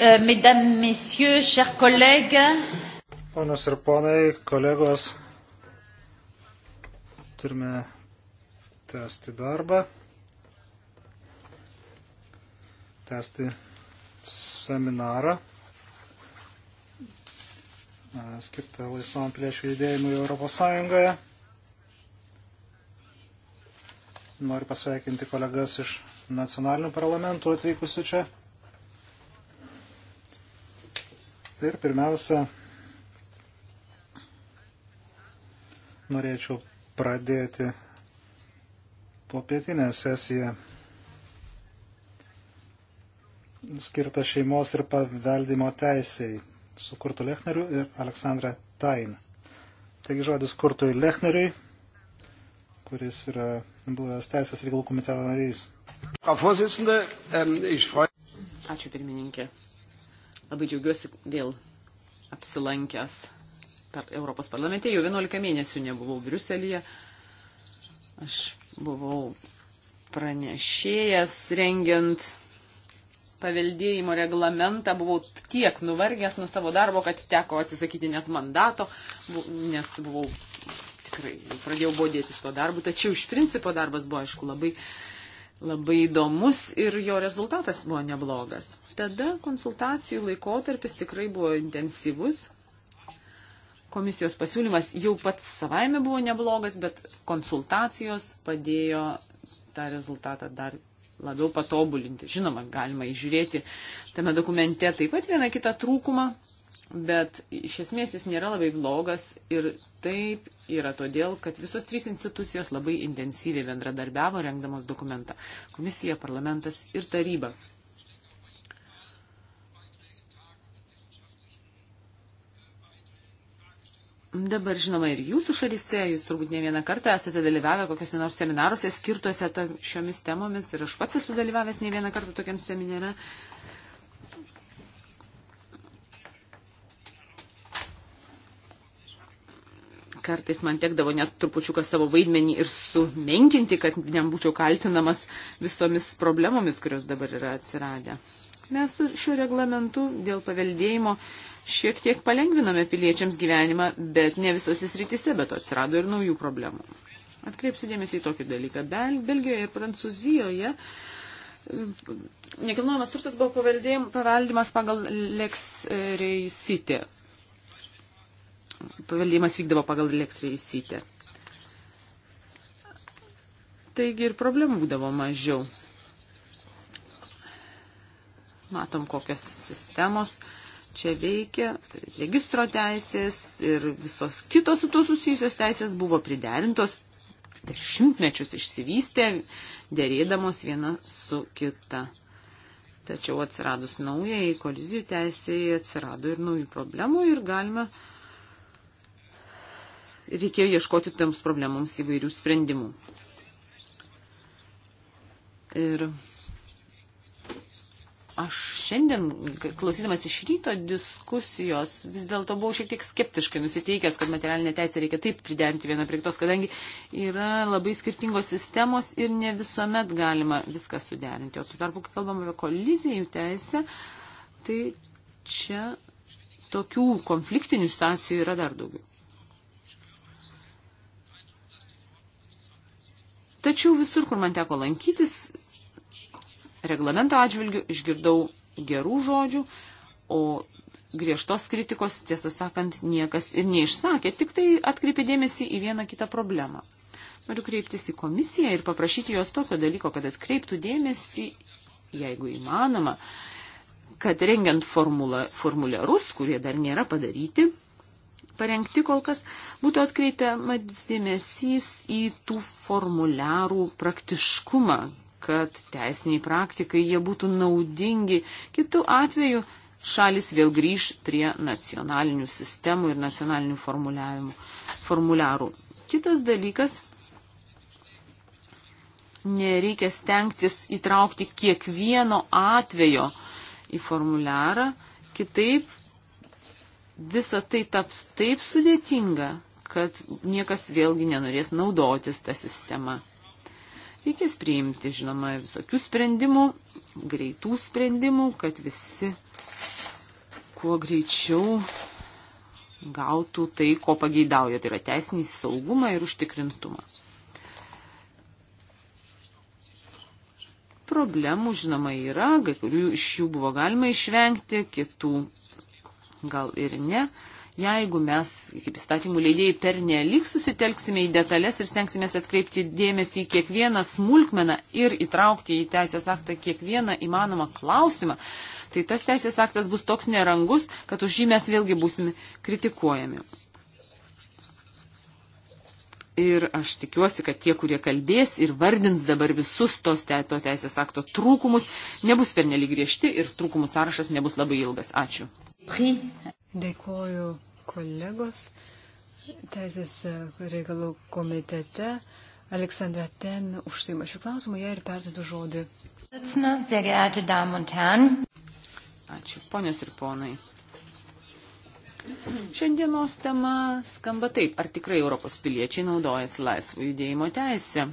Euh, mesdames, messieurs, chers collègues. Ponios ir ponai, kolegos, turime tęsti darbą, tęsti seminarą e, skirtą laisvam piliečių judėjimui Europos Sąjungoje. Noriu pasveikinti kolegas iš nacionalinių parlamentų atvykusių čia. Ir pirmiausia, norėčiau pradėti popietinę sesiją skirtą šeimos ir paveldimo teisėjai su Kurtu Lechneriu ir Aleksandra Tain. Taigi žodis Kurtui Lechneriui, kuris yra buvęs Teisės reikalų komiteto narys. Ähm, Ačiū pirmininkė. Labai džiaugiuosi vėl apsilankęs per Europos parlamente. Jau 11 mėnesių nebuvau Briuselėje. Aš buvau pranešėjas rengiant paveldėjimo reglamentą, buvau tiek nuvargęs nuo savo darbo, kad teko atsisakyti net mandato, nes buvau tikrai, pradėjau bodėtis tuo darbu, tačiau iš principo darbas buvo, aišku, labai labai įdomus ir jo rezultatas buvo neblogas. Tada konsultacijų laikotarpis tikrai buvo intensyvus. Komisijos pasiūlymas jau pats savaime buvo neblogas, bet konsultacijos padėjo tą rezultatą dar labiau patobulinti. Žinoma, galima įžiūrėti tame dokumente taip pat vieną kitą trūkumą, bet iš esmės jis nėra labai blogas ir taip yra todėl, kad visos trys institucijos labai intensyviai bendradarbiavo rengdamos dokumentą - komisija, parlamentas ir taryba. Dabar, žinoma, ir jūsų šalyse, jūs turbūt ne vieną kartą esate dalyvavę kokiuose nors seminaruose skirtuose šiomis temomis ir aš pats esu dalyvavęs ne vieną kartą tokiam seminare. Uh, kartais man tekdavo net trupučiuką savo vaidmenį ir sumenkinti, kad nebūčiau kaltinamas visomis problemomis, kurios dabar yra atsiradę. Mes su šiuo reglamentu dėl paveldėjimo šiek tiek palengviname piliečiams gyvenimą, bet ne visose srityse, bet atsirado ir naujų problemų. Atkreipsiu dėmesį į tokį dalyką. Bel, Belgijoje ir Prancūzijoje mm, nekilnojamas turtas buvo paveldimas pagal Lex e, Reisitė paveldimas vykdavo pagal leksreisytę. Taigi ir problemų būdavo mažiau. Matom, kokios sistemos čia veikia, registro teisės ir visos kitos su to susijusios teisės buvo priderintos per šimtmečius išsivystė, dėrėdamos viena su kita. Tačiau atsiradus naujai kolizijų teisėjai atsirado ir naujų problemų ir galima uh, reikėjo ieškoti toms problemoms įvairių sprendimų. Ir aš šiandien, klausydamas iš ryto diskusijos, vis dėlto buvau šiek tiek skeptiškai nusiteikęs, kad materialinė teisė reikia taip pridengti vieną prie kitos, kadangi yra labai skirtingos sistemos ir ne visuomet galima viską suderinti. O tu tarpu, kai kalbam apie kolizijų teisę, tai čia tokių konfliktinių stacijų yra dar daugiau. Tačiau visur, kur man teko lankytis, reglamento atžvilgių išgirdau gerų žodžių, o griežtos kritikos, tiesą sakant, niekas ir neišsakė, tik tai atkreipė dėmesį į vieną kitą problemą. Noriu kreiptis į komisiją ir paprašyti jos tokio dalyko, kad atkreiptų dėmesį, jeigu įmanoma, kad rengiant formula, formuliarus, kurie dar nėra padaryti, parengti kol kas, būtų atkreipiamas dėmesys į tų formuliarų praktiškumą, kad teisiniai praktikai jie būtų naudingi. Kitu atveju šalis vėl grįž prie nacionalinių sistemų ir nacionalinių formuliarų. Kitas dalykas nereikia stengtis įtraukti kiekvieno atvejo į formuliarą, kitaip visa tai taps taip sudėtinga, kad niekas vėlgi nenorės naudotis tą sistemą. Reikės priimti, žinoma, visokių sprendimų, greitų sprendimų, kad visi kuo greičiau gautų tai, ko pageidauja, tai yra teisinį saugumą ir užtikrintumą. Problemų, žinoma, yra, kai kurių iš jų buvo galima išvengti, kitų gal ir ne. Jeigu mes, kaip įstatymų leidėjai, per nelik susitelksime į detalės ir stengsime atkreipti dėmesį į kiekvieną smulkmeną ir įtraukti į teisės aktą kiekvieną įmanomą klausimą, tai tas teisės aktas bus toks nerangus, kad už jį mes vėlgi būsime kritikuojami. Ir aš tikiuosi, kad tie, kurie kalbės ir vardins dabar visus tos te, to teisės akto trūkumus, nebus pernelyg griežti ir trūkumų sąrašas nebus labai ilgas. Ačiū. Dėkuoju kolegos Teisės reikalų komitete. Aleksandra Ten užsima šį klausimą, jai ir perdedu žodį. Ačiū, ponios ir ponai. Šiandienos tema skamba taip, ar tikrai Europos piliečiai naudojasi laisvo judėjimo teisę.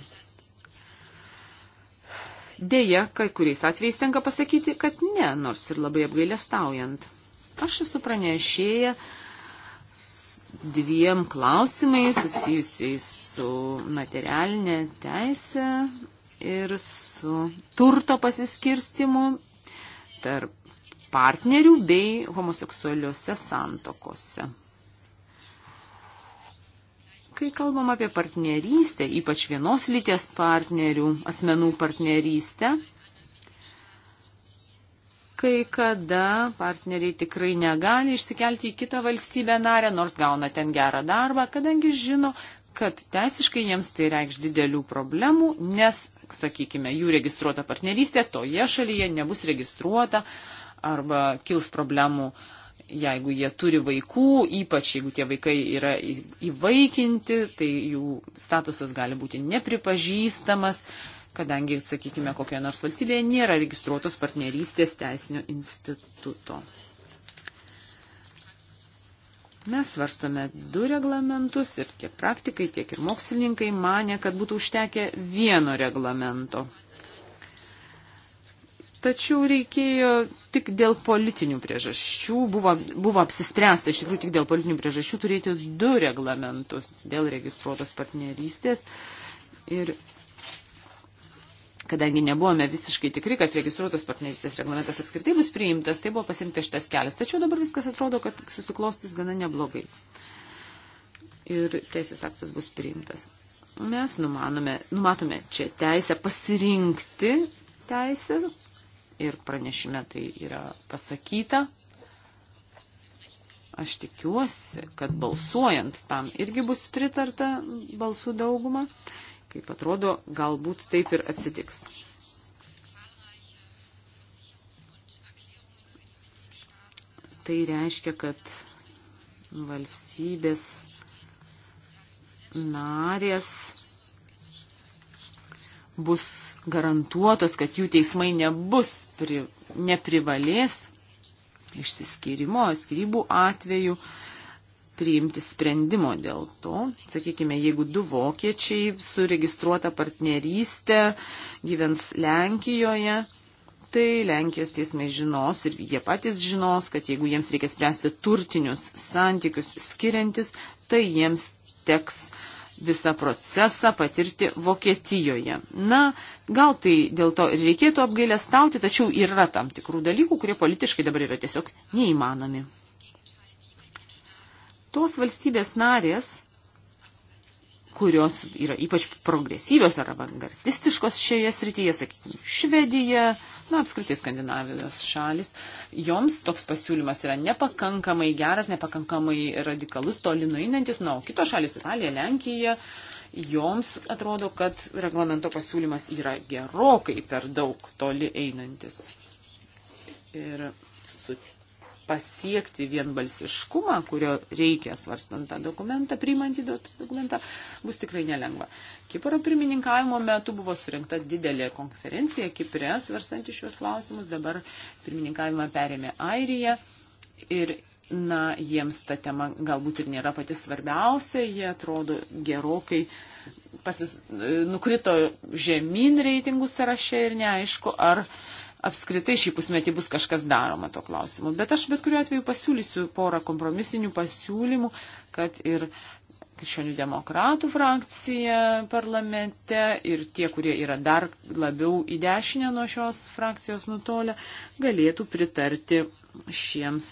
Deja, kai kuriais atvejais tenka pasakyti, kad ne, nors ir labai apgailestaujant. Aš esu pranešėję dviem klausimais susijusiais su materialinė teisė ir su turto pasiskirstimu tarp partnerių bei homoseksualiuose santokose. Kai kalbam apie partnerystę, ypač vienos lyties partnerių, asmenų partnerystę, kai kada partneriai tikrai negali išsikelti į kitą valstybę narę, nors gauna ten gerą darbą, kadangi žino, kad teisiškai jiems tai reikš didelių problemų, nes, sakykime, jų registruota partnerystė toje šalyje nebus registruota arba kils problemų, jeigu jie turi vaikų, ypač jeigu tie vaikai yra įvaikinti, tai jų statusas gali būti nepripažįstamas, kadangi, sakykime, kokioje nors valstybėje nėra registruotos partnerystės teisinio instituto. Mes svarstome du reglamentus ir tiek praktikai, tiek ir mokslininkai mane, kad būtų užtekę vieno reglamento. Tačiau reikėjo tik dėl politinių priežasčių, buvo, buvo apsispręsta iš tikrųjų tik dėl politinių priežasčių turėti du reglamentus dėl registruotos partnerystės. Ir kadangi nebuvome visiškai tikri, kad registruotos partnerystės reglamentas apskritai bus priimtas, tai buvo pasirinktas šitas kelias. Tačiau dabar viskas atrodo, kad susiklostys gana neblogai. Ir teisės aktas bus priimtas. Mes numanome, numatome čia teisę pasirinkti teisę, ir pranešime tai yra pasakyta. Aš tikiuosi, kad balsuojant tam irgi bus pritarta balsų dauguma. Kaip atrodo, galbūt taip ir atsitiks. Tai reiškia, kad valstybės narės bus garantuotos, kad jų teismai nebus, pri, neprivalės išsiskyrimo, skirybų atveju priimti sprendimo dėl to. Sakykime, jeigu du vokiečiai suregistruota partnerystė gyvens Lenkijoje, tai Lenkijos teismai žinos ir jie patys žinos, kad jeigu jiems reikia spręsti turtinius santykius skiriantis, tai jiems teks uh, visą procesą patirti Vokietijoje. Na, gal tai dėl to ir reikėtų apgailę stauti, tačiau yra tam tikrų dalykų, kurie politiškai dabar yra tiesiog neįmanomi. Tos valstybės narės, kurios yra ypač progresyvios ar avangardistiškos šioje srityje, sakykime, Švedija, na, apskritai Skandinavijos šalis, joms toks pasiūlymas yra nepakankamai geras, nepakankamai radikalus, toli nueinantis, na, o kitos šalis, Italija, Lenkija, joms atrodo, kad reglamento pasiūlymas yra gerokai per daug toli einantis. Ir su pasiekti vienbalsiškumą, kurio reikia svarstant tą dokumentą, priimant į dokumentą, bus tikrai nelengva. Kipro pirmininkavimo metu buvo surinkta didelė konferencija Kipre, svarstanti šios klausimus, dabar pirmininkavimą perėmė Airija. Ir na, jiems ta tema galbūt ir nėra pati svarbiausia, jie atrodo gerokai pasis, nukrito žemyn reitingų sąraše ir neaišku, ar apskritai šį pusmetį bus kažkas daroma to klausimu. Bet aš bet kuriuo atveju pasiūlysiu porą kompromisinių pasiūlymų, kad ir krikščionių demokratų frakcija parlamente ir tie, kurie yra dar labiau į dešinę nuo šios frakcijos nutolę, galėtų pritarti šiems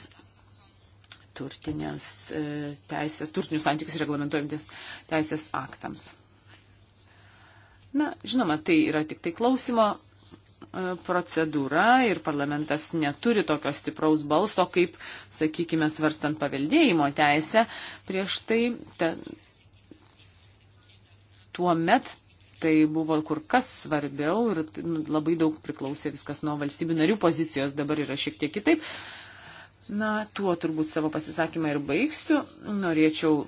turtinės e, teisės, turtinius santykius reglamentuojantis teisės aktams. Na, žinoma, tai yra tik tai klausimo E, procedūra ir parlamentas neturi tokio stipraus balso, kaip, sakykime, svarstant paveldėjimo teisę, prieš tai ta, tuo met tai buvo kur kas svarbiau ir nu, labai daug priklausė viskas nuo valstybių narių pozicijos, dabar yra šiek tiek kitaip. Na, tuo turbūt savo pasisakymą ir baigsiu. Norėčiau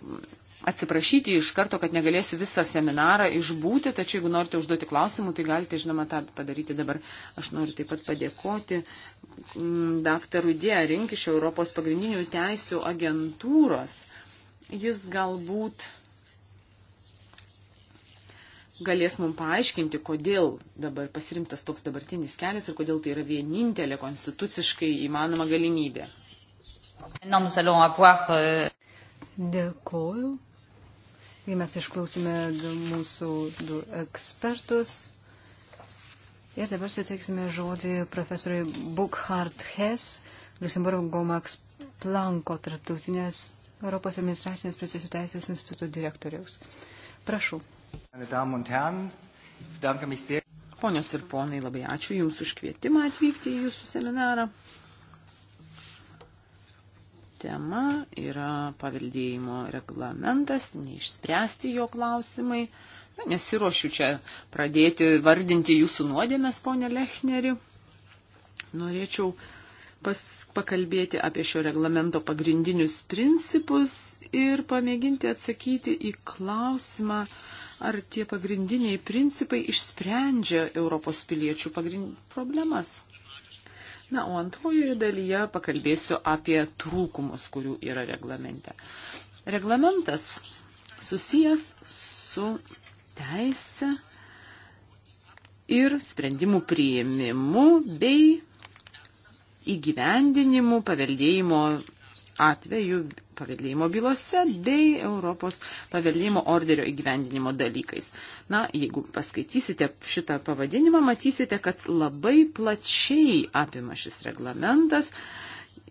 atsiprašyti iš karto, kad negalėsiu visą seminarą išbūti, tačiau jeigu norite užduoti klausimų, tai galite, žinoma, tą padaryti dabar. Aš noriu taip pat padėkoti mm, daktarui Dierink iš Europos pagrindinių teisų agentūros. Jis galbūt galės mums paaiškinti, kodėl dabar pasirinktas toks dabartinis kelias ir kodėl tai yra vienintelė konstituciškai įmanoma galimybė. Euh, Dėkoju. Mes išklausime mūsų du ekspertus. Ir dabar suteiksime žodį profesoriui Bukhart Hess, Luxemburgo Max Planko tarptautinės Europos administracinės procesų teisės instituto direktoriaus. Prašau. Ponios ir ponai, labai ačiū Jums už kvietimą atvykti į Jūsų seminarą tema yra paveldėjimo reglamentas, neišspręsti jo klausimai. Na, nesiuošiu čia pradėti vardinti jūsų nuodėmės, ponė Lechneri. Norėčiau pas, pakalbėti apie šio reglamento pagrindinius principus ir pamėginti atsakyti į klausimą, ar tie pagrindiniai principai išsprendžia Europos piliečių pagrind... problemas. Na, o antrojoje dalyje pakalbėsiu apie trūkumus, kurių yra reglamente. Reglamentas susijęs su teise ir sprendimų prieimimu bei įgyvendinimu paveldėjimo atveju paveldėjimo bylose bei Europos paveldėjimo orderio įgyvendinimo dalykais. Na, jeigu paskaitysite šitą pavadinimą, matysite, kad labai plačiai apima šis reglamentas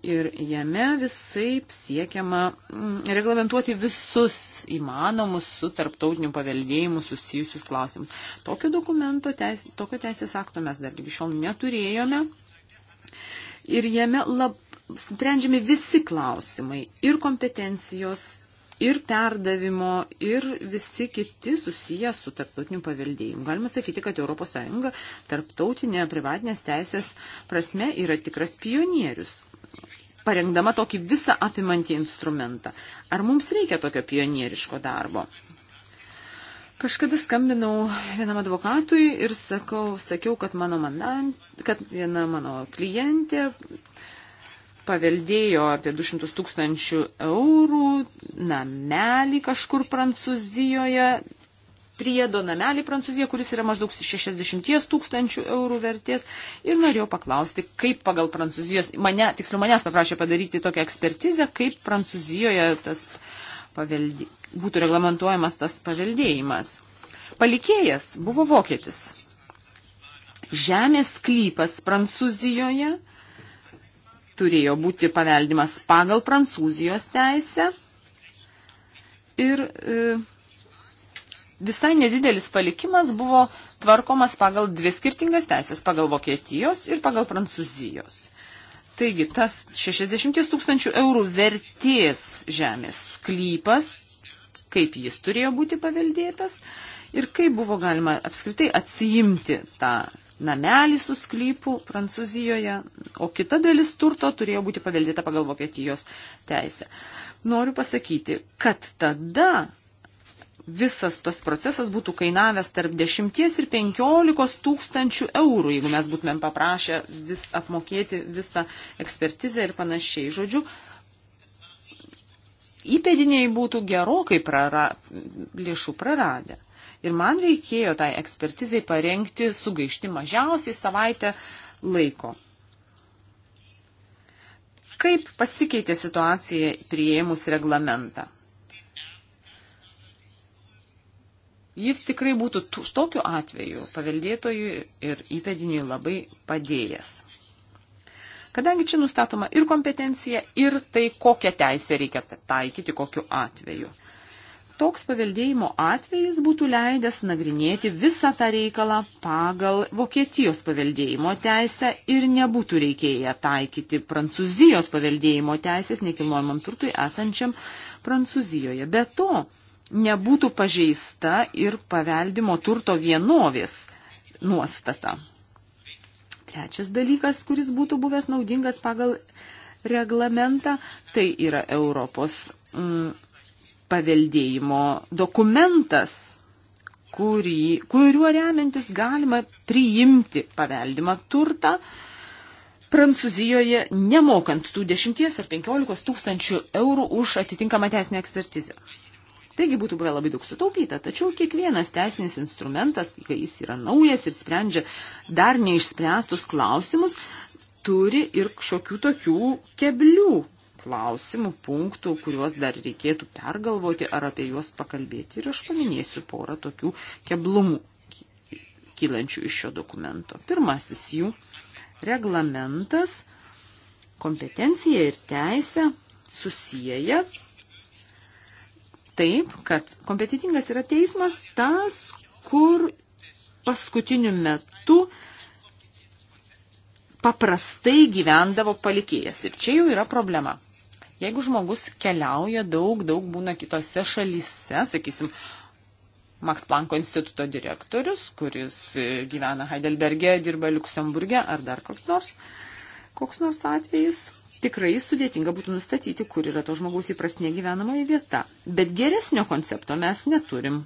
ir jame visai siekiama mm, reglamentuoti visus įmanomus su tarptautiniu paveldėjimu susijusius klausimus. Tokio dokumento, teis, tokio teisės akto mes dar iki šiol neturėjome. Ir jame lab, sprendžiami visi klausimai - ir kompetencijos, ir perdavimo, ir visi kiti susiję su tarptautiniu paveldėjimu. Galima sakyti, kad ES tarptautinė privatinės teisės prasme yra tikras pionierius parengdama tokį visą apimantį instrumentą. Ar mums reikia tokio pionieriško darbo? Kažkada skambinau vienam advokatui ir sakau, sakiau, kad, mano mandat, kad viena mano klientė paveldėjo apie 200 tūkstančių eurų namelį kažkur Prancūzijoje, priedo namelį Prancūzijoje, kuris yra maždaug 60 tūkstančių eurų vertės. Ir norėjau paklausti, kaip pagal Prancūzijos, mane, tiksliau manęs paprašė padaryti tokią ekspertizę, kaip Prancūzijoje tas paveldė, būtų reglamentuojamas tas paveldėjimas. Palikėjas buvo vokietis. Žemės klypas Prancūzijoje turėjo būti paveldimas pagal Prancūzijos teisę. Ir e, visai nedidelis palikimas buvo tvarkomas pagal dvi skirtingas teisės - pagal Vokietijos ir pagal Prancūzijos. Taigi tas 60 tūkstančių eurų vertės žemės sklypas, kaip jis turėjo būti paveldėtas ir kaip buvo galima apskritai atsiimti tą namelį su sklypu Prancūzijoje, o kita dalis turto turėjo būti paveldėta pagal Vokietijos teisę. Noriu pasakyti, kad tada visas tas procesas būtų kainavęs tarp 10 ir 15 tūkstančių eurų, jeigu mes būtumėm paprašę vis apmokėti visą ekspertizę ir panašiai. Žodžiu, įpėdiniai būtų gerokai prara, lėšų praradę. Ir man reikėjo tai ekspertizai parengti sugaišti mažiausiai savaitę laiko. Kaip pasikeitė situacija prieimus reglamentą? Jis tikrai būtų tokiu atveju paveldėtojui ir įpėdiniui labai padėjęs. Kadangi čia nustatoma ir kompetencija, ir tai, kokią teisę reikia taikyti, kokiu atveju toks paveldėjimo atvejis būtų leidęs nagrinėti visą tą reikalą pagal Vokietijos paveldėjimo teisę ir nebūtų reikėję taikyti Prancūzijos paveldėjimo teisės nekilnojamam turtui esančiam Prancūzijoje. Be to, nebūtų pažeista ir paveldimo turto vienovės nuostata. Trečias dalykas, kuris būtų buvęs naudingas pagal reglamentą, tai yra Europos. Mm, paveldėjimo dokumentas, kurį, kuriuo remiantis galima priimti paveldimą turtą Prancūzijoje, nemokant tų 10 ar 15 tūkstančių eurų už atitinkamą teisinę ekspertizę. Taigi būtų buvę labai daug sutaupyta, tačiau kiekvienas teisinis instrumentas, kai jis yra naujas ir sprendžia dar neišspręstus klausimus, turi ir šiokių tokių keblių klausimų, punktų, kuriuos dar reikėtų pergalvoti ar apie juos pakalbėti. Ir aš paminėsiu porą tokių keblumų kylančių iš šio dokumento. Pirmasis jų reglamentas kompetenciją ir teisę susiję taip, kad kompetitingas yra teismas tas, kur paskutiniu metu paprastai gyvendavo palikėjas. Ir čia jau yra problema. Jeigu žmogus keliauja daug, daug būna kitose šalyse, sakysim, Max Planko instituto direktorius, kuris e, gyvena Heidelberge, dirba Luksemburge ar dar koks nors, koks nors atvejis, tikrai sudėtinga būtų nustatyti, kur yra to žmogaus įprastinė gyvenamoji vieta. Bet geresnio koncepto mes neturim.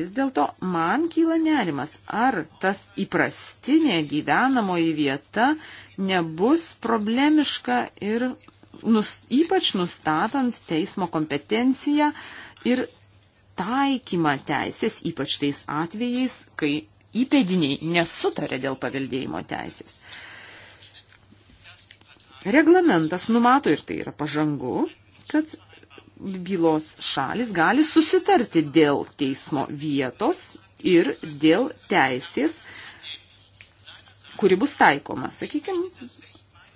Vis dėlto man kyla nerimas, ar tas įprastinė gyvenamoji vieta nebus problemiška ir nus, ypač nustatant teismo kompetenciją ir taikymą teisės, ypač tais atvejais, kai įpėdiniai nesutarė dėl paveldėjimo teisės. Reglamentas numato, ir tai yra pažangu, kad bylos šalis gali susitarti dėl teismo vietos ir dėl teisės, kuri bus taikoma. Sakykime,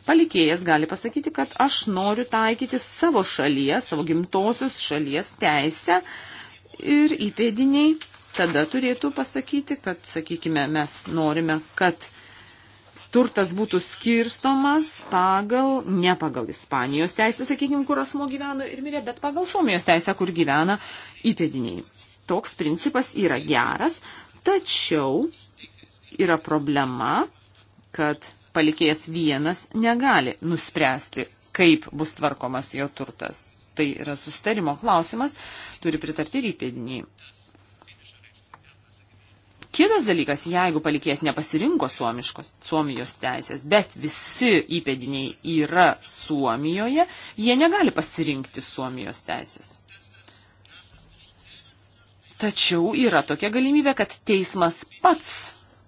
palikėjas gali pasakyti, kad aš noriu taikyti savo šalies, savo gimtosios šalies teisę ir įpėdiniai tada turėtų pasakyti, kad, sakykime, mes norime, kad turtas būtų skirstomas pagal, ne pagal Ispanijos teisę, sakykime, kur asmo gyveno ir mirė, bet pagal Suomijos teisę, kur gyvena įpėdiniai. Toks principas yra geras, tačiau yra problema, kad palikėjas vienas negali nuspręsti, kaip bus tvarkomas jo turtas. Tai yra sustarimo klausimas, turi pritarti ir įpėdiniai. Kitas dalykas, jeigu palikėjas nepasirinko suomiškos, Suomijos teisės, bet visi įpėdiniai yra Suomijoje, jie negali pasirinkti Suomijos teisės. Tačiau yra tokia galimybė, kad teismas pats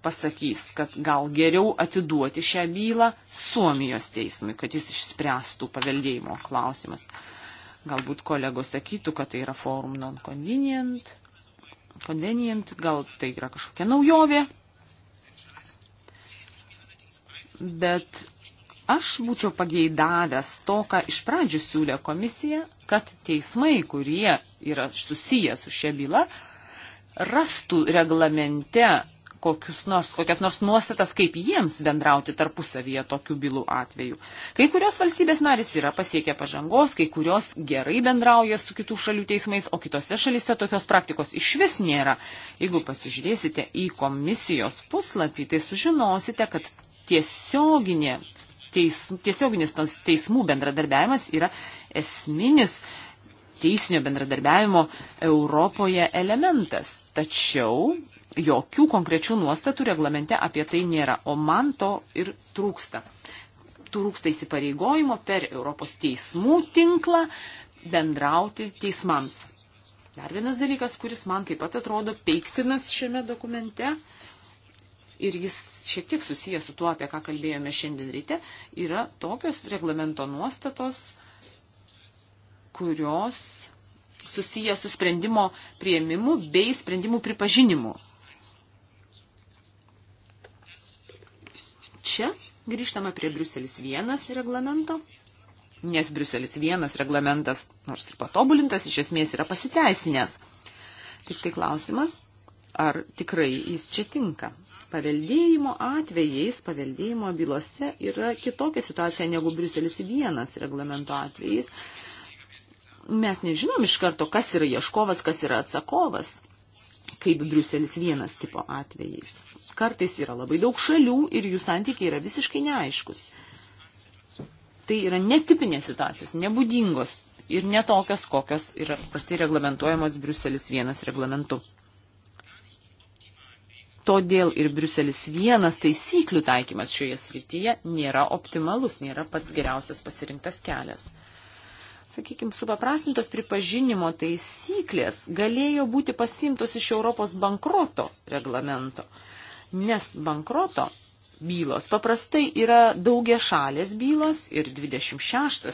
pasakys, kad gal geriau atiduoti šią bylą Suomijos teismui, kad jis išspręstų paveldėjimo klausimas. Galbūt kolegos sakytų, kad tai yra forum non-convenient, convenient, gal tai yra kažkokia naujovė. Bet aš būčiau pageidavęs to, ką iš pradžių siūlė komisija, kad teismai, kurie yra susiję su šia byla, rastų reglamente kokius nors, kokias nors nuostatas, kaip jiems bendrauti tarpusavyje tokių bylų atveju. Kai kurios valstybės narys yra pasiekę pažangos, kai kurios gerai bendrauja su kitų šalių teismais, o kitose šalyse tokios praktikos iš vis nėra. Jeigu pasižiūrėsite į komisijos puslapį, tai sužinosite, kad tiesioginė, teis, tiesioginis teismų bendradarbiavimas yra esminis teisinio bendradarbiavimo Europoje elementas. Tačiau jokių konkrečių nuostatų reglamente apie tai nėra, o man to ir trūksta. Trūksta įsipareigojimo per Europos teismų tinklą bendrauti teismams. Dar vienas dalykas, kuris man taip pat atrodo peiktinas šiame dokumente ir jis šiek tiek susijęs su tuo, apie ką kalbėjome šiandien ryte, yra tokios reglamento nuostatos, kurios susijęs su sprendimo prieimimu bei sprendimų pripažinimu. čia grįžtama prie Briuselis vienas reglamento, nes Briuselis vienas reglamentas, nors ir patobulintas, iš esmės yra pasiteisinęs. Tik tai klausimas, ar tikrai jis čia tinka. Paveldėjimo atvejais, paveldėjimo bylose yra kitokia situacija negu Briuselis vienas reglamento atvejais. Mes nežinom iš karto, kas yra ieškovas, kas yra atsakovas kaip Briuselis vienas tipo atvejais. Kartais yra labai daug šalių ir jų santykiai yra visiškai neaiškus. Tai yra netipinės situacijos, nebūdingos ir netokios, kokios yra prastai reglamentuojamos Briuselis vienas reglamentu. Todėl ir Briuselis vienas taisyklių taikymas šioje srityje nėra optimalus, nėra pats geriausias pasirinktas kelias sakykime, supaprastintos pripažinimo taisyklės galėjo būti pasimtos iš Europos bankroto reglamento, nes bankroto bylos paprastai yra daugia šalės bylos ir 26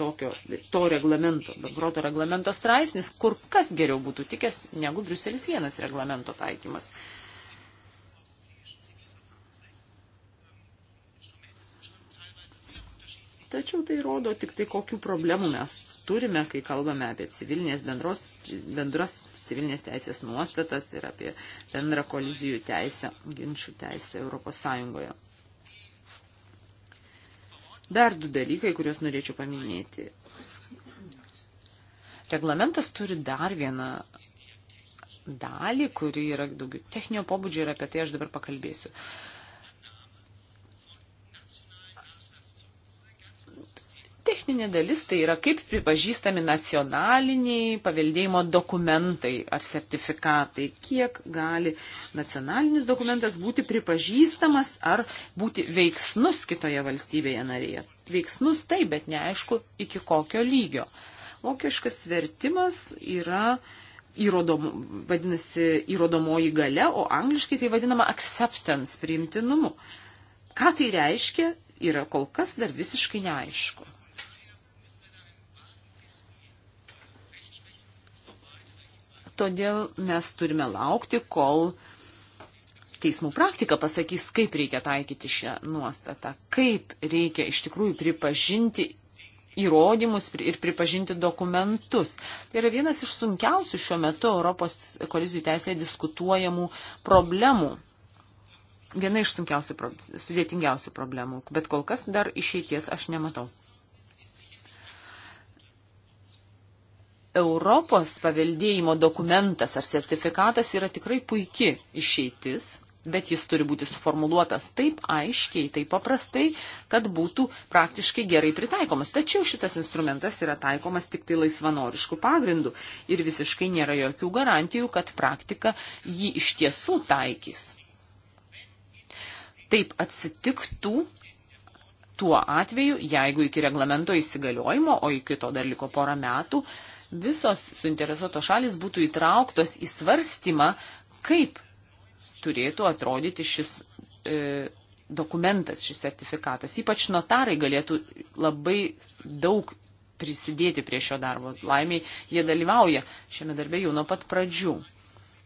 tokio, to reglamento, bankroto reglamento straipsnis kur kas geriau būtų tikęs negu Bruselis vienas reglamento taikymas. Tačiau tai rodo tik tai, kokiu problemu mes turime, kai kalbame apie civilinės bendros, bendros civilinės teisės nuostatas ir apie bendrą kolizijų teisę, ginčių teisę Europos Sąjungoje. Dar du dalykai, kuriuos norėčiau paminėti. Reglamentas turi dar vieną dalį, kuri yra daugiau techninio pobūdžio ir apie tai aš dabar pakalbėsiu. Uh, Techninė dalis tai yra kaip pripažįstami nacionaliniai paveldėjimo dokumentai ar sertifikatai, kiek gali nacionalinis dokumentas būti pripažįstamas ar būti veiksnus kitoje valstybėje narėje. Veiksnus taip, bet neaišku iki kokio lygio. Vokiškas vertimas yra įrodomo, vadinasi įrodomoji gale, o angliškai tai vadinama acceptance, priimtinumu. Ką tai reiškia, yra kol kas dar visiškai neaišku. todėl mes turime laukti, kol teismų praktika pasakys, kaip reikia taikyti šią nuostatą, kaip reikia iš tikrųjų pripažinti įrodymus ir pripažinti dokumentus. Tai yra vienas iš sunkiausių šiuo metu Europos kolizijų teisėje diskutuojamų problemų. Viena iš sunkiausių, sudėtingiausių problemų, bet kol kas dar išeities aš nematau. Europos paveldėjimo dokumentas ar sertifikatas yra tikrai puikia išeitis, bet jis turi būti suformuluotas taip aiškiai, taip paprastai, kad būtų praktiškai gerai pritaikomas. Tačiau šitas instrumentas yra taikomas tik tai laisvanoriškų pagrindų ir visiškai nėra jokių garantijų, kad praktika jį iš tiesų taikys. Taip atsitiktų tuo atveju, jeigu iki reglamento įsigaliojimo, o iki to dar liko porą metų, uh, visos suinteresuotos šalis būtų įtrauktos į svarstymą, kaip turėtų atrodyti šis e, dokumentas, šis sertifikatas. Ypač notarai galėtų labai daug prisidėti prie šio darbo. Laimiai jie dalyvauja šiame darbe jau nuo pat pradžių.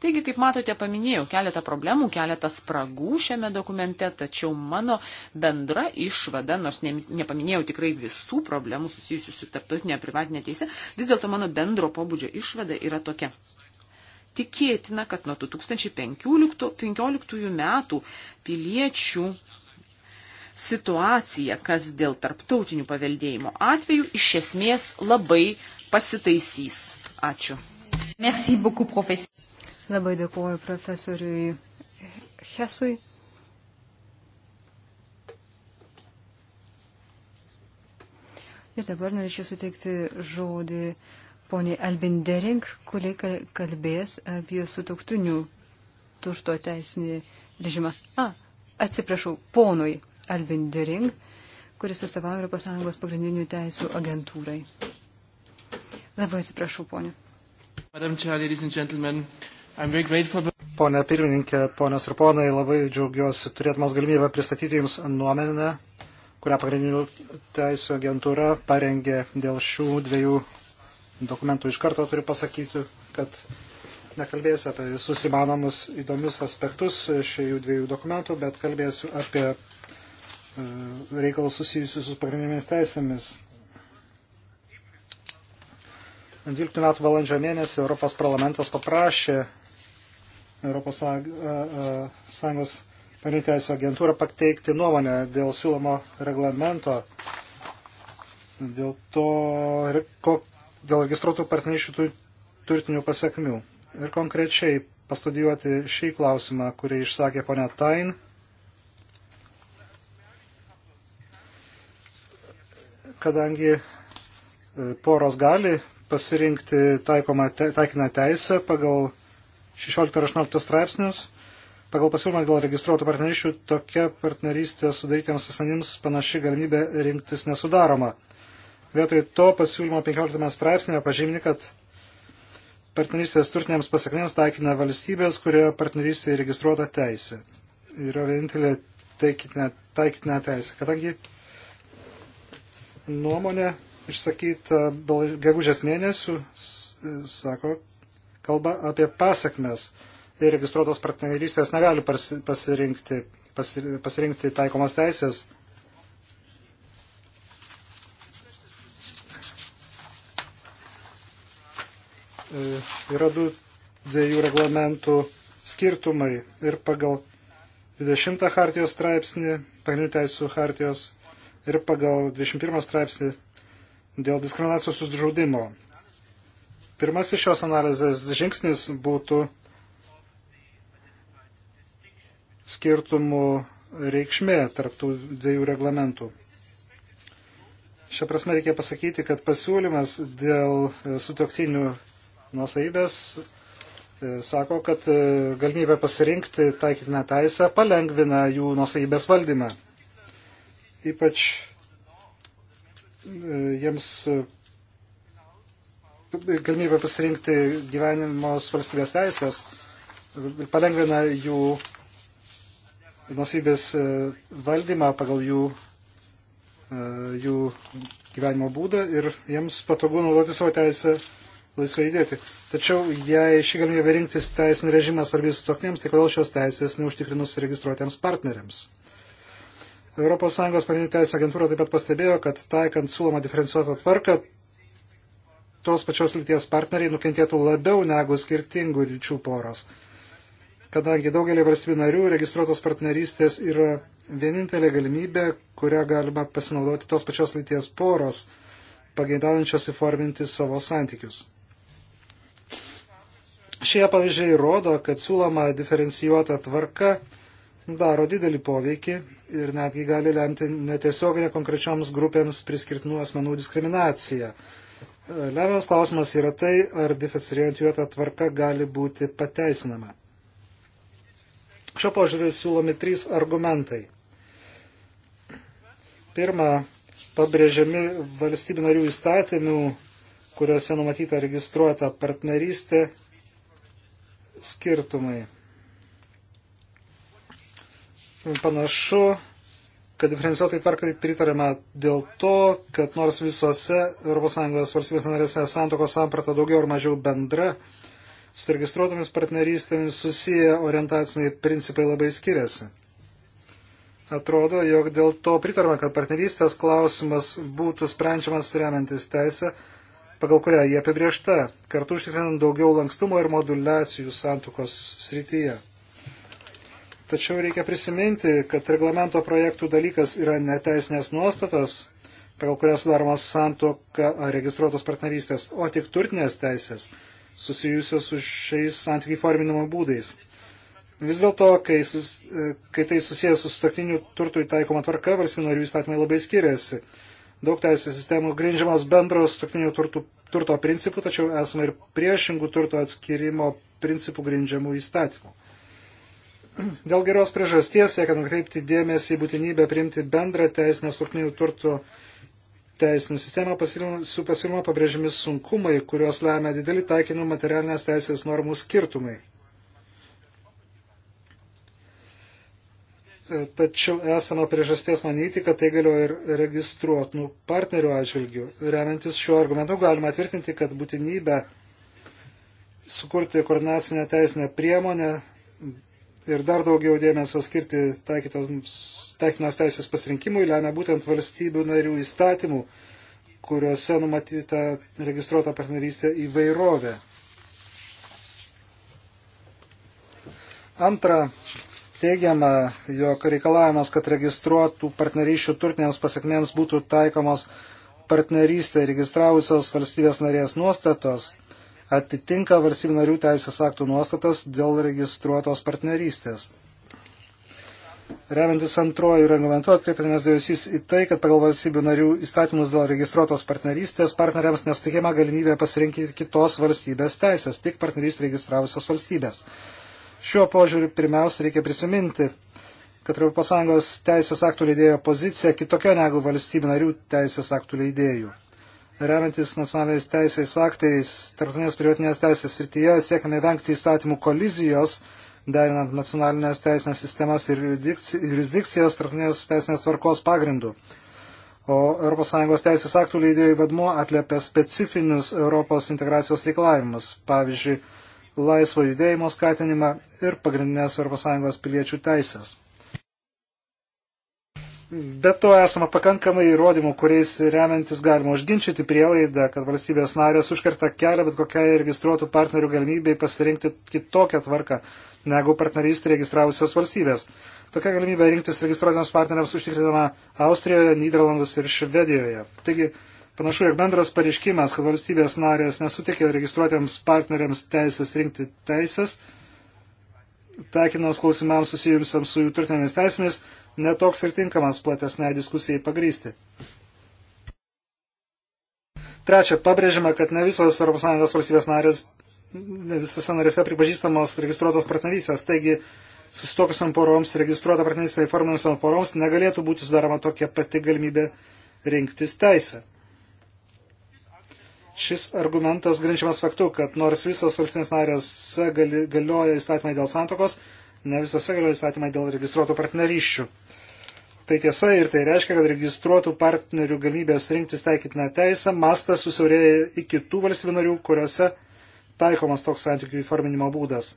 Taigi, kaip matote, paminėjau keletą problemų, keletą spragų šiame dokumente, tačiau mano bendra išvada, nors ne, nepaminėjau tikrai visų problemų susijusių su tarptautinė privatinė teisė, vis dėlto mano bendro pobūdžio išvada yra tokia. Tikėtina, kad nuo 2015 metų piliečių situacija, kas dėl tarptautinių paveldėjimo atvejų, iš esmės labai pasitaisys. Ačiū. Merci beaucoup, profesor. Labai dėkuoju profesoriui Hesui. Ir dabar norėčiau suteikti žodį poniai Albinderink, kuri kalbės apie sutuktinių turto teisinį režimą. A, atsiprašau, ponui Albinderink, kuris atstovauja Europos Sąjungos pagrindinių teisų agentūrai. Labai atsiprašau, ponė. Madam Chair, ladies and gentlemen, uh, Pone pirmininkė, ponios ir ponai, labai džiaugiuosi turėtumas galimybę pristatyti Jums nuomenę, kurią pagrindinių teisų agentūra parengė dėl šių dviejų dokumentų. Iš karto turiu pasakyti, kad nekalbėsiu apie visus įmanomus įdomius aspektus šių dviejų dokumentų, bet kalbėsiu apie e, reikalus susijusius su pagrindinėmis teisėmis 12 metų valandžio mėnesį Europos parlamentas paprašė Europos Sąjungos pagrindinių teisų agentūrą pateikti nuomonę dėl siūlomo reglamento, dėl, to, ko, dėl registruotų partnerysčių turtinių pasiekmių. Ir konkrečiai pastudijuoti šį klausimą, kurį išsakė ponia Tain. Kadangi e, poros gali pasirinkti taikomą, taikiną teisę pagal 16 ir 18 straipsnius. Pagal pasiūlymą dėl registruotų partnerysčių tokia partnerystė sudarytiems asmenims panaši galimybė rinktis nesudaroma. Vietoj to pasiūlymo 15 straipsnėje pažymni, kad partnerystės turtinėms pasiekmėms taikina valstybės, kurioje partnerystė įregistruota teisė. Yra vienintelė taikytinė, taikytinė teisė. Kadangi nuomonė išsakyta gegužės mėnesių sako, kalba apie pasakmes ir registruotos partnerystės negali pasirinkti, pasirinkti taikomas teisės. E, yra du dviejų reglamentų skirtumai ir pagal 20 hartijos straipsnį, pagrindinių teisų hartijos ir pagal 21 straipsnį dėl diskriminacijos uždraudimo. Pirmasis šios analizės žingsnis būtų skirtumų reikšmė tarptų dviejų reglamentų. Šią prasme reikia pasakyti, kad pasiūlymas dėl e, sutoktinių nuosaibės e, sako, kad e, galimybė pasirinkti taikytiną teisę palengvina jų nuosaibės valdymą. Ypač jiems galimybė pasirinkti gyvenimos valstybės teisės palengvina jų nusybės e, valdymą pagal jų, e, jų gyvenimo būdą ir jiems patogu naudoti savo teisę laisvai judėti. Tačiau jei šį galimybę rinktis teisinį režimą svarbiais sutoknėms, tai kodėl šios teisės neužtikrinus registruotiems partneriams? ES pagrindinių teisų agentūra taip pat pastebėjo, kad taikant siūlomą diferencijuotą tvarką tos pačios lyties partneriai nukentėtų labiau negu skirtingų lyčių poros. Kadangi daugelį valstybių narių registruotos partnerystės yra vienintelė galimybė, kurią galima pasinaudoti tos pačios lyties poros, pageidaujančios įforminti savo santykius. Šie pavyzdžiai rodo, kad siūloma diferencijuota tvarka daro didelį poveikį ir netgi gali lemti netiesioginę konkrečioms grupėms priskirtinų asmenų diskriminaciją Lemiamas klausimas yra tai, ar diferencijuota tvarka gali būti pateisinama. Šio požiūriu siūlomi trys argumentai. Pirma, pabrėžiami valstybių narių įstatymų, kuriuose numatyta registruota partnerystė skirtumai. Panašu, kad diferencijuotai tvarkai pritarėme dėl to, kad nors visose ES valstybės narėse santokos samprata daugiau ar mažiau bendra, su registruotomis partnerystėmis susiję orientaciniai principai labai skiriasi. Atrodo, jog dėl to pritarama, kad partnerystės klausimas būtų sprendžiamas remiantis teisę, pagal kurią jie apibriešta, kartu užtikrinant daugiau lankstumo ir modulacijų santukos srityje. Tačiau reikia prisiminti, kad reglamento projektų dalykas yra neteisinės nuostatas, pagal kurias sudaromas santoka ar registruotos partnerystės, o tik turtinės teisės susijusios su šiais santykių forminimo būdais. Vis dėlto, kai, sus, kai tai susijęs su sutoktiniu turtui taikoma tvarka, valstybių narių įstatymai labai skiriasi. Daug teisės sistemų grindžiamas bendros sutoktinių turtų, turto principų, tačiau esame ir priešingų turto atskirimo principų grindžiamų įstatymų. Dėl geros priežasties siekiant nukreipti dėmesį į būtinybę priimti bendrą teisinę struktūrinių turtų teisinį sistemą su pasiūlymo pabrėžimi sunkumai, kuriuos lemia dideli taikinių materialinės teisės normų skirtumai. E, tačiau esama priežasties manyti, kad tai galioja ir registruotinų partnerių atžvilgių. Remiantis šiuo argumentu galima tvirtinti, kad būtinybė sukurti koordinacinę teisinę priemonę ir dar daugiau dėmesio skirti taikinos teisės pasirinkimui lemia būtent valstybių narių įstatymų, kuriuose numatyta registruota partnerystė įvairovė. Antra, teigiama, jog reikalavimas, kad registruotų partnerysčių turtinėms pasiekmėms būtų taikomos partnerystę registravusios valstybės narės nuostatos atitinka valstybių narių teisės aktų nuostatas dėl registruotos partnerystės. Remiantis antrojų reglamentų atkreipinės dėmesys į tai, kad pagal valstybių narių įstatymus dėl registruotos partnerystės partneriams nesutikėma galimybė pasirinkti kitos valstybės teisės, tik partnerystę registravusios valstybės. Šiuo požiūriu pirmiausia reikia prisiminti, kad ES teisės aktų leidėjo pozicija kitokia negu valstybių narių teisės aktų leidėjų remiantis nacionaliniais teisės aktais, tarptautinės privatinės teisės srityje, siekime vengti įstatymų kolizijos, derinant nacionalinės teisinės sistemas ir jurisdikcijas tarptautinės teisinės tvarkos pagrindų. O ES teisės aktų leidėjų vadmuo atliepia specifinius Europos integracijos reikalavimus, pavyzdžiui, laisvo judėjimo skatinimą ir pagrindinės ES piliečių teisės. Bet to esama pakankamai įrodymų, kuriais remiantis galima užginčyti prielaidą, kad valstybės narės užkerta kelią bet kokiai registruotų partnerių galimybei pasirinkti kitokią tvarką negu partnerystį registravusios valstybės. Tokia galimybė rinktis registruotiniams partneriams užtikrinama Austrijoje, Niderlandus ir Švedijoje. Taigi, panašu, jog bendras pareiškimas, kad valstybės narės nesutikė registruotiniams partneriams teisės rinkti teisės, taikinos klausimams susijusiams su jų turtinėmis teisėmis, netoks ir tinkamas platesnei diskusijai pagrysti. Trečia, pabrėžiama, kad ne visos ES valstybės narės, ne visose narėse pripažįstamos registruotos partnerystės, taigi susitokusiam poroms registruota partnerystė įforminusiam poroms negalėtų būti sudaroma tokia pati galimybė rinktis teisę. Šis argumentas grinčiamas faktu, kad nors visos valstybės narės galioja įstatymai dėl santokos, ne visose galioja įstatymai dėl registruotų partnerysčių. Tai tiesa ir tai reiškia, kad registruotų partnerių galimybės rinktis taikytiną teisę mastas susiaurėja iki tų valstybių narių, kuriuose taikomas toks santykių įforminimo būdas.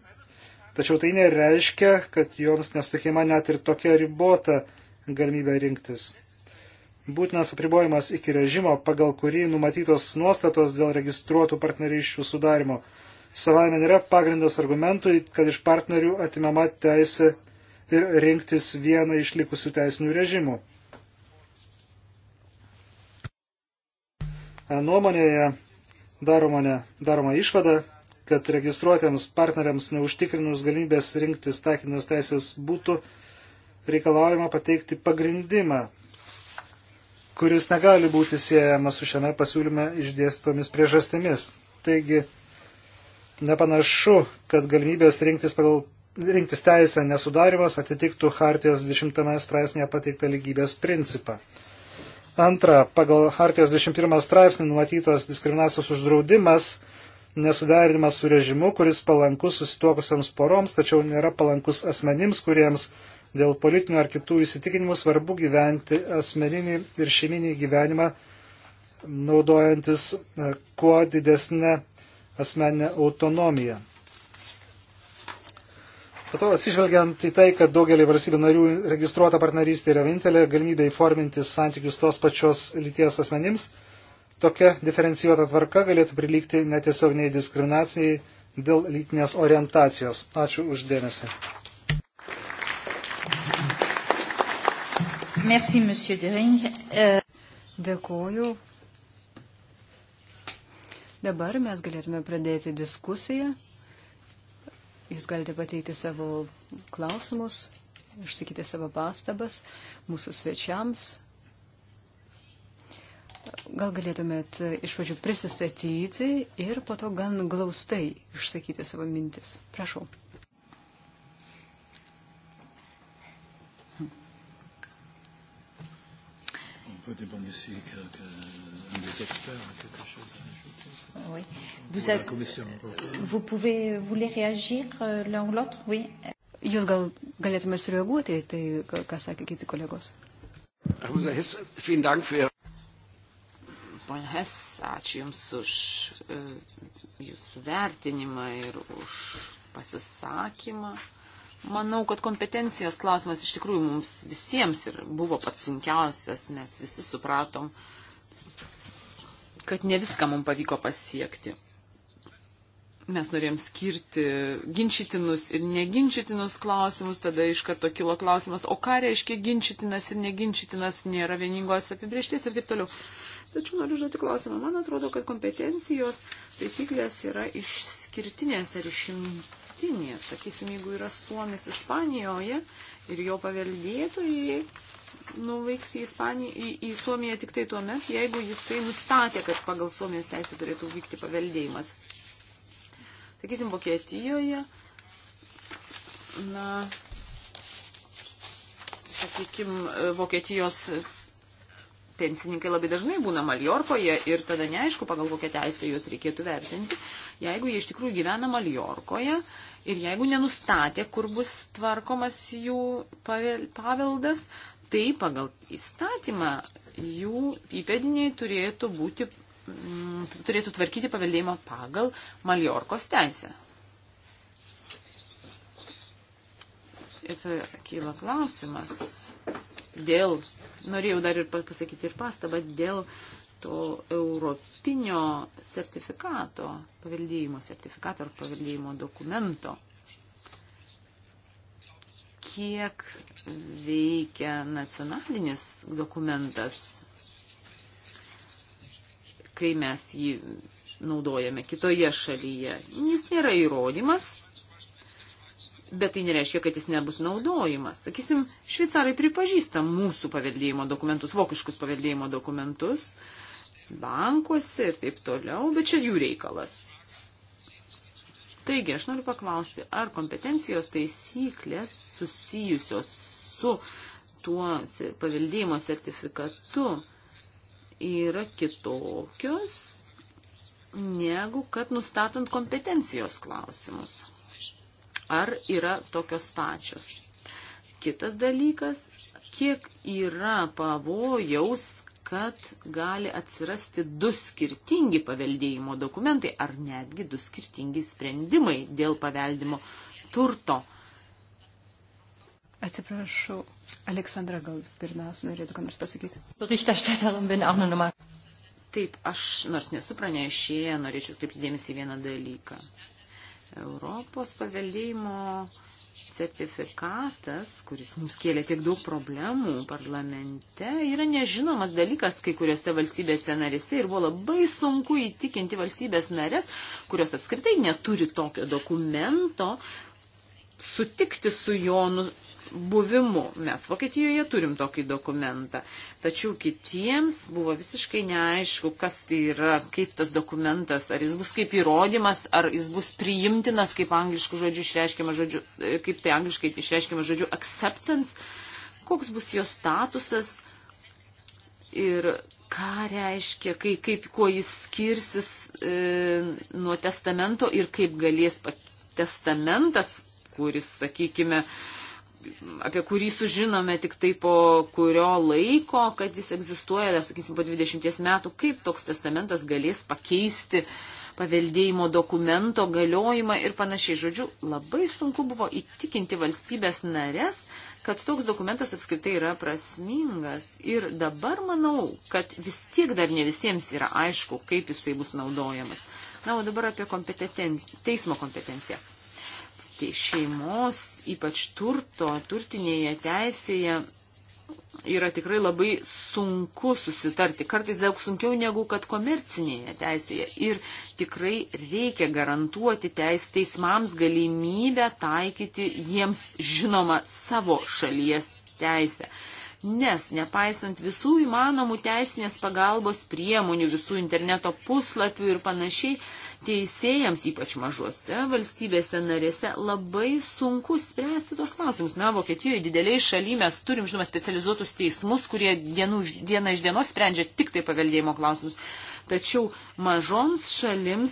Tačiau tai nereiškia, kad joms nesutikima net ir tokia ribota galimybė rinktis. Būtinas apribojimas iki režimo, pagal kurį numatytos nuostatos dėl registruotų partnerysčių sudarimo, savaime nėra pagrindas argumentui, kad iš partnerių atimama teisė ir rinktis vieną iš likusių teisinių režimų. Nuomonėje daroma, ne, daroma išvada, kad registruotėms partneriams neužtikrinus galimybės rinktis taikinos teisės būtų reikalaujama pateikti pagrindimą, kuris negali būti siejamas su šiame pasiūlyme išdėstomis priežastimis. Taigi, nepanašu, kad galimybės rinktis pagal rinktis teisę nesudarimas atitiktų Hartijos 20 straipsnėje pateiktą lygybės principą. Antra, pagal Hartijos 21 straipsnį numatytos diskriminacijos uždraudimas nesuderinimas su režimu, kuris palankus susituokusiams poroms, tačiau nėra palankus asmenims, kuriems dėl politinių ar kitų įsitikinimų svarbu gyventi asmeninį ir šeiminį gyvenimą, naudojantis e, kuo didesnę asmeninę autonomiją. Po to atsižvelgiant į tai, kad daugelį valstybių narių registruota partnerystė yra vienintelė galimybė įforminti santykius tos pačios lyties asmenims, tokia diferencijuota tvarka galėtų prilygti netiesiogniai diskriminacijai dėl lytinės orientacijos. Ačiū uždėmesi. Merci, monsieur Dering. Euh, Dėkuoju. Dabar mes galėtume pradėti diskusiją. Jūs galite pateikti savo klausimus, išsakyti savo pastabas mūsų svečiams. Gal galėtumėt iš pradžių prisistatyti ir po to gan glaustai išsakyti savo mintis. Prašau. peut demander si un des experts a quelque chose à ajouter. Oui. Vous, avez, vous pouvez, euh, vous voulez réagir euh, l'un ou l'autre, oui. Jūs gal galėtumėte sureaguoti į tai, ką sakė kiti kolegos. Pane Hes, ačiū Jums už e, Jūsų vertinimą ir už pasisakymą. Manau, kad kompetencijos klausimas iš tikrųjų mums visiems ir buvo pats sunkiausias, nes visi supratom, kad ne viską mums pavyko pasiekti mes norėjom skirti ginčytinus ir neginčytinus klausimus, tada iš karto kilo klausimas, o ką reiškia ginčytinas ir neginčytinas, nėra vieningos apibriešties ir taip toliau. Tačiau noriu užduoti klausimą. Man atrodo, kad kompetencijos taisyklės yra išskirtinės ar išimtinės. Sakysim, jeigu yra Suomis Ispanijoje ir jo paveldėtojai nuveiks į, Ispaniją, į, į Suomiją tik tai tuo met, jeigu jisai nustatė, kad pagal Suomijos teisę turėtų vykti paveldėjimas. Sakysim, Vokietijoje, na, sakykime, Vokietijos pensininkai labai dažnai būna Maljorkoje ir tada neaišku, pagal kokią teisę juos reikėtų vertinti. Jeigu jie iš tikrųjų gyvena Maljorkoje ir jeigu nenustatė, kur bus tvarkomas jų paveldas, tai pagal įstatymą jų įpėdiniai turėtų būti Mm, turėtų tvarkyti paveldėjimą pagal Maljorkos teisę. Ir kyla klausimas dėl, norėjau dar ir pasakyti ir pastabą, dėl to europinio sertifikato, paveldėjimo sertifikato ar paveldėjimo dokumento. Kiek veikia nacionalinis dokumentas kai mes jį naudojame kitoje šalyje. Jis nėra įrodymas, bet tai nereiškia, kad jis nebus naudojimas. Sakysim, šveicarai pripažįsta mūsų paveldėjimo dokumentus, vokiškus paveldėjimo dokumentus bankuose ir taip toliau, bet čia jų reikalas. Taigi, aš noriu paklausti, ar kompetencijos taisyklės susijusios su tuo paveldėjimo sertifikatu yra kitokios negu kad nustatant kompetencijos klausimus. Ar yra tokios pačios. Kitas dalykas, kiek yra pavojaus, kad gali atsirasti du skirtingi paveldėjimo dokumentai ar netgi du skirtingi sprendimai dėl paveldimo turto Atsiprašau, Aleksandra gal pirmiausia norėtų ką nors pasakyti. Taip, aš nors nesu pranešėja, norėčiau atkreipti dėmesį į vieną dalyką. Europos paveldėjimo sertifikatas, kuris mums kėlė tiek daug problemų parlamente, yra nežinomas dalykas kai kuriuose valstybėse narėse ir buvo labai sunku įtikinti valstybės narės, kurios apskritai neturi tokio dokumento, sutikti su jo buvimu. Mes Vokietijoje turim tokį dokumentą. Tačiau kitiems buvo visiškai neaišku, kas tai yra, kaip tas dokumentas, ar jis bus kaip įrodymas, ar jis bus priimtinas, kaip angliškų žodžių išreiškiama žodžiu, e, kaip tai angliškai išreiškiama žodžiu acceptance, koks bus jo statusas ir ką reiškia, kai, kaip, kuo jis skirsis e, nuo testamento ir kaip galės testamentas kuris, sakykime, uh, apie kurį sužinome tik tai po kurio laiko, kad jis egzistuoja, dar sakysim, po 20 metų, kaip toks testamentas galės pakeisti paveldėjimo dokumento galiojimą ir panašiai. Žodžiu, labai sunku buvo įtikinti valstybės narės, kad toks dokumentas apskritai yra prasmingas. Ir dabar manau, kad vis tiek dar ne visiems yra aišku, kaip jisai bus naudojamas. Na, o dabar apie kompeten... teismo kompetenciją šeimos, ypač turto, turtinėje teisėje yra tikrai labai sunku susitarti, kartais daug sunkiau negu kad komercinėje teisėje. Ir tikrai reikia garantuoti teis teismams galimybę taikyti jiems žinoma savo šalies teisę. Nes nepaisant visų įmanomų teisinės pagalbos priemonių, visų interneto puslapių ir panašiai, teisėjams, ypač mažuose valstybėse narėse, labai sunku spręsti tos klausimus. Na, Vokietijoje dideliai šaly mes turim, žinoma, specializuotus teismus, kurie dienų, dieną iš dienos sprendžia tik tai paveldėjimo klausimus. Tačiau mažoms šalims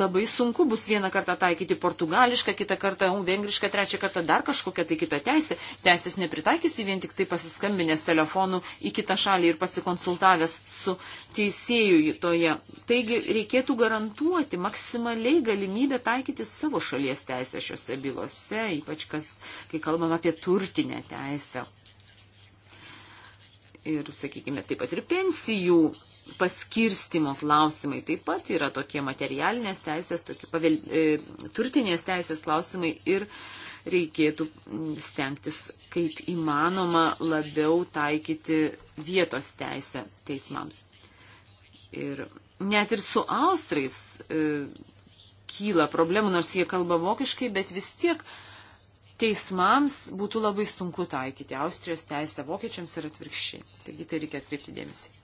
labai sunku bus vieną kartą taikyti portugališką, kitą kartą vengrišką, trečią kartą dar kažkokią tai kitą teisę. Teisės nepritaikysi vien tik tai pasiskambinęs telefonu į kitą šalį ir pasikonsultavęs su teisėju toje. Taigi reikėtų garantuoti maksimaliai galimybę taikyti savo šalies teisę šiuose bylose, ypač kas, kai kalbam apie turtinę teisę. Ir, sakykime, taip pat ir pensijų paskirstimo klausimai taip pat yra tokie materialinės teisės, tokie pavel, e, turtinės teisės klausimai ir reikėtų stengtis kaip įmanoma labiau taikyti vietos teisę teismams. Ir net ir su austrais e, kyla problemų, nors jie kalba vokiškai, bet vis tiek e, teismams būtų labai sunku taikyti Austrijos teisę vokiečiams ir atvirkščiai. Taigi tai reikia atkreipti dėmesį.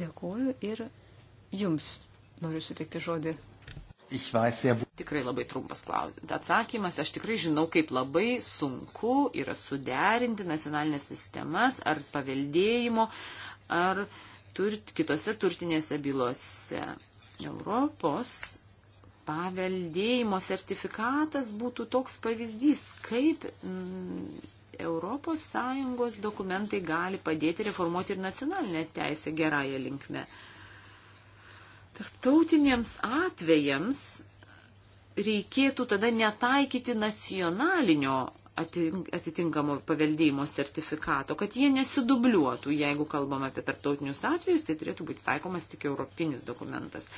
Dėkuoju ir jums noriu sutikti žodį. Tikrai labai trumpas klausimas. Atsakymas, aš tikrai žinau, kaip labai sunku yra suderinti nacionalinės sistemas ar paveldėjimo, ar turt, kitose turtinėse bylose. Europos paveldėjimo sertifikatas būtų toks pavyzdys, kaip mm, ES dokumentai gali padėti reformuoti ir nacionalinę teisę gerąją linkme. Tarptautiniams atvejams reikėtų tada netaikyti nacionalinio atitinkamo paveldėjimo sertifikato, kad jie nesidubliuotų. Jeigu kalbame apie tarptautinius atvejus, tai turėtų būti taikomas tik europinis dokumentas.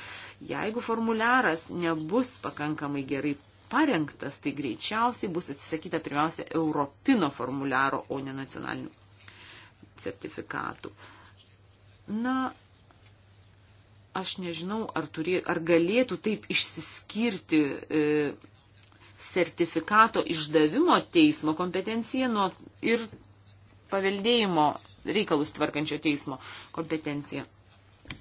Jeigu formularas nebus pakankamai gerai parengtas, tai greičiausiai bus atsisakyta pirmiausia europino formularo, o ne nacionalinių sertifikatų. Na, aš nežinau, ar, turė, ar galėtų taip išsiskirti. E, sertifikato išdavimo teismo kompetencija nuo ir paveldėjimo reikalus tvarkančio teismo kompetencija.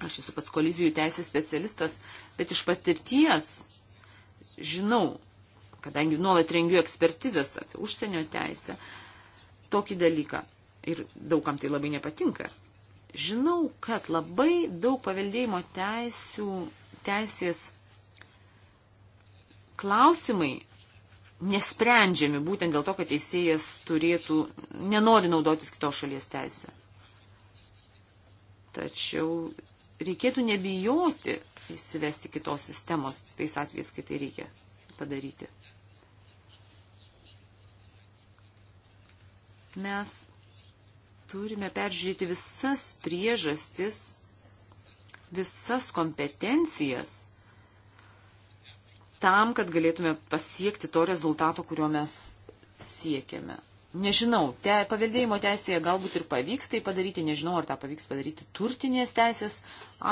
Aš esu pats kolizijų teisės specialistas, bet iš patirties žinau, kadangi nuolat rengiu ekspertizės apie užsienio teisę, tokį dalyką. Ir daugam tai labai nepatinka. Žinau, kad labai daug paveldėjimo teisių, teisės klausimai nesprendžiami būtent dėl to, kad teisėjas turėtų, nenori naudotis kitos šalies teisę. Tačiau reikėtų nebijoti įsivesti kitos sistemos tais atvejais, kai tai reikia padaryti. Mes turime peržiūrėti visas priežastis, visas kompetencijas tam, kad galėtume pasiekti to rezultato, kurio mes siekiame. Nežinau, te, paveldėjimo teisėje galbūt ir pavyks tai padaryti, nežinau, ar tą pavyks padaryti turtinės teisės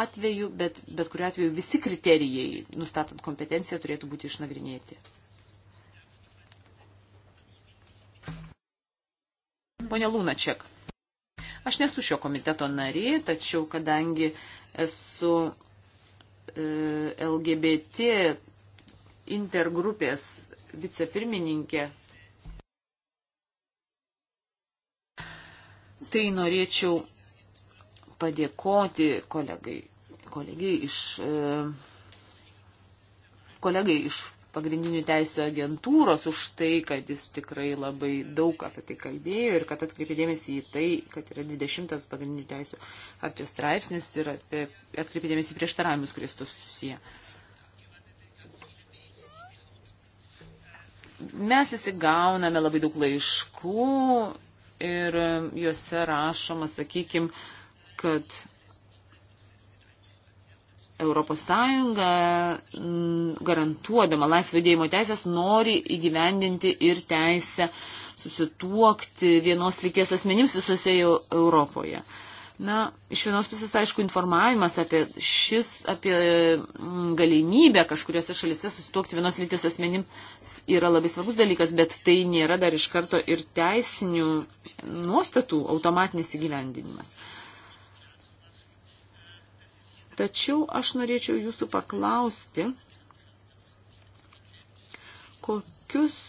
atveju, bet, bet kuriu atveju visi kriterijai, nustatant kompetenciją, turėtų būti išnagrinėti. Pone Lūnačiak, aš nesu šio komiteto narė, tačiau kadangi esu e, LGBT intergrupės vicepirmininkė, tai norėčiau padėkoti kolegai, kolegai iš, e, kolegai iš pagrindinių teisų agentūros už tai, kad jis tikrai labai daug apie tai kalbėjo ir kad atkreipė dėmesį į tai, kad yra 20 pagrindinių teisų hartijos straipsnis ir atkreipė dėmesį prieštaravimus, kurie su to susiję. Uh, Mes įsigauname labai daug laiškų ir juose rašoma, sakykime, kad ES garantuodama laisvę dėjimo teisės nori įgyvendinti ir teisę susituokti vienos lyties asmenims visose Europoje. Uh, Na, iš vienos pusės, aišku, informavimas apie šis, apie mm, galimybę kažkuriuose šalise susituokti vienos lytis asmenim yra labai svarbus dalykas, bet tai nėra dar iš karto ir teisinių nuostatų automatinis įgyvendinimas. Tačiau aš norėčiau jūsų paklausti, kokius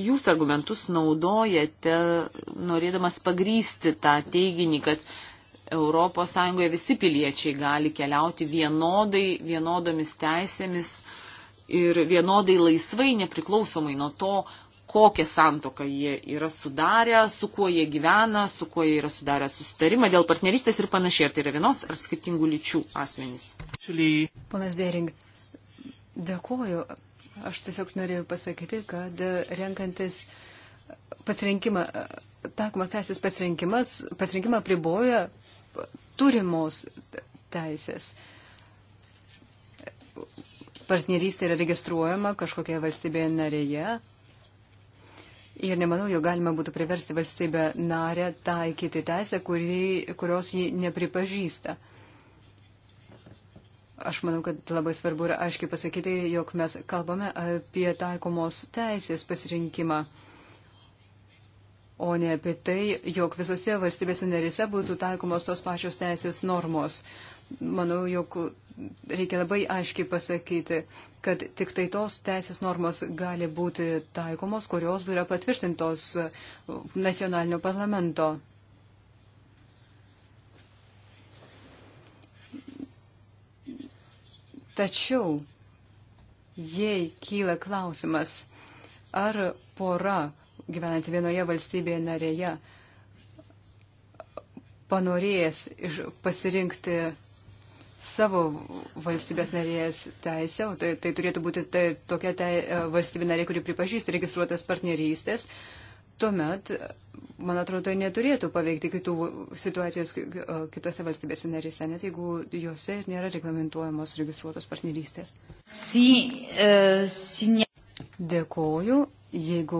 jūs argumentus naudojate, norėdamas pagrysti tą teiginį, kad ES visi piliečiai gali keliauti vienodai, vienodomis teisėmis ir vienodai laisvai, nepriklausomai nuo to, kokią santoką jie yra sudarę, su kuo jie gyvena, su kuo jie yra sudarę susitarimą dėl partnerystės ir panašiai, ar tai yra vienos ar skirtingų lyčių asmenys. Ponas Dering, dėkoju. Aš tiesiog norėjau pasakyti, kad renkantis pasirinkimą, takomas teisės pasirinkimas, pasirinkimą priboja turimos teisės. Partnerystė yra registruojama kažkokioje valstybėje narėje. Ir nemanau, jo galima būtų priversti valstybę narę taikyti teisę, kuri, kurios ji nepripažįsta. Aš manau, kad labai svarbu yra aiškiai pasakyti, jog mes kalbame apie taikomos teisės pasirinkimą, o ne apie tai, jog visose valstybėse narise būtų taikomos tos pačios teisės normos. Manau, jog reikia labai aiškiai pasakyti, kad tik tai tos teisės normos gali būti taikomos, kurios yra patvirtintos nacionalinio parlamento. Tačiau, jei kyla klausimas, ar pora gyvenanti vienoje valstybėje narėje panorėjęs pasirinkti savo valstybės narės teisę, o tai, tai turėtų būti tai, tokia tai, valstybė narė, kuri pripažįsta registruotas partnerystės, uh, tuomet, man atrodo, tai neturėtų paveikti kitų situacijos kitose valstybėse narėse, net jeigu juose ir nėra reglamentuojamos registruotos partnerystės. Si, uh, si ne... Dėkoju, jeigu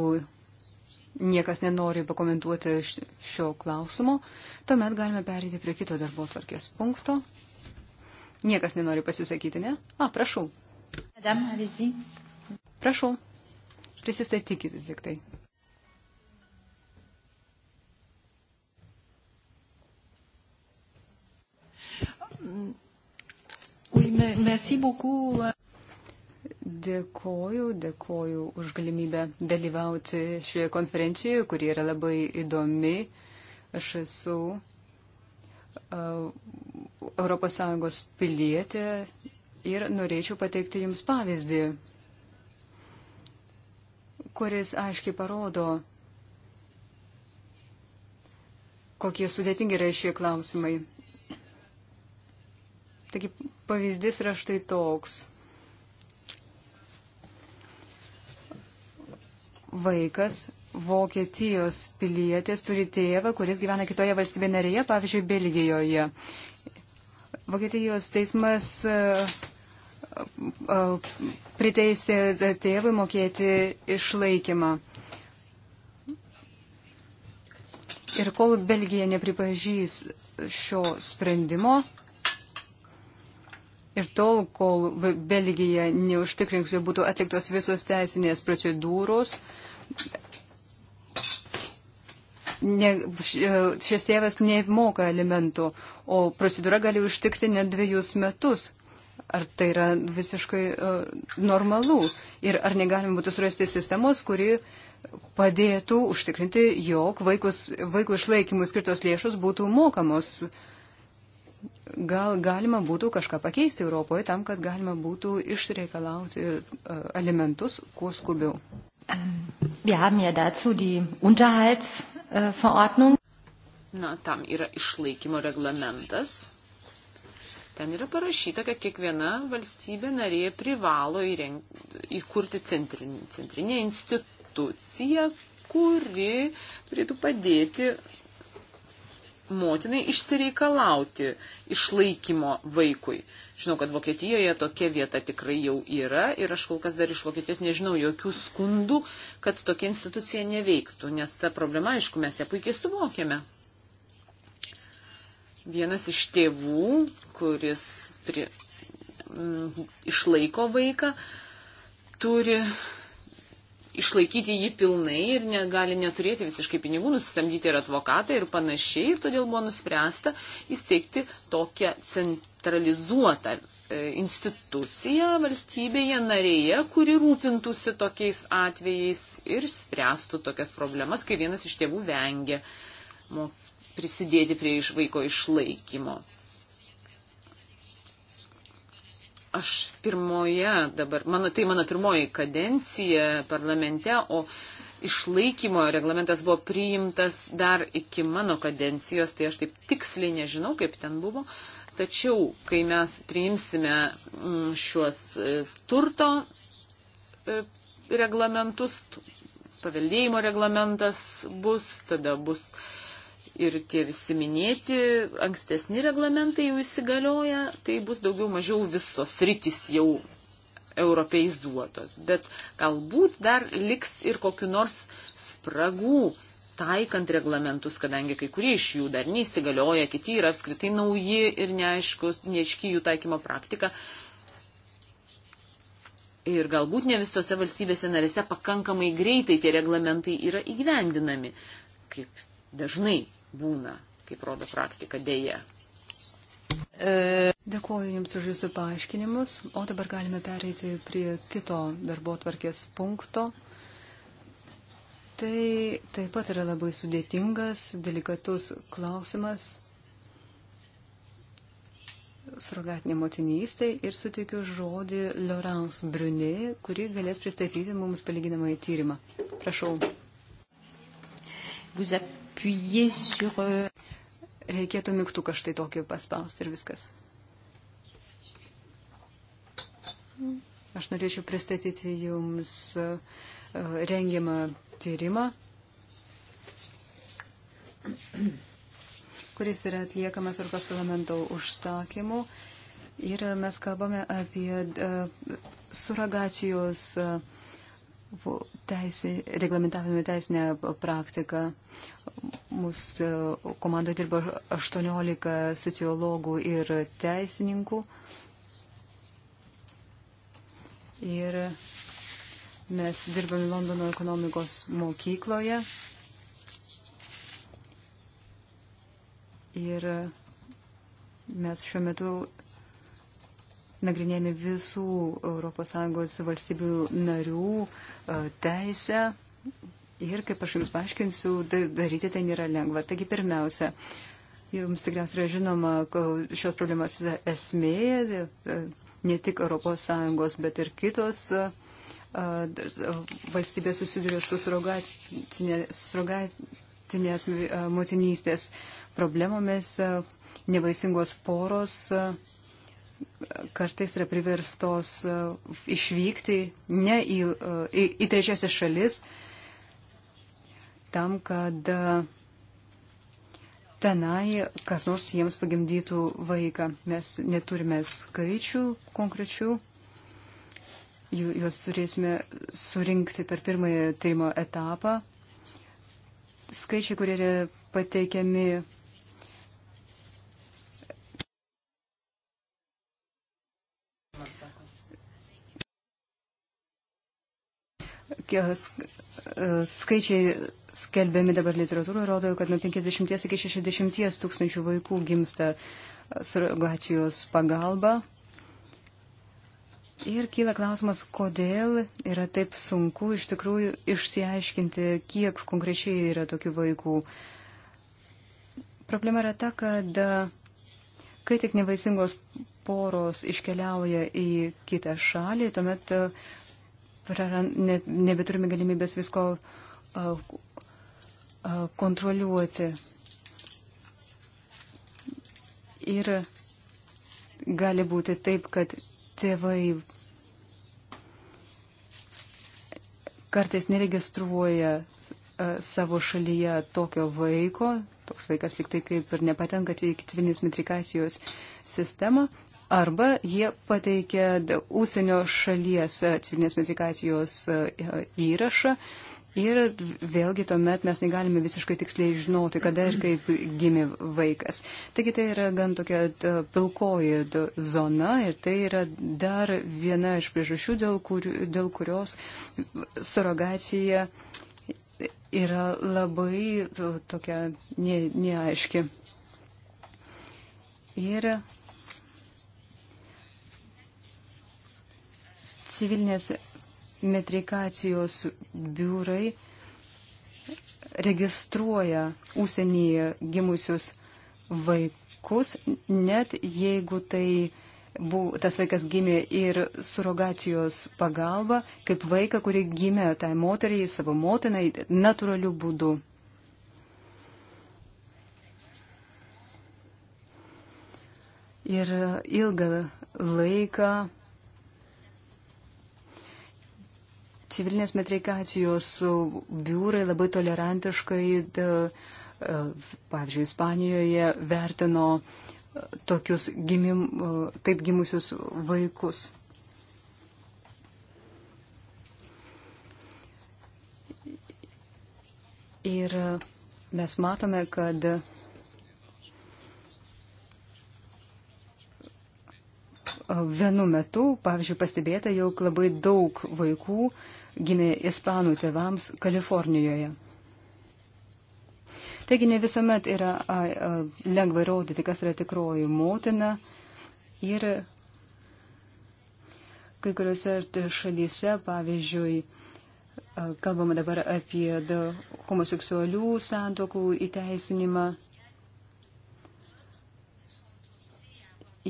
niekas nenori pakomentuoti šio klausimo, tuomet galime perėti prie kito darbo tvarkės punkto. Niekas nenori pasisakyti, ne? A, prašau. Madame, allez-y. Prašau. Prisistatykite tik tai. Oui, merci beaucoup. Dėkoju, dėkoju už galimybę dalyvauti šioje konferencijoje, kuri yra labai įdomi. Aš esu uh, ES pilietė ir norėčiau pateikti Jums pavyzdį, kuris aiškiai parodo, kokie sudėtingi yra šie klausimai. Taigi pavyzdys yra štai toks. Vaikas Vokietijos pilietės turi tėvą, kuris gyvena kitoje valstybėje narėje, pavyzdžiui, Belgijoje. Vokietijos teismas e, e, priteisė tėvui mokėti išlaikymą. Ir kol Belgija nepripažys šio sprendimo, Ir tol, kol Belgija neužtikrins, jog būtų atliktos visos teisinės procedūros, ne, e, šis tėvas nemoka alimentų, o procedūra gali užtikti net dviejus metus. Ar tai yra visiškai uh, normalu? Ir ar negalima būtų surasti sistemos, kuri padėtų užtikrinti, jog vaikus, vaikų išlaikymui skirtos lėšos būtų mokamos uh, gal galima būtų kažką pakeisti Europoje tam, kad galima būtų išreikalauti e, alimentus kuo skubiau. Ähm, Na, tam yra išlaikymo reglamentas. Ten yra parašyta, kad kiekviena valstybė narė privalo įrenk, įkurti centrinį, centrinę instituciją, kuri turėtų padėti motinai išsireikalauti išlaikymo vaikui. Žinau, kad Vokietijoje tokia vieta tikrai jau yra ir aš kol kas dar iš Vokietijos nežinau jokių skundų, kad tokia institucija neveiktų, nes ta problema, aišku, mes ją puikiai suvokiame. Vienas iš tėvų, kuris prie, m, išlaiko vaiką, turi išlaikyti jį pilnai ir ne, gali neturėti visiškai pinigų, nusisamdyti ir advokatą ir panašiai. Ir todėl buvo nuspręsta įsteigti tokią centralizuotą e, instituciją valstybėje narėje, kuri rūpintųsi tokiais atvejais ir spręstų tokias problemas, kai vienas iš tėvų vengia prisidėti prie iš vaiko išlaikymo. aš pirmoje dabar, mano, tai mano pirmoji kadencija parlamente, o išlaikymo reglamentas buvo priimtas dar iki mano kadencijos, tai aš taip tiksliai nežinau, kaip ten buvo. Tačiau, kai mes priimsime mm, šiuos e, turto e, reglamentus, paveldėjimo reglamentas bus, tada bus uh, ir tie visi minėti ankstesni reglamentai jau įsigalioja, tai bus daugiau mažiau visos rytis jau europeizuotos. Bet galbūt dar liks ir kokiu nors spragų taikant reglamentus, kadangi kai kurie iš jų dar neįsigalioja, kiti yra apskritai nauji ir neaišku, neaiški jų taikymo praktika. Ir galbūt ne visose valstybėse narėse pakankamai greitai tie reglamentai yra įgyvendinami, kaip dažnai būna, kaip rodo praktika, dėje. E, dėkuoju Jums už Jūsų paaiškinimus, o dabar galime pereiti prie kito darbo tvarkės punkto. Tai taip pat yra labai sudėtingas, delikatus klausimas surogatinė motinystė ir suteikiu žodį Laurence Brunet, kuri galės pristatyti mums palyginamąjį tyrimą. Prašau. Vous êtes appuyer sur... Euh, Reikėtų mygtuką štai tokį paspausti ir viskas. Aš norėčiau pristatyti Jums e, rengiamą tyrimą, kuris yra atliekamas Europos parlamento užsakymu. Ir mes kalbame apie e, suragacijos uh, teisė, reglamentavimo teisinę praktiką. Mūsų e, komanda dirba 18 sociologų ir teisininkų. Ir mes dirbame Londono ekonomikos mokykloje. Ir mes šiuo metu nagrinėjami visų ES valstybių narių e, teisę. Ir, kaip aš Jums paaiškinsiu, daryti tai nėra lengva. Taigi, pirmiausia, Jums tikriausiai yra žinoma šios problemos esmė, e, ne tik ES, bet ir kitos e, valstybės susiduria su surogatinės motinystės problemomis, nevaisingos poros kartais yra priverstos e, išvykti ne į, e, į, į trečiasias šalis tam, kad e, tenai kas nors jiems pagimdytų vaiką. Mes neturime skaičių konkrečių, juos turėsime surinkti per pirmąjį tyrimo etapą. Skaičiai, kurie yra pateikiami E, skaičiai skelbiami dabar literatūroje rodo, kad nuo 50 iki 60 tūkstančių vaikų gimsta surogacijos pagalba. Ir kyla klausimas, kodėl yra taip sunku iš tikrųjų išsiaiškinti, kiek konkrečiai yra tokių vaikų. Problema yra ta, kad e, kai tik nevaisingos poros iškeliauja į kitą šalį, tuomet uh, praran, ne, nebeturime galimybės visko a, a, kontroliuoti. Ir gali būti taip, kad tėvai kartais neregistruoja savo šalyje tokio vaiko, toks vaikas liktai kaip ir nepatenka į civilinės metrikacijos sistemą arba jie pateikia ūsienio šalies e, civilinės metrikacijos e, įrašą. Ir vėlgi tuomet mes negalime visiškai tiksliai žinoti, kada ir kaip gimė vaikas. Taigi tai yra gan tokia pilkoji zona ir tai yra dar viena iš priežasčių, dėl, kur, dėl kurios surrogacija yra labai tokia ne, neaiški. Ir civilinės metrikacijos biurai registruoja ūsienyje gimusius vaikus, net jeigu tai bu, tas vaikas gimė ir surogacijos pagalba, kaip vaiką, kuri gimė tai moteriai, savo motinai, natūraliu būdu. Ir ilgą laiką civilinės metrikacijos biurai labai tolerantiškai, da, e, pavyzdžiui, Ispanijoje vertino e, tokius gimim, e, taip gimusius vaikus. Ir mes matome, kad vienu metu, pavyzdžiui, pastebėta, jog labai daug vaikų uh, gimė ispanų tėvams Kalifornijoje. Taigi ne visuomet yra a, a, lengva įrodyti, kas yra tikroji motina ir kai kuriuose šalyse, pavyzdžiui, a, kalbama dabar apie homoseksualių santokų įteisinimą.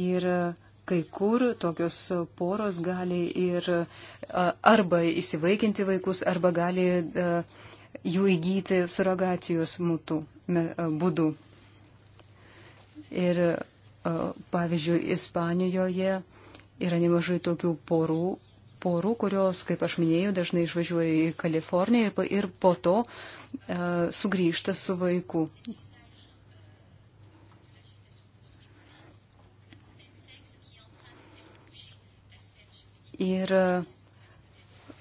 Ir uh, Kai kur tokios poros gali ir arba įsivaikinti vaikus, arba gali jų įgyti suragacijos mūtų, būdų. Ir pavyzdžiui, Ispanijoje yra nemažai tokių porų, porų, kurios, kaip aš minėjau, dažnai išvažiuoja į Kaliforniją ir, ir po to e, sugrįžta su vaiku. Ir e,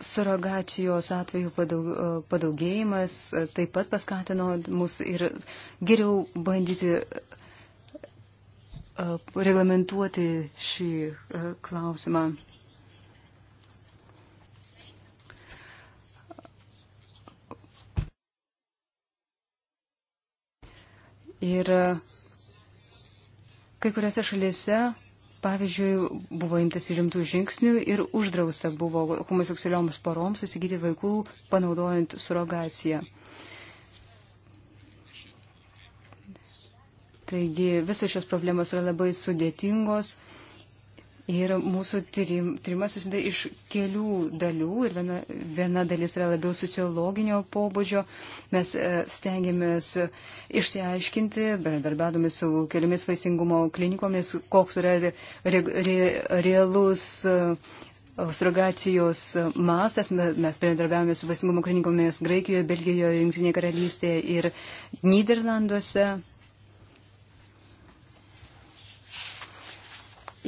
suragacijos atveju padaug, e, padaugėjimas e, taip pat paskatino mus ir geriau bandyti reglamentuoti šį klausimą. Ir kai kuriuose šalyse Pavyzdžiui, buvo imtas rimtų žingsnių ir uždrausta buvo homoseksualioms poroms įsigyti vaikų panaudojant surogaciją. Taigi visos šios problemos yra labai sudėtingos Ir mūsų tyrim, tyrimas susideda iš kelių dalių ir viena, viena dalis yra labiau sociologinio pobūdžio. Mes e, stengiamės išsiaiškinti, bendradarbiaudami su keliomis vaisingumo klinikomis, koks yra re, re, re, realus e, surrogacijos mastas. Mes bendradarbiavome su vaisingumo klinikomis Graikijoje, Belgijoje, Junktinėje karalystėje ir Niderlanduose.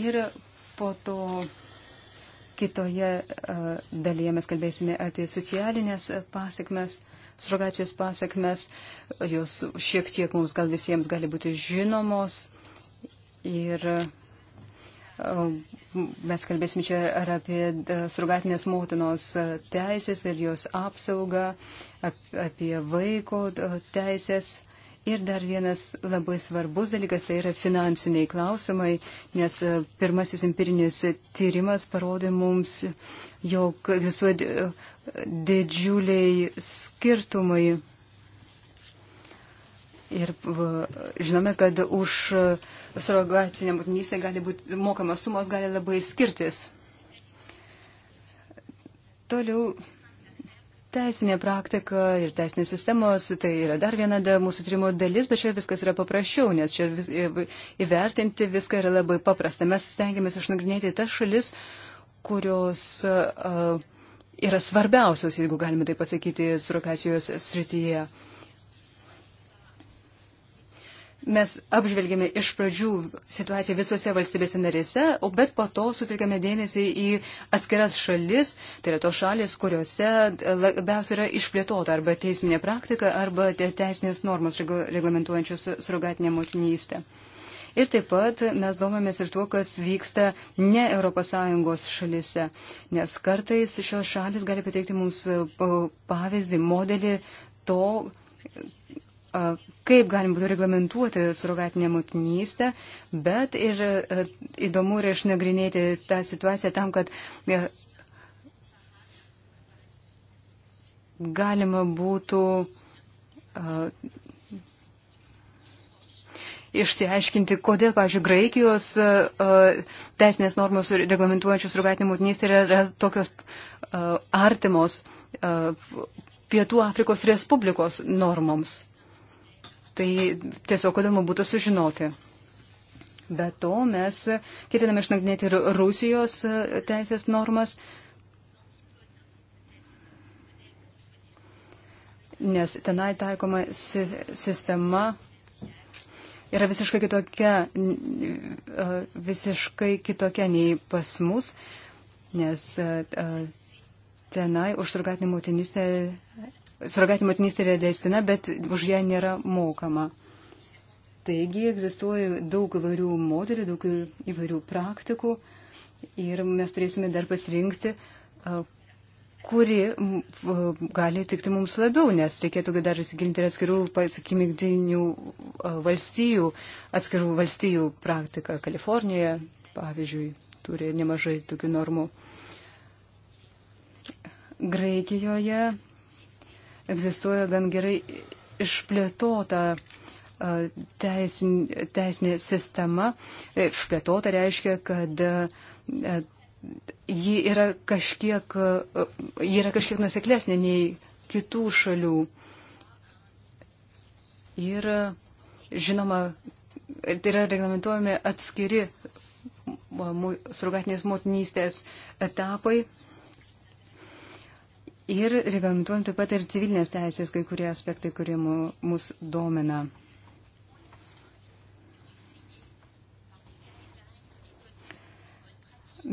Ir Po to kitoje e, dalyje mes kalbėsime apie socialinės pasiekmes, surogacijos pasiekmes. Jos šiek tiek mums gal visiems gali būti žinomos. Ir e, mes kalbėsime čia ir apie e, surogatinės motinos teisės ir jos apsaugą, apie vaiko teisės Ir dar vienas labai svarbus dalykas tai yra finansiniai klausimai, nes e, pirmasis empirinis tyrimas parodė mums, jog egzistuoja e, didžiuliai skirtumai. Ir žinome, kad už surogacinę motinystę gali būti mokamos sumos gali labai skirtis. Toliau Teisinė praktika ir teisinės sistemos tai yra dar viena da, mūsų tyrimo dalis, bet čia viskas yra paprasčiau, nes čia vis, įvertinti viską yra labai paprasta. Mes stengiamės išnagrinėti tas šalis, kurios uh, yra svarbiausios, jeigu galime tai pasakyti, surokacijos srityje. Uh, Mes apžvelgėme iš pradžių situaciją visose valstybėse narėse, o bet po to sutelkėme dėmesį į atskiras šalis, tai yra tos šalis, kuriuose labiausiai yra išplėtota arba teisminė praktika, arba teisinės normos reglamentuojančios surogatinę motinystę. Ir taip pat mes domėmės ir tuo, kas vyksta ne ES šalise, nes kartais šios šalis gali pateikti mums pavyzdį, modelį to, kaip galim būtų reglamentuoti surogatinę motinystę, bet ir įdomu yra išnagrinėti tą situaciją tam, kad galima būtų išsiaiškinti, kodėl, pavyzdžiui, Graikijos teisinės normos reglamentuojančios surogatinę motinystę yra tokios artimos Pietų Afrikos Respublikos normoms. Tai tiesiog įdomu būtų sužinoti. Be to, mes ketiname išnagrinėti ir Rusijos e, teisės normas, nes tenai taikoma si sistema yra visiškai kitokia, e, visiškai kitokia nei pas mus, nes e, tenai už surgatinę motinystę suragatinė motinystė yra leistina, bet už ją nėra mokama. Taigi egzistuoja daug įvairių modelių, daug įvairių praktikų ir mes turėsime dar pasirinkti, kuri gali tikti mums labiau, nes reikėtų dar įsigilinti ir atskirų, sakykime, valstijų, atskirų valstijų praktiką. Kalifornija, pavyzdžiui, turi nemažai tokių normų. Graikijoje egzistuoja gan gerai išplėtota teisinė, teisinė sistema. E, išplėtota reiškia, kad e, ji yra kažkiek, e, ji yra kažkiek nuseklesnė nei kitų šalių. Ir žinoma, tai yra reglamentuojami atskiri surgatinės motinystės etapai Ir reglamentuojant taip pat ir civilinės teisės kai kurie aspektai, kurie mus domina.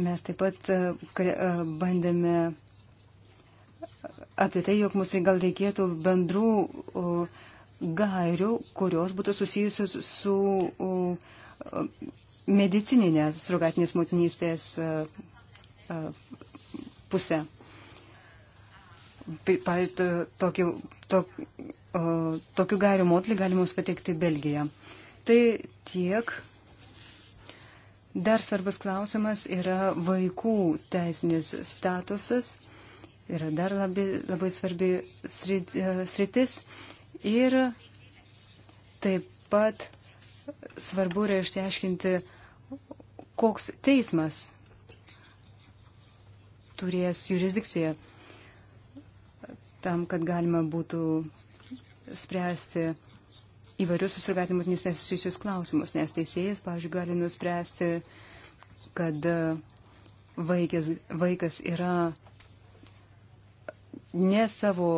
Mes taip pat e, e, bandėme apie tai, jog mums gal reikėtų bendrų gairių, kurios būtų susijusios su medicininė surogatinės motinystės e, pusė. Tokį, tok, tokių gairių modelį galima mums pateikti Belgiją. Tai tiek. Dar svarbus klausimas yra vaikų teisinis statusas. Yra dar labai, labai svarbi e, sritis. Ir taip pat svarbu yra išsiaiškinti, koks teismas turės jurisdikciją tam, kad galima būtų spręsti įvairius susirgatimutinės nesusijusius klausimus, nes teisėjas, pavyzdžiui, gali nuspręsti, kad e, vaikas, vaikas yra ne savo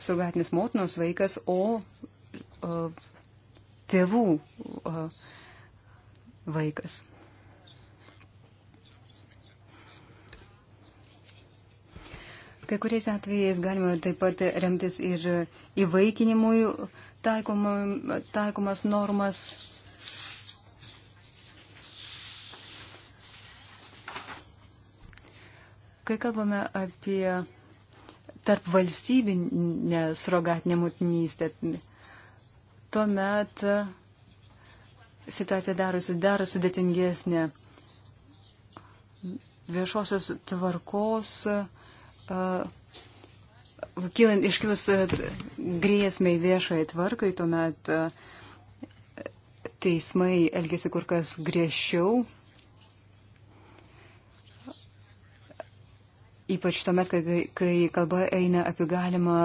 surgatinės motinos vaikas, o, o e, tėvų o, e, vaikas. Kai kuriais atvejais galima taip pat remtis ir įvaikinimui taikoma, taikomas normas. Kai kalbame apie tarp valstybinę surogatinę motinystę, tuomet situacija darosi dar sudėtingesnė. Viešosios tvarkos uh, Kylant iškilus grėsmiai viešai tvarkai, tuomet teismai elgesi kur kas griežčiau, ypač tuomet, kai, kai kalba eina apie galimą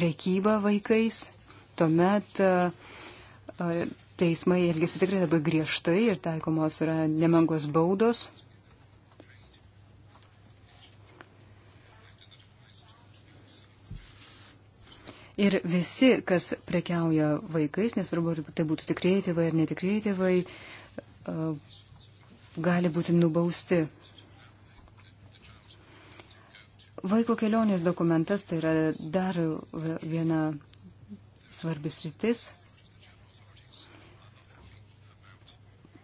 priekybą vaikais, tuomet teismai elgesi tikrai labai griežtai ir taikomos yra nemangos baudos. Ir visi, kas prekiauja vaikais, nesvarbu, ar tai būtų tikrieji tėvai ar netikrieji tėvai, gali būti nubausti. Vaiko kelionės dokumentas tai yra dar viena svarbis rytis.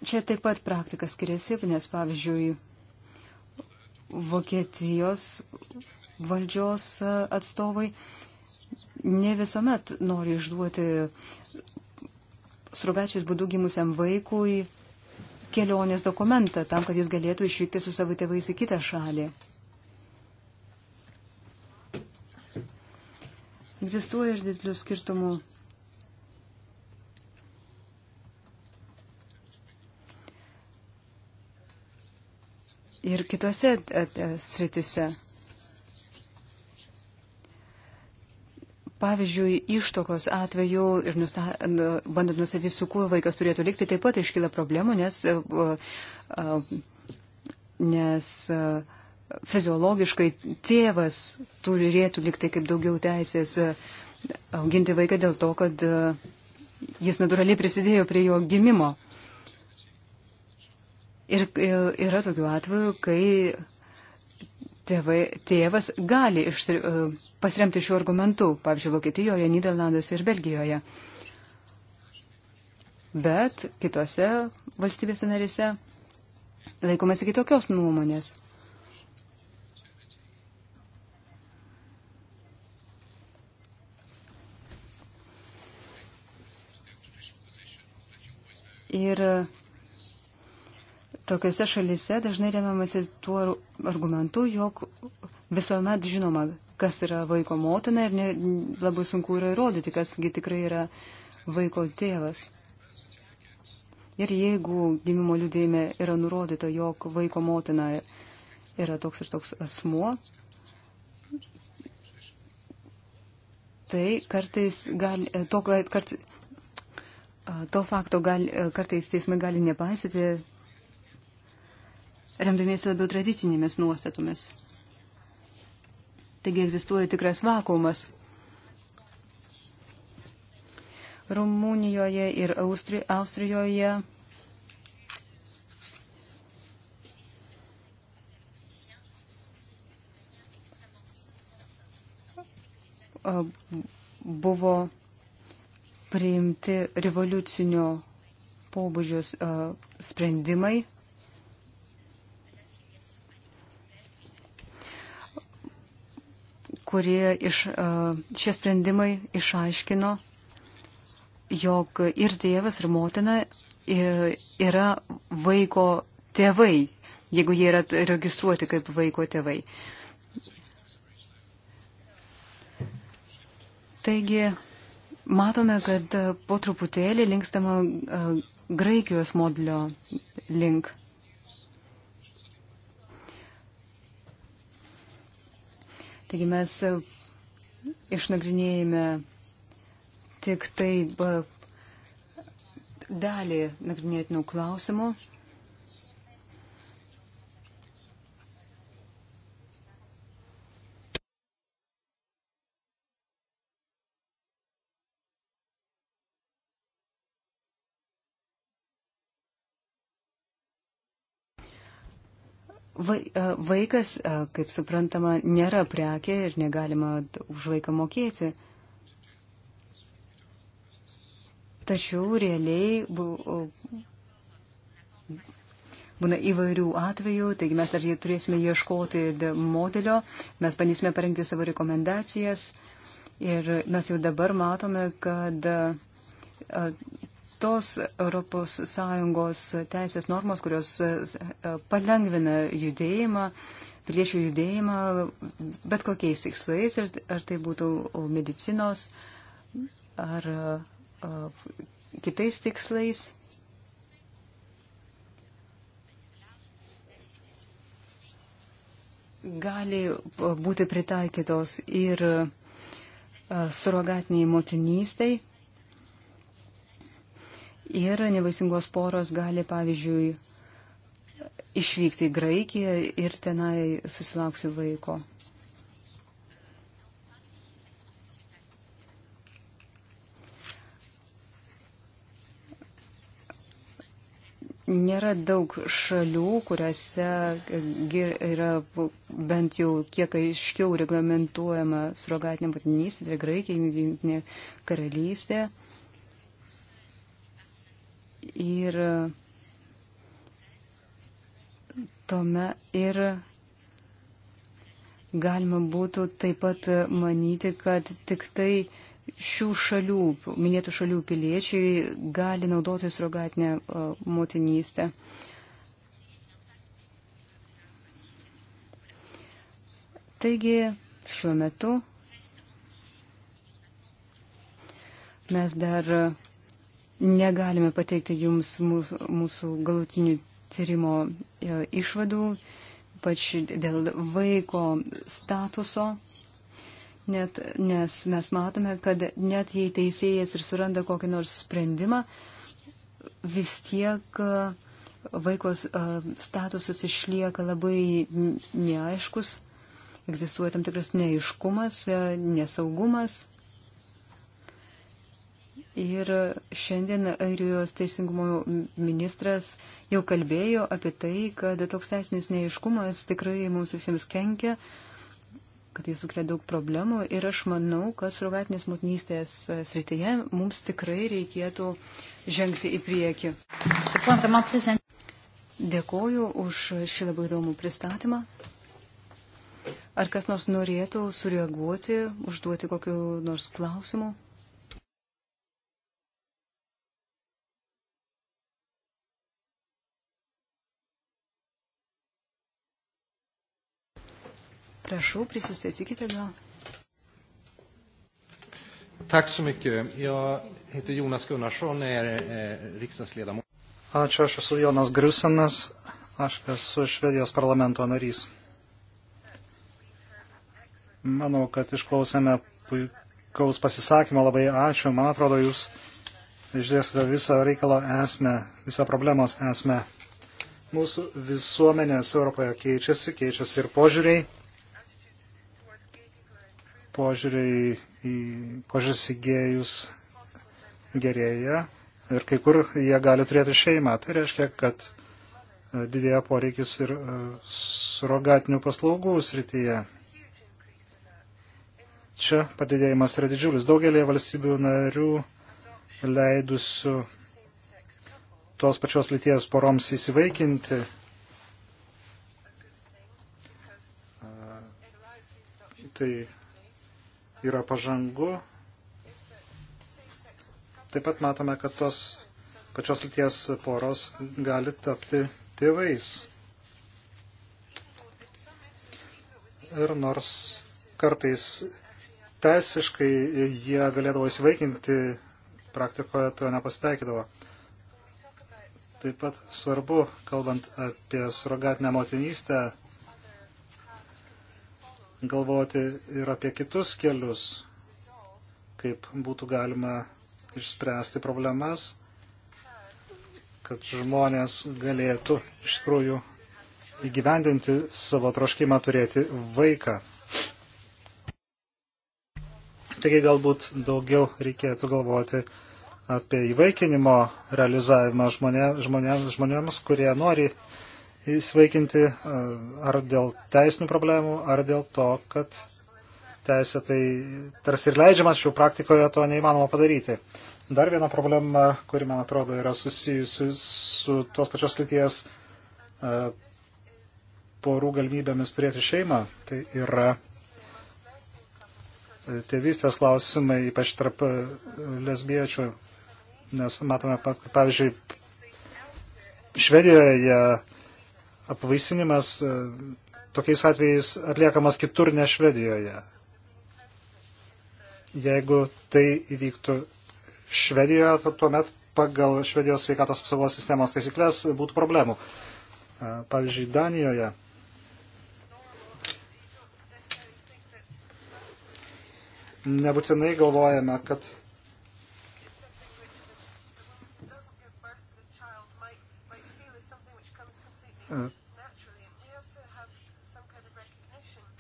Čia taip pat praktika skiriasi, nes pavyzdžiui, Vokietijos valdžios atstovai ne visuomet nori išduoti srugacijos būdų gimusiam vaikui kelionės dokumentą tam, kad jis galėtų išvykti su savo tėvais į kitą šalį. Egzistuoja ir didelių skirtumų. Ir kitose e, e, sritise. pavyzdžiui, ištokos atveju ir nusta, nu, bandant nustatyti, su kuo vaikas turėtų likti, taip pat iškyla problemų, nes, e, e, nes e, fiziologiškai tėvas turėtų likti kaip daugiau teisės auginti vaiką dėl to, kad jis natūraliai prisidėjo prie jo gimimo. Ir yra tokių atvejų, kai tėvai, tėvas gali iš, e, pasiremti šiuo argumentu, pavyzdžiui, Vokietijoje, Niderlanduose ir Belgijoje. Bet kitose valstybėse narise laikomasi kitokios nuomonės. Ir tokiuose šalise dažnai remiamasi tuo argumentu, jog visuomet žinoma, kas yra vaiko motina ir ne, labai sunku yra įrodyti, kasgi tikrai yra vaiko tėvas. Ir jeigu gimimo liudėjime yra nurodyta, jog vaiko motina yra toks ir toks asmuo, tai kartais gali, to, kart, to fakto gali, kartais teismai gali nepaisyti remdamiesi labiau tradicinėmis nuostatomis. Taigi egzistuoja tikras vakumas. Rumunijoje ir Austri Austrijoje buvo priimti revoliucinio pobūdžios sprendimai kurie iš, e, šie sprendimai išaiškino, jog ir tėvas, ir motina yra vaiko tėvai, jeigu jie yra registruoti kaip vaiko tėvai. Taigi, matome, kad po truputėlį linkstama e, Graikijos modelio link. Taigi mes e, išnagrinėjame tik tai e, dalį nagrinėtinų klausimų E, vaikas, e, kaip suprantama, nėra prekė ir negalima už vaiką mokėti. Tačiau realiai e, būna įvairių atvejų, taigi mes dar turėsime ieškoti modelio, mes bandysime parengti savo rekomendacijas ir mes jau dabar matome, kad tos ES teisės normos, kurios e, palengvina judėjimą, piliečių judėjimą bet kokiais tikslais, ar tai būtų medicinos ar e, kitais tikslais. Gali būti pritaikytos ir e, surogatiniai motinystiai, Ir nevaisingos poros gali, pavyzdžiui, išvykti į Graikiją ir tenai susilaukti vaiko. Nėra daug šalių, kuriuose yra bent jau kiek aiškiau reglamentuojama surogatinė būtinystė, tai Graikija, Junktinė karalystė. Ir, tome, ir galima būtų taip pat manyti, kad tik tai šių šalių, minėtų šalių piliečiai gali naudotis rogatinę motinystę. Taigi šiuo metu mes dar Negalime pateikti jums mūsų galutinių tyrimo e, išvadų, pač dėl vaiko statuso, net, nes mes matome, kad net jei teisėjas ir suranda kokį nors sprendimą, vis tiek e, vaikos e, statusas išlieka labai neaiškus, egzistuoja tam tikras neaiškumas, nesaugumas. Ir šiandien Airijos teisingumo ministras jau kalbėjo apie tai, kad toks teisinis neiškumas tikrai mums visiems kenkia, kad jis sukelia daug problemų. Ir aš manau, kad surogatinės motinystės srityje mums tikrai reikėtų žengti į priekį. Dėkoju už šį labai įdomų pristatymą. Ar kas nors norėtų sureaguoti, užduoti kokiu nors klausimu? Prašau, prisistatykite gal. Tack så mycket. Jag heter Jonas Gunnarsson och är eh, riksdagsledamot. Ačiū, aš esu Jonas Grusenas, aš esu Švedijos parlamento narys. Manau, kad išklausėme puikaus pasisakymą, labai ačiū. Man atrodo, jūs išdėstėte visą reikalo esmę, visą problemos esmę. Mūsų visuomenės Europoje keičiasi, keičiasi ir požiūriai požiūrį į požiūrės į gėjus gerėja ir kai kur jie gali turėti šeimą. Tai reiškia, kad e, didėja poreikis ir e, surogatinių paslaugų srityje. Čia padidėjimas yra didžiulis. Daugelį valstybių narių leidusių tos pačios lyties poroms įsivaikinti. E, tai yra pažangu. Taip pat matome, kad tos pačios lyties poros gali tapti tėvais. Ir nors kartais teisiškai jie galėdavo įsivaikinti, praktikoje to nepasitaikydavo. Taip pat svarbu, kalbant apie surogatinę motinystę, galvoti ir apie kitus kelius, kaip būtų galima išspręsti problemas, kad žmonės galėtų iš tikrųjų įgyvendinti savo troškimą turėti vaiką. Taigi galbūt daugiau reikėtų galvoti apie įvaikinimo realizavimą žmonė, žmonė, žmonėms, kurie nori įsvaikinti ar dėl teisinių problemų, ar dėl to, kad teisė tai tarsi ir leidžiamas, šių praktikoje to neįmanoma padaryti. Dar viena problema, kuri, man atrodo, yra susijusi su, su tos pačios lyties e, porų galimybėmis turėti šeimą, tai yra e, tėvystės klausimai, ypač tarp e, lesbiečių, nes matome, pavyzdžiui, Švedijoje apvaisinimas e, tokiais atvejais atliekamas kitur ne Švedijoje. Jeigu tai įvyktų Švedijoje, tuomet pagal Švedijos sveikatos apsaugos sistemos taisyklės būtų problemų. E, pavyzdžiui, Danijoje nebūtinai galvojame, kad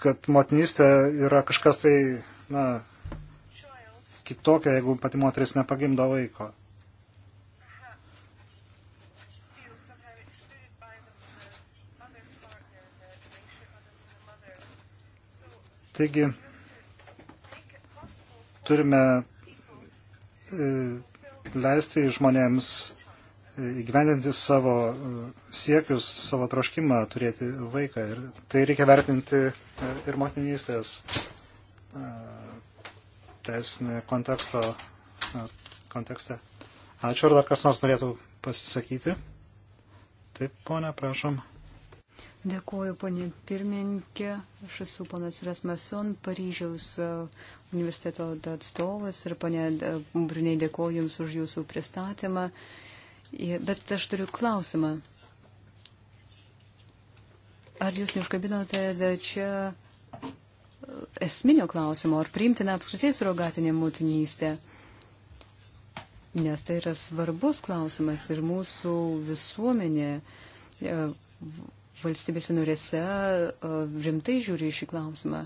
kad motinystė yra kažkas tai, na, kitokia, jeigu pati moteris nepagimdo vaiko. Taigi, turime e, leisti žmonėms įgyvendinti savo e, siekius, savo troškimą turėti vaiką. Ir tai reikia vertinti e, ir motinystės e, teisinį konteksto, kontekste. Ačiū, ar dar kas nors norėtų pasisakyti? Taip, ponia, prašom. Dėkuoju, ponė pirmininkė. Aš esu ponas Rasmason, Paryžiaus universiteto atstovas ir ponė Brunei dėkuoju Jums už Jūsų pristatymą. Bet aš turiu klausimą. Ar jūs neužkabinote čia e, esminio klausimo, ar priimtina apskritai surogatinė motinystė? Nes tai yra svarbus klausimas ir mūsų visuomenė e, valstybėse norėse e, rimtai žiūri šį klausimą.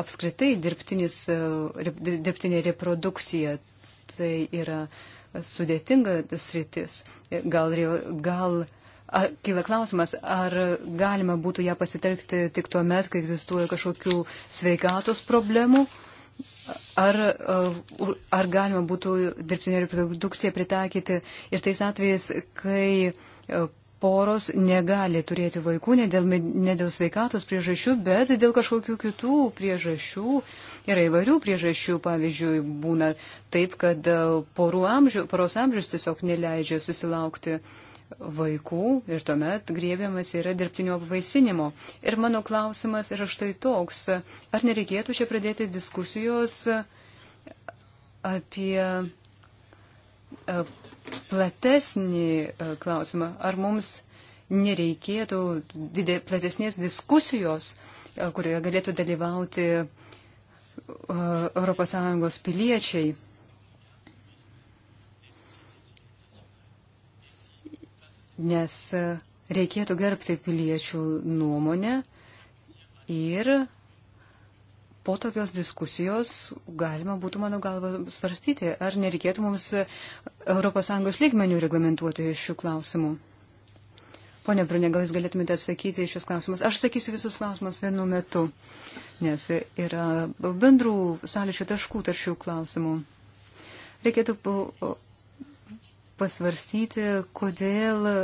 Apskritai dirbtinė reprodukcija tai yra uh, sudėtinga sritis. Gal, gal a, kyla klausimas, ar galima būtų ją pasitelkti tik tuo met, kai egzistuoja kažkokių sveikatos problemų, ar, ar galima būtų dirbtinio reprodukciją pritaikyti ir tais atvejais, kai poros negali turėti vaikų ne dėl, ne dėl sveikatos priežasčių, bet dėl kažkokių kitų priežasčių. Yra įvairių priežasčių, pavyzdžiui, būna taip, kad e, amžių, poros amžius tiesiog neleidžia susilaukti vaikų ir tuomet grėbiamas yra dirbtinio apvaisinimo. Ir mano klausimas yra štai toks, ar nereikėtų čia pradėti diskusijos apie e, platesnį e, klausimą. Ar mums nereikėtų didė, platesnės diskusijos, e, kurioje galėtų dalyvauti ES piliečiai? Nes e, reikėtų gerbti piliečių nuomonę ir po tokios diskusijos galima būtų, mano galva, svarstyti, ar nereikėtų mums ES lygmenių reglamentuoti šių klausimų. Pone Brunė, gal jūs galėtumėte atsakyti šios klausimus? Aš sakysiu visus klausimus vienu metu, nes yra bendrų sąlyčio taškų tarp šių klausimų. Reikėtų pasvarstyti, kodėl e,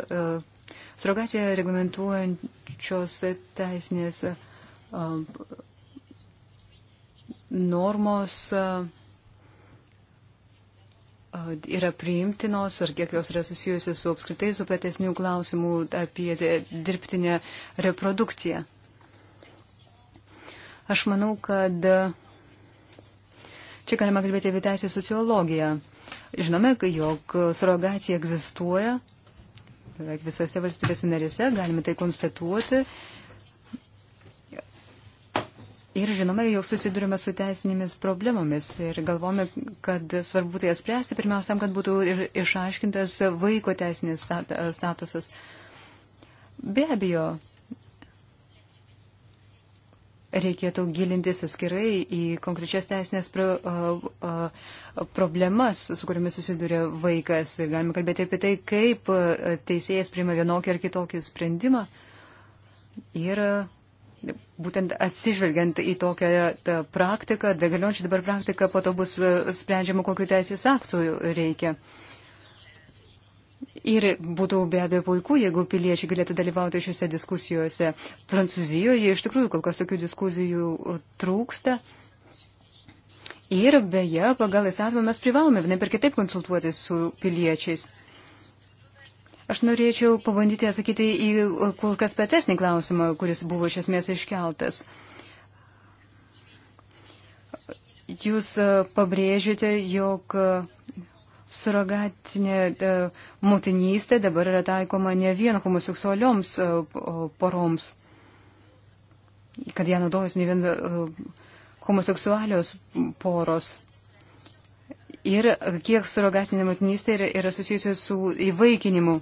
surrogaciją reglamentuojančios teisinės e, normos yra priimtinos ir kiek jos yra susijusios su apskritai su platesnių klausimų apie dirbtinę reprodukciją. Aš manau, kad čia galima kalbėti apie teisę sociologiją. Žinome, jog surogacija egzistuoja beveik visose valstybėse narėse, galime tai konstatuoti Ir žinoma, jau susidurime su teisinėmis problemomis ir galvome, kad svarbu tai spręsti pirmiausia, kad būtų ir išaiškintas vaiko teisinis statusas. Be abejo, reikėtų gilintis atskirai į konkrečias teisinės pro, a, a, problemas, su kuriamis susiduria vaikas. Ir galime kalbėti apie tai, kaip teisėjas priima vienokį ar kitokį sprendimą. Ir a, būtent atsižvelgiant į tokią praktiką, galiojančią dabar praktiką, po to bus e, sprendžiama, kokiu teisės aktų reikia. Ir būtų be abejo puiku, jeigu piliečiai galėtų dalyvauti šiuose diskusijuose. Prancūzijoje iš tikrųjų kol kas tokių diskusijų trūksta. Ir beje, pagal įstatymą mes privalome vienaip ir kitaip konsultuoti su piliečiais. Aš norėčiau pabandyti atsakyti į e, kur kas platesnį klausimą, kuris buvo iš esmės iškeltas. Jūs e, pabrėžite, jog e, suragatinė motinystė dabar yra taikoma ne vien homoseksualioms poroms, kad ją naudojasi ne vien homoseksualios poros. Ir kiek suragatinė motinystė yra, yra susijusi su įvaikinimu.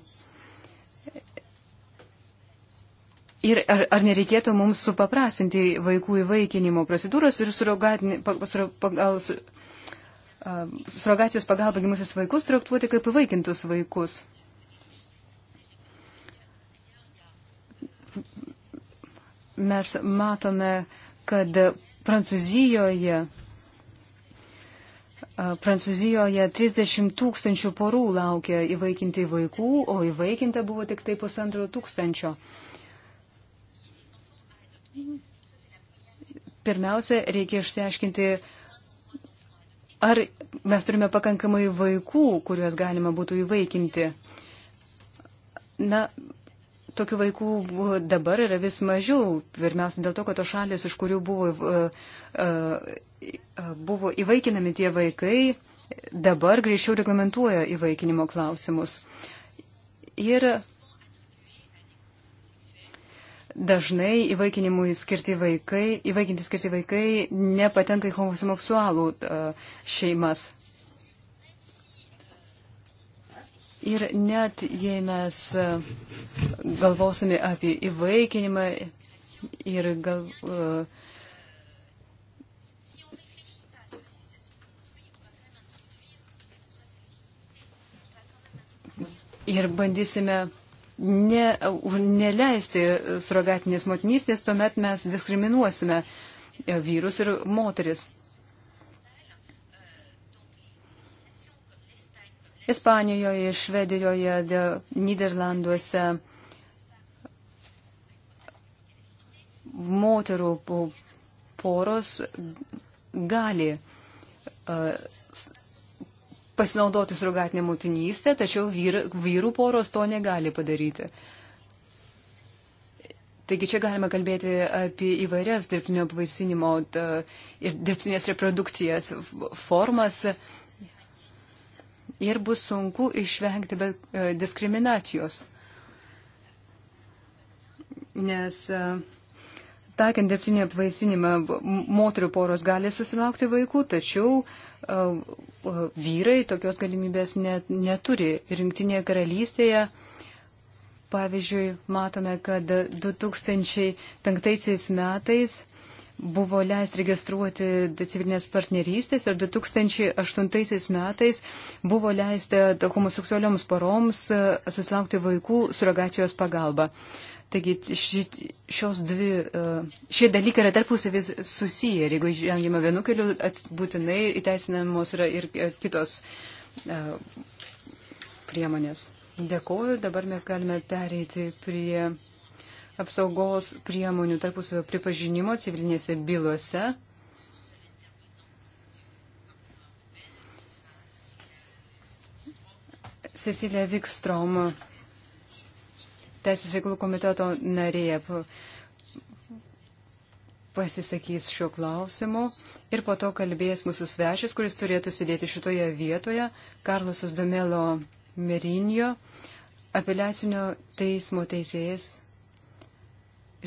Ir ar, ar nereikėtų mums supaprastinti vaikų įvaikinimo procedūros ir pagal, surogacijos pagalba gimusius vaikus traktuoti kaip įvaikintus vaikus? Mes matome, kad Prancūzijoje Prancūzijoje 30 tūkstančių porų laukia įvaikinti vaikų, o įvaikinta buvo tik tai pusantro tūkstančio. Uh, pirmiausia, reikia išsiaiškinti, ar mes turime pakankamai vaikų, kuriuos galima būtų įvaikinti. Na, tokių vaikų dabar yra vis mažiau. Pirmiausia, dėl to, kad tos šalis, iš kurių buvo, e, e, e, buvo įvaikinami tie vaikai, dabar grįžčiau reglamentuoja įvaikinimo klausimus. Ir dažnai įvaikinimui skirti vaikai, įvaikinti skirti vaikai nepatenka į homoseksualų e, šeimas. Ir net jei mes e, galvosime apie įvaikinimą ir gal, e, ir bandysime ne, neleisti suragatinės motinystės, tuomet mes diskriminuosime e, vyrus ir moteris. Ispanijoje, Švedijoje, Niderlanduose moterų poros gali uh, pasinaudoti surogatinę motinystę, tačiau vyr, vyrų poros to negali padaryti. Taigi čia galima kalbėti apie įvairias dirbtinio apvaisinimo ir dirbtinės reprodukcijas formas ir bus sunku išvengti e, diskriminacijos. Nes e, taikant dirbtinį apvaisinimą, moterių poros gali susilaukti vaikų, tačiau e, vyrai tokios galimybės net, neturi. Rinktinėje karalystėje, pavyzdžiui, matome, kad 2005 metais buvo leist registruoti civilinės partnerystės ir 2008 metais buvo leista homoseksualioms poroms susilaukti vaikų suragacijos pagalba. Taigi ši, šios dvi, e, šie dalykai yra tarpusavį susiję ir jeigu žengime vienu keliu, būtinai įteisinamos yra ir e, kitos e, priemonės. Dėkoju, dabar mes galime pereiti prie apsaugos priemonių tarpusavio pripažinimo civilinėse bylose. Cecilija Vikstrom Teisės reikalų komiteto narė pasisakys šiuo klausimu ir po to kalbės mūsų svečias, kuris turėtų sėdėti šitoje vietoje, Karlosas Domelo Merinjo, apeliacinio teismo teisėjas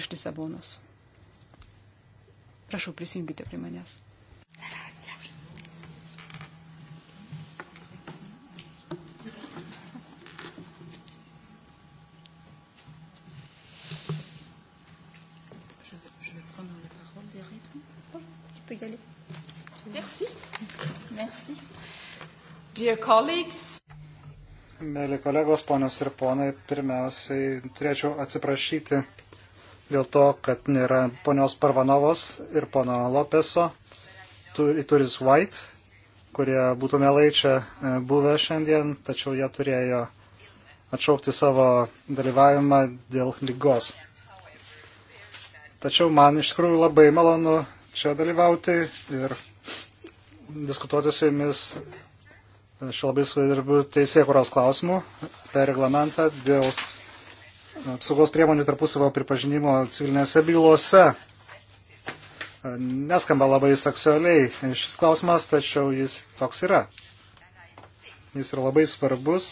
iš Lisabonos. Prašau, prisijunkite prie manęs. Mėly kolegos, ponios ir ponai, pirmiausiai turėčiau atsiprašyti dėl to, kad nėra ponios Parvanovos ir pono Lopeso, Turis White, kurie būtų mielai čia e, buvę šiandien, tačiau jie turėjo atšaukti savo dalyvavimą dėl lygos. Tačiau man iš tikrųjų labai malonu čia dalyvauti ir diskutuoti su jumis Aš labai svarbiu teisėkuros klausimų per reglamentą dėl apsaugos priemonių tarpusavo pripažinimo civilinėse bylose. Neskamba labai seksualiai šis klausimas, tačiau jis toks yra. Jis yra labai svarbus.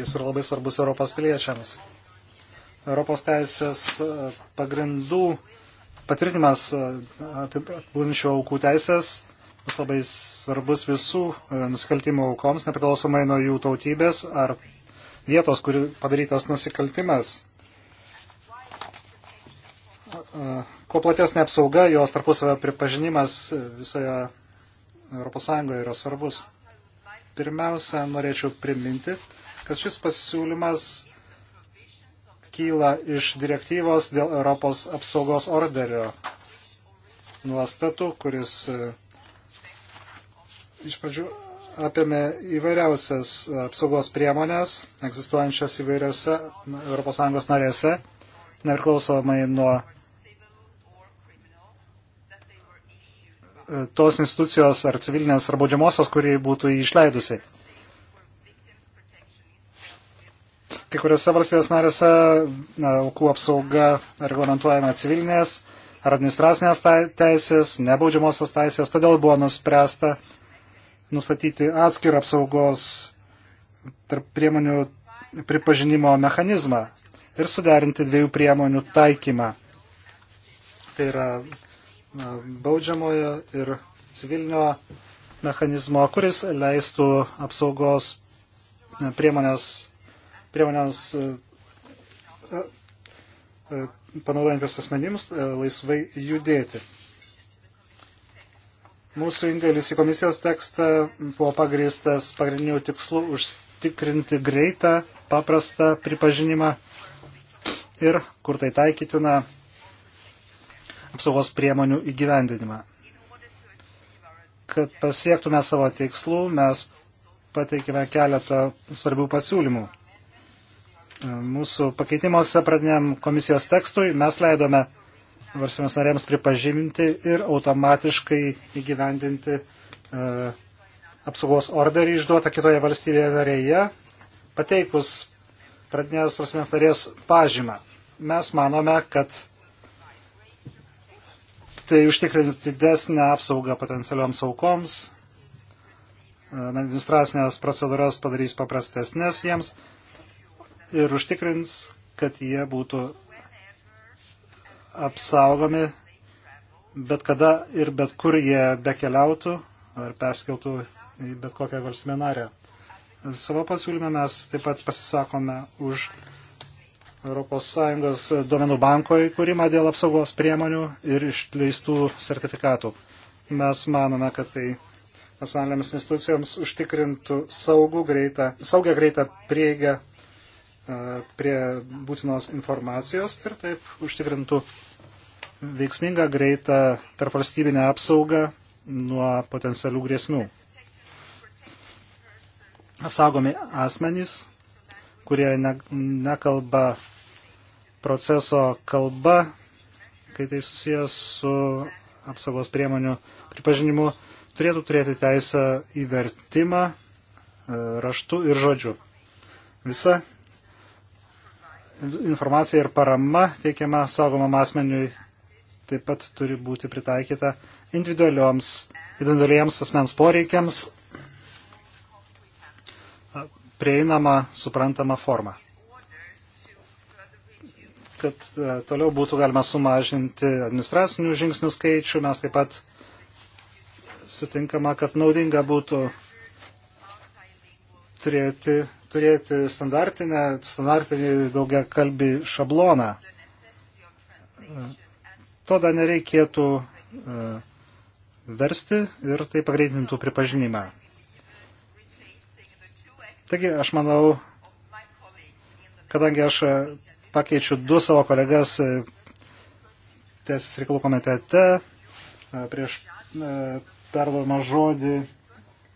Jis yra labai svarbus Europos piliečiams. Europos teisės pagrindų patvirtinimas apibūdinčio aukų teisės bus labai svarbus visų e, nusikaltimų aukoms, nepriklausomai nuo jų tautybės ar vietos, kur padarytas nusikaltimas. E, kuo platesnė apsauga, jos tarpusavio pripažinimas visoje ES yra svarbus. Pirmiausia, norėčiau priminti, kad šis pasiūlymas kyla iš direktyvos dėl Europos apsaugos orderio nuostatų, kuris e, iš pradžių apėmė įvairiausias apsaugos priemonės, egzistuojančias įvairiose ES narėse, nepriklausomai nuo e, tos institucijos ar civilinės ar baudžiamosios, kurį būtų išleidusi. Kai kuriuose valstybės narėse aukų apsauga reglamentuojama civilinės ar administracinės teisės, nebaudžiamosios teisės, todėl buvo nuspręsta nustatyti atskirą apsaugos tarp priemonių pripažinimo mechanizmą ir suderinti dviejų priemonių taikymą. Tai yra baudžiamojo ir civilinio mechanizmo, kuris leistų apsaugos priemonės, priemonės e, e, e, panaudojantys asmenims laisvai judėti. Mūsų indėlis į komisijos tekstą buvo pagrįstas pagrindinių tikslų užtikrinti greitą, paprastą pripažinimą ir, kur tai taikytina, apsaugos priemonių įgyvendinimą. Kad pasiektume savo tikslų, mes pateikime keletą svarbių pasiūlymų. Mūsų pakeitimuose pradiniam komisijos tekstui mes leidome valstybės narėms pripažinti ir automatiškai įgyvendinti e, apsaugos orderį išduotą kitoje valstybėje narėje, pateikus pradinės valstybės narės pažymą. Mes manome, kad tai užtikrins didesnę apsaugą potencialioms aukoms, e, administracinės procedūras padarys paprastesnės jiems ir užtikrins, kad jie būtų apsaugomi bet kada ir bet kur jie bekeliautų ar perskeltų į bet kokią valstybę narę. Savo pasiūlyme mes taip pat pasisakome už ES duomenų banko įkūrimą dėl apsaugos priemonių ir išleistų sertifikatų. Mes manome, kad tai nacionalinėms institucijoms užtikrintų saugų, greitą, saugę greitą prieigą prie būtinos informacijos ir taip užtikrintų veiksmingą greitą tarpvalstybinę apsaugą nuo potencialių grėsmių. Saugomi asmenys, kurie ne, nekalba proceso kalba, kai tai susijęs su apsaugos priemonių pripažinimu, turėtų turėti teisę į vertimą e, raštu ir žodžiu. Visa informacija ir parama teikiama saugomam asmeniui taip pat turi būti pritaikyta individualioms, individualiems asmens poreikiams prieinama, suprantama forma. Kad toliau būtų galima sumažinti administracinių žingsnių skaičių, mes taip pat sutinkama, kad naudinga būtų turėti turėti standartinį daugia kalbį šabloną. Toda nereikėtų e, versti ir tai pagreitintų pripažinimą. Taigi aš manau, kadangi aš e, pakeičiu du savo kolegas e, Teisės reikalų komitete prieš perduodamą žodį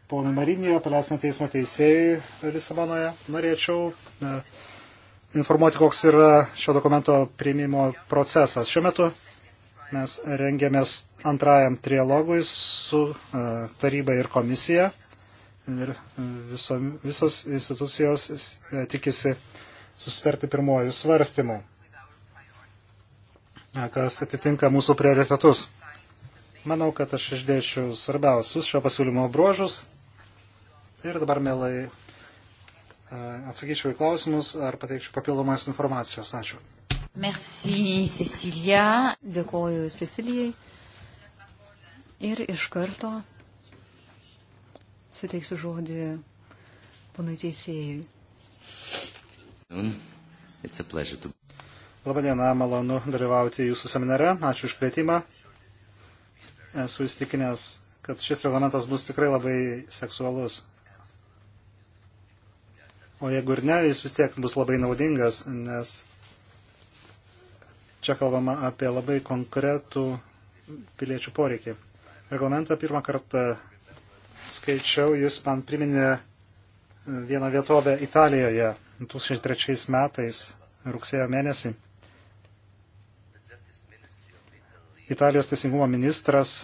ponui Marinijai, apeliacinio teismo teisėjai Lisabonoje. Norėčiau e, informuoti, koks yra šio dokumento priimimo procesas. Šiuo metu mes rengiamės antrajam trialogui su e, taryba ir komisija. Ir e, viso, visos institucijos tikisi susitarti pirmojų svarstymų, kas atitinka mūsų prioritetus. Manau, kad aš išdėšiu svarbiausius šio pasiūlymo bruožus. Ir dabar, mielai, e, atsakyčiau į klausimus ar pateikčiau papildomos informacijos. Ačiū. Merci, Cecilija. Dėkoju Cecilijai. Ir iš karto suteiksiu žodį ponui teisėjui. To... Labadiena, malonu dalyvauti jūsų seminare. Ačiū už kvietimą. Esu įstikinęs, kad šis reglamentas bus tikrai labai seksualus. O jeigu ir ne, jis vis tiek bus labai naudingas, nes čia kalbama apie labai konkretų piliečių poreikį. Reglamentą pirmą kartą skaičiau, jis man priminė vieną vietovę Italijoje 2003 metais rugsėjo mėnesį. Italijos teisingumo ministras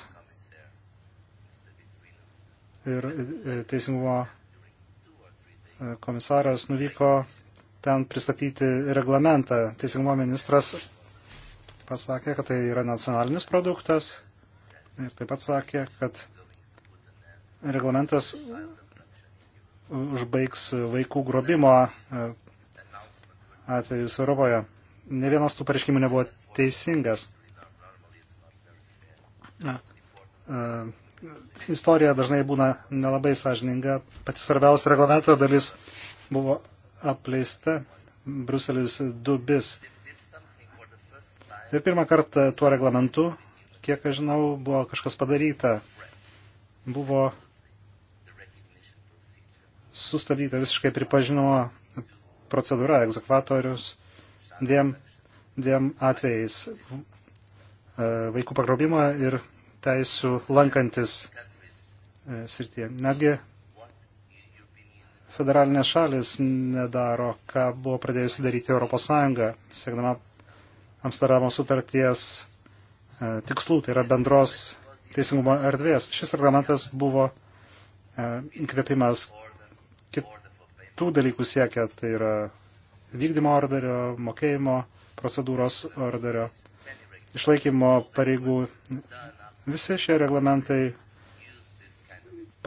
ir e, teisingumo komisaras nuvyko ten pristatyti reglamentą. Teisingumo ministras pasakė, kad tai yra nacionalinis produktas ir taip pat sakė, kad reglamentas užbaigs vaikų grobimo e, atvejus Europoje. Ne vienas tų pareiškimų nebuvo teisingas. E, istorija dažnai būna nelabai sąžininga. Pati svarbiausia reglamento dalis buvo apleista Bruselis dubis. Ir pirmą kartą tuo reglamentu, kiek aš žinau, buvo kažkas padaryta. Buvo sustabdyta visiškai pripažinimo procedūra egzekvatorius dviem, dviem atvejais e, vaikų pagrobimo ir teisų lankantis e, srityje. Netgi federalinės šalis nedaro, ką buvo pradėjusi daryti ES, siekdama Amsterdamo sutarties e, tikslų, tai yra bendros teisingumo erdvės. Šis reglamentas buvo e, įkvėpimas kitų dalykų siekia, tai yra vykdymo orderio, mokėjimo procedūros orderio, išlaikymo pareigų Visi šie reglamentai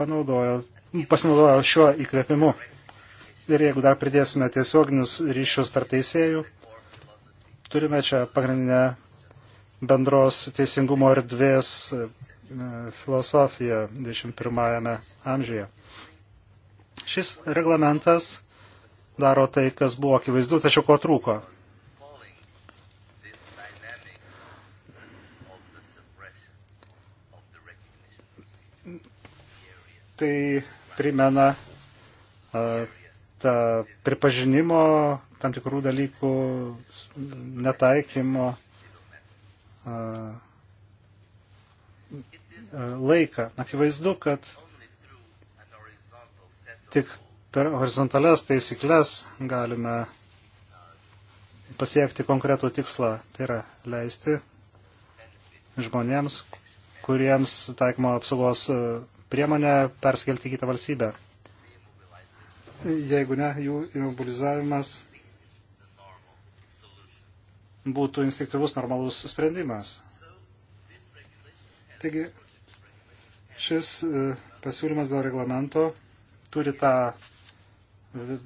panaudojo, pasinaudojo šiuo įkvėpimu. Ir jeigu dar pridėsime tiesioginius ryšius tarp teisėjų, turime čia pagrindinę bendros teisingumo erdvės e, filosofiją 21 amžiuje. Šis reglamentas daro tai, kas buvo akivaizdu, tačiau ko trūko. tai primena tą pripažinimo tam tikrų dalykų netaikymo laiką. Akivaizdu, kad tik per horizontales taisyklės galime pasiekti konkretų tikslą, tai yra leisti žmonėms, kuriems taikymo apsaugos priemonę perskelti į kitą valstybę. Jeigu ne, jų imobilizavimas būtų instinktyvus normalus sprendimas. Taigi, šis e, pasiūlymas dėl reglamento turi tą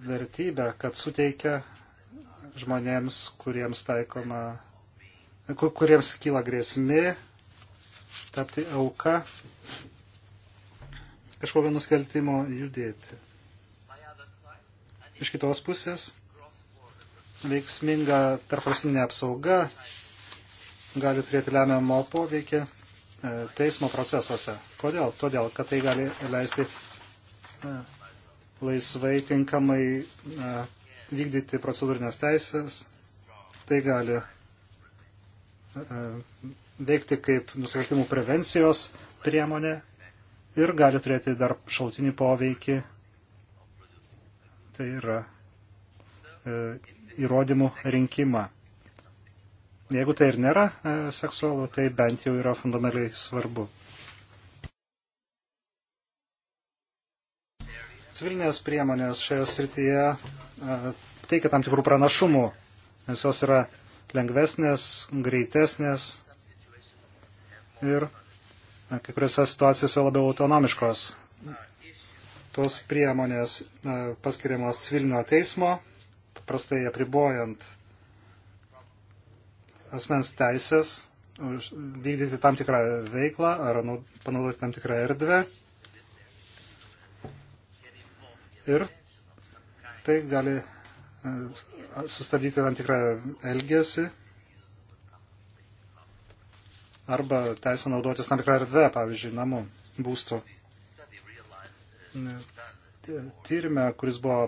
vertybę, kad suteikia žmonėms, kuriems taikoma, kuriems kyla grėsmė tapti auka kažkokio nusikaltimo judėti. Iš kitos pusės, veiksminga tarpvalstybinė apsauga gali turėti lemiamo poveikį e, teismo procesuose. Kodėl? Todėl, kad tai gali leisti e, laisvai tinkamai e, vykdyti procedūrinės teisės. Tai gali veikti kaip nusikaltimų prevencijos priemonė ir gali turėti dar šautinį poveikį. Tai yra e, įrodymų rinkimą. Jeigu tai ir nėra e, seksualu, tai bent jau yra fundamentaliai svarbu. Civilinės priemonės šioje srityje e, teikia tam tikrų pranašumų, nes jos yra lengvesnės, greitesnės ir kai kuriuose situacijose labiau autonomiškos. Tos priemonės paskiriamos civilinio teismo, paprastai apribojant asmens teisės vykdyti tam tikrą veiklą ar nu, panaudoti tam tikrą erdvę. Ir tai gali e, sustabdyti tam tikrą elgesį arba teisę naudotis tam tikrą erdvę, pavyzdžiui, namų būstų. Tyrime, kuris buvo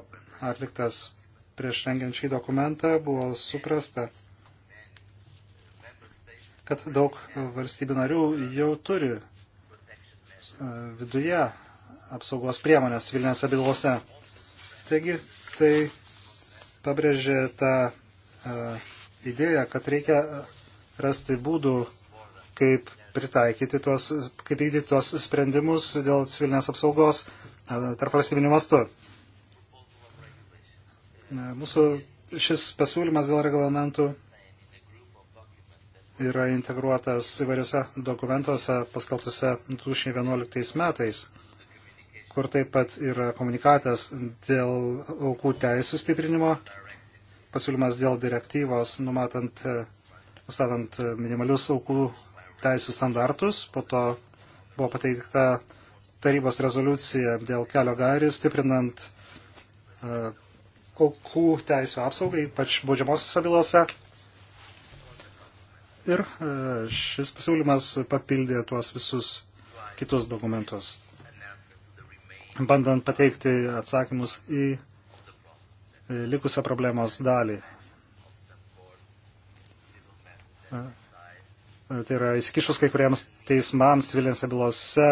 atliktas prieš rengiant šį dokumentą, buvo suprasta, kad daug valstybių narių jau turi e, viduje apsaugos priemonės civilinėse bylose. Taigi tai pabrėžė tą a, e, idėją, kad reikia rasti būdų kaip pritaikyti tuos, kaip vykdyti tuos sprendimus dėl civilinės apsaugos e, tarp valstybinių mastų. E, mūsų šis pasiūlymas dėl reglamentų yra integruotas įvairiuose dokumentuose paskeltuose 2011 metais, kur taip pat yra komunikatas dėl aukų teisų stiprinimo, pasiūlymas dėl direktyvos, numatant, e, nustatant minimalius aukų teisų standartus, po to buvo pateikta tarybos rezoliucija dėl kelio gairį, stiprinant uh, aukų teisų apsaugą, ypač baudžiamosiose bylose. Ir uh, šis pasiūlymas papildė tuos visus kitus dokumentus, bandant pateikti atsakymus į e, likusią problemos dalį. Uh tai yra įsikišus kai kuriems teismams civilinėse bylose,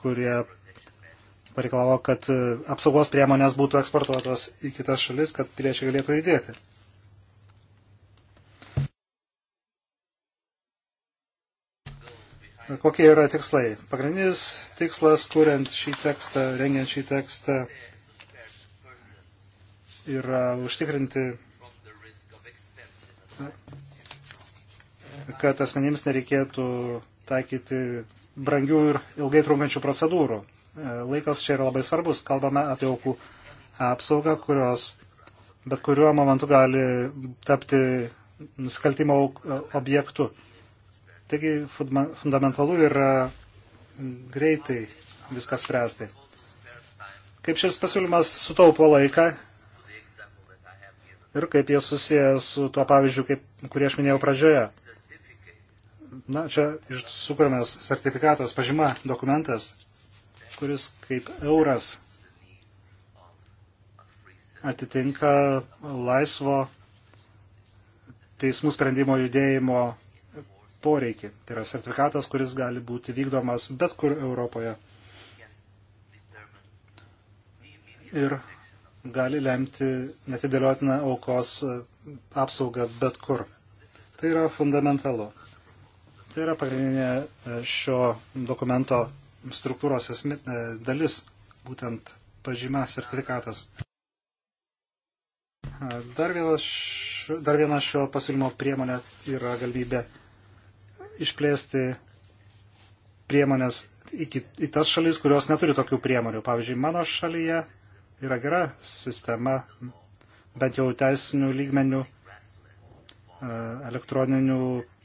kurie pareikalavo, kad e, apsaugos priemonės būtų eksportuotos į kitas šalis, kad piliečiai galėtų judėti. Kokie yra tikslai? Pagrindinis tikslas, kuriant šį tekstą, rengiant šį tekstą, yra užtikrinti kad asmenims nereikėtų taikyti brangių ir ilgai trunkančių procedūrų. E, laikas čia yra labai svarbus. Kalbame apie aukų apsaugą, kurios bet kuriuo momentu gali tapti nusikaltimo e, objektu. Taigi fundamentalu yra greitai viskas spręsti. Kaip šis pasiūlymas sutaupo laiką ir kaip jie susiję su tuo pavyzdžiu, kaip, kurį aš minėjau pradžioje na, čia sukūrėmės sertifikatas, pažyma, dokumentas, kuris kaip euras atitinka laisvo teismų sprendimo judėjimo poreikį. Tai yra sertifikatas, kuris gali būti vykdomas bet kur Europoje. Ir gali lemti netidėliotiną aukos apsaugą bet kur. Tai yra fundamentalu. Tai yra pagrindinė e, šio dokumento struktūros esmė, e, dalis, būtent pažyma, sertifikatas. Dar, vienas, dar viena šio pasiūlymo priemonė yra galimybė išplėsti priemonės iki, į tas šalis, kurios neturi tokių priemonių. Pavyzdžiui, mano šalyje yra gera sistema, bent jau teisinių lygmenių e, elektroninių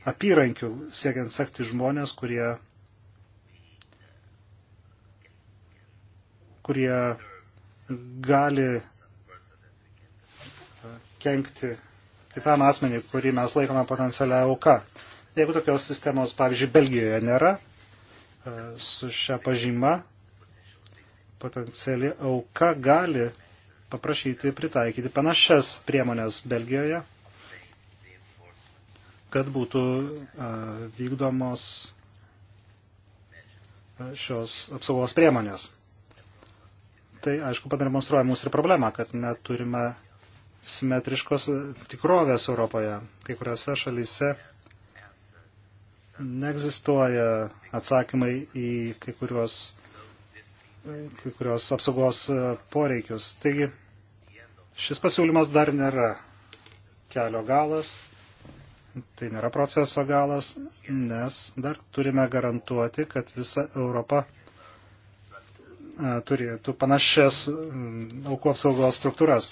apyrankių, siekiant sekti žmonės, kurie, kurie gali kenkti kitam asmenį, kurį mes laikome potencialią auką. Jeigu tokios sistemos, pavyzdžiui, Belgijoje nėra, e, su šia pažyma potenciali auka gali paprašyti pritaikyti panašias priemonės Belgijoje kad būtų vykdomos šios apsaugos priemonės. Tai, aišku, pademonstruoja mūsų ir problemą, kad neturime simetriškos tikrovės Europoje. Kai kuriuose šalyse neegzistuoja atsakymai į kai kuriuos, kai kuriuos apsaugos poreikius. Taigi, šis pasiūlymas dar nėra kelio galas tai nėra proceso galas, nes dar turime garantuoti, kad visa Europa e, turėtų panašias aukų apsaugos struktūras.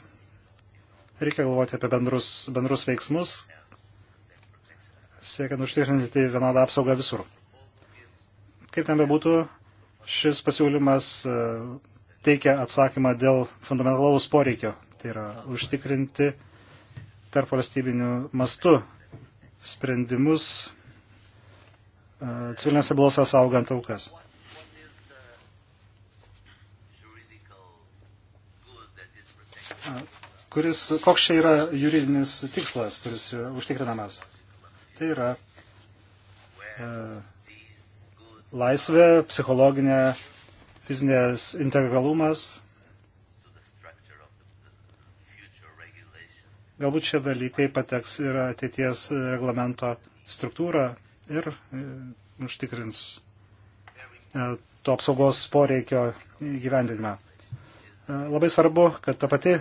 Reikia galvoti apie bendrus, bendrus veiksmus, siekiant užtikrinti vienodą apsaugą visur. Kaip ten bebūtų, šis pasiūlymas e, teikia atsakymą dėl fundamentalaus poreikio, tai yra užtikrinti tarp valstybinių mastų sprendimus e, civilinėse bylose saugant aukas. Kuris, koks čia yra juridinis tikslas, kuris užtikrinamas? Tai yra e, laisvė, psichologinė, fizinės integralumas, Galbūt šie dalykai pateks ir ateities reglamento struktūrą ir e, užtikrins e, to apsaugos poreikio įgyvendinimą. E, labai svarbu, kad ta pati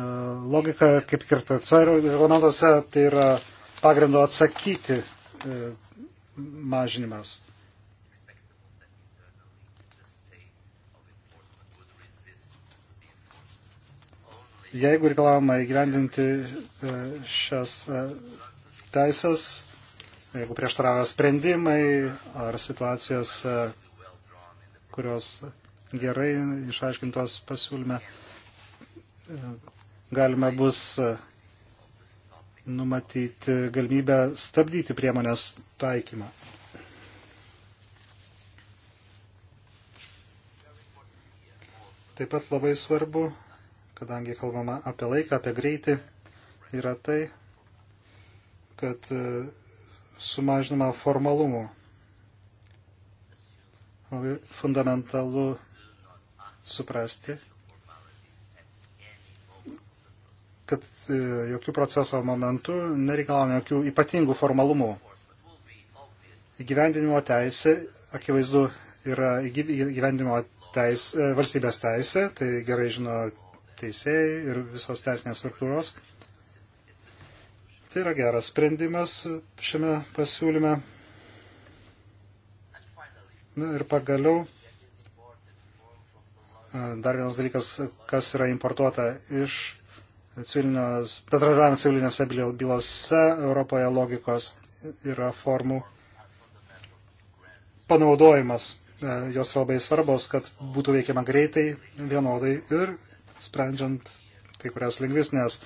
logika, kaip ir tose reglamentuose, tai yra pagrindo atsakyti mažinimas. Jeigu reikalavama įgyvendinti e, šias e, teisės, jeigu prieštarauja sprendimai ar situacijos, e, kurios gerai išaiškintos pasiūlyme, galima bus numatyti galimybę stabdyti priemonės taikymą. Taip pat labai svarbu kadangi kalbama apie laiką, apie greitį, yra tai, kad e, sumažinama formalumų. Labai fundamentalu suprasti, kad e, jokių proceso momentų nereikalavome jokių ypatingų formalumų. Įgyvendinimo teisė, akivaizdu, yra įgyvendinimo teis, e, valstybės teisė, tai gerai žino teisėjai ir visos teisinės struktūros. Tai yra geras sprendimas šiame pasiūlyme. Na ir pagaliau dar vienas dalykas, kas yra importuota iš bendradarbiavimo civilinėse bylose Europoje logikos yra formų panaudojimas. Jos yra labai svarbos, kad būtų veikiama greitai, vienodai ir sprendžiant kai kurias lingvistinės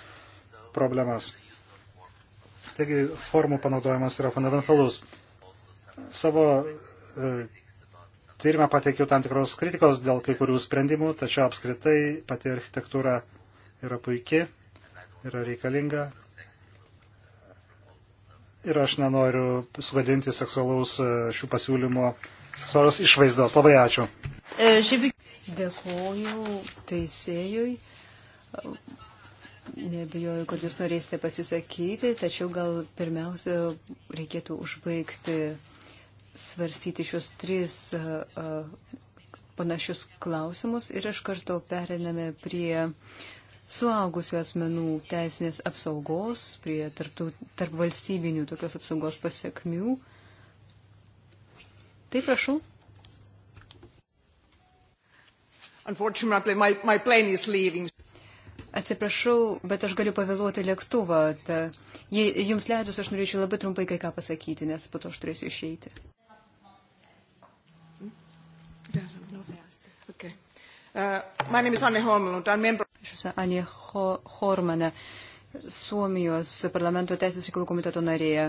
problemas. Taigi formų panaudojimas yra fundamentalus. Savo e, tyrimę pateikiau tam tikros kritikos dėl kai kurių sprendimų, tačiau apskritai pati architektūra yra puikia, yra reikalinga. Ir aš nenoriu sugadinti seksualaus e, šių pasiūlymo seksualios išvaizdos. Labai ačiū. E, Dėkoju teisėjui. Nebijoju, kad jūs norėsite pasisakyti, tačiau gal pirmiausia reikėtų užbaigti svarstyti šios tris panašius klausimus ir iš karto periname prie suaugusių asmenų teisinės apsaugos, prie tarptų, tarp valstybinių tokios apsaugos pasiekmių. Tai prašau. Unfortunately, my, my plane is leaving. Atsiprašau, bet aš galiu pavėluoti lėktuvą. Ta, jei jums leidus, aš norėčiau labai trumpai kai ką pasakyti, nes po to aš turėsiu išeiti. Okay. Uh, aš esu Anė Ho Hormanė, Suomijos parlamento teisės reikalų komiteto narėje.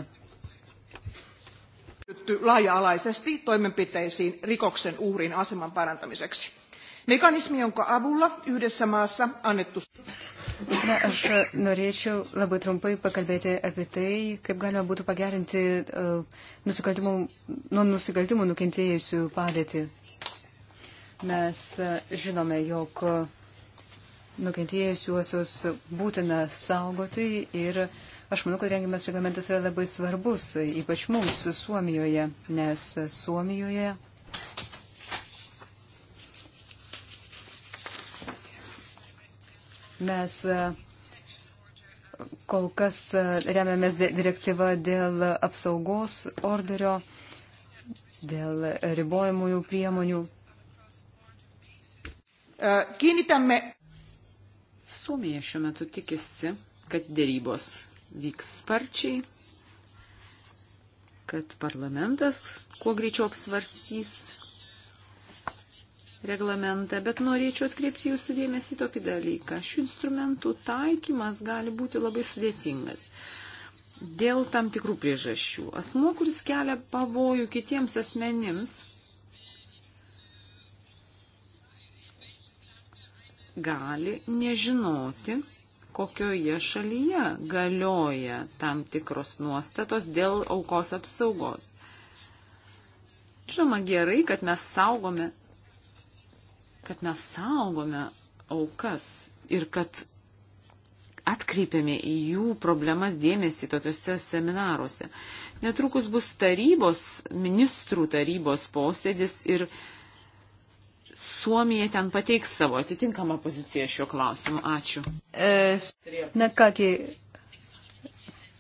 laaja-alaisesti toimenpiteisiin rikoksen uhrin aseman parantamiseksi. Mekanismi, jonka avulla yhdessä maassa annettu. Na, aš norėčiau labai trumpai pakalbėti apie tai, kaip galima būtų pagerinti uh, nusikaltimų, nuo nusikaltimų nukentėjusių padėtį. Mes uh, žinome, jog nukentėjusiuosius būtina saugoti ir aš manau, kad rengiamas reglamentas yra labai svarbus, ypač mums Suomijoje, nes Suomijoje Mes e, kol kas e, remiamės direktyvą dėl apsaugos orderio, dėl ribojimųjų priemonių. E, kiinnitämme. Suomija šiuo metu tikisi, kad dėrybos vyks sparčiai, kad parlamentas kuo greičiau apsvarstys reglamentą, bet norėčiau atkreipti jūsų dėmesį tokį dalyką. Šių instrumentų taikymas gali būti labai sudėtingas. Dėl tam tikrų priežasčių. Asmo, kuris kelia pavojų kitiems asmenims, gali nežinoti, kokioje šalyje galioja tam tikros nuostatos dėl aukos apsaugos. Žinoma, gerai, kad mes saugome kad mes saugome aukas ir kad atkreipiame į jų problemas dėmesį tokiuose seminaruose. Netrukus bus tarybos, ministrų tarybos posėdis ir Suomija ten pateiks savo atitinkamą poziciją šiuo klausimu. Ačiū. E, na kągi,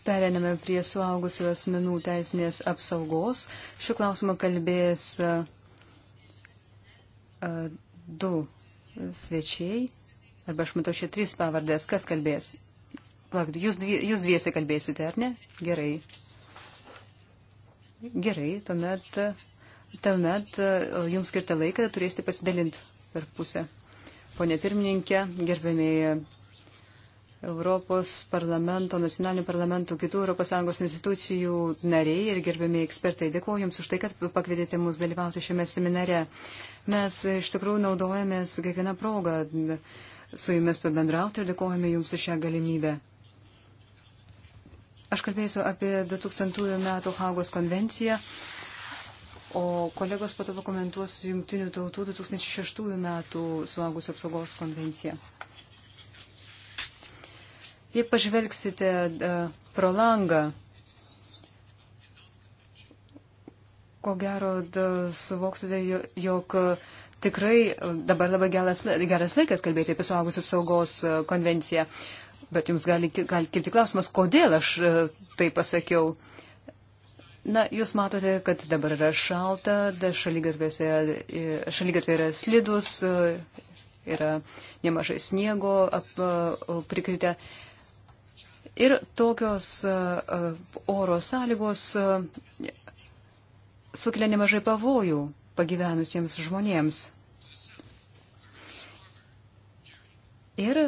perėmėme prie suaugusių asmenų teisinės apsaugos. Šiuo klausimu kalbės. Uh, du svečiai, arba aš matau čia tris pavardės, kas kalbės? Plakt, jūs, dvie, jūs dviese kalbėsite, ar ne? Gerai. Gerai, tuomet, tuomet jums skirtą laiką turėsite pasidalinti per pusę. Pone pirmininkė, gerbėmėjai Europos parlamento, nacionalinių parlamentų, kitų ES institucijų nariai ir gerbiami ekspertai. Dėkuoju Jums už tai, kad pakvietėte mus dalyvauti šiame seminare. Mes iš tikrųjų naudojamės kiekvieną progą su Jumis pabendrauti ir dėkojame Jums už šią galimybę. Aš kalbėsiu apie 2000 metų Hagos konvenciją, o kolegos pato pakomentuos Junktinių tautų 2006 metų suaugusių apsaugos konvenciją. Jei pažvelgsite e, pro langą, ko gero suvoksite, jog e, tikrai e, dabar labai geras, geras laikas kalbėti apie suaugusių apsaugos konvenciją. Bet jums gali, gali kilti klausimas, kodėl aš tai pasakiau. Na, jūs matote, kad dabar yra šalta, šalygatvė yra slidus, yra nemažai sniego ap, prikritę. Ap, Ir tokios e, e, oro sąlygos e, sukelia nemažai pavojų pagyvenusiems žmonėms. Ir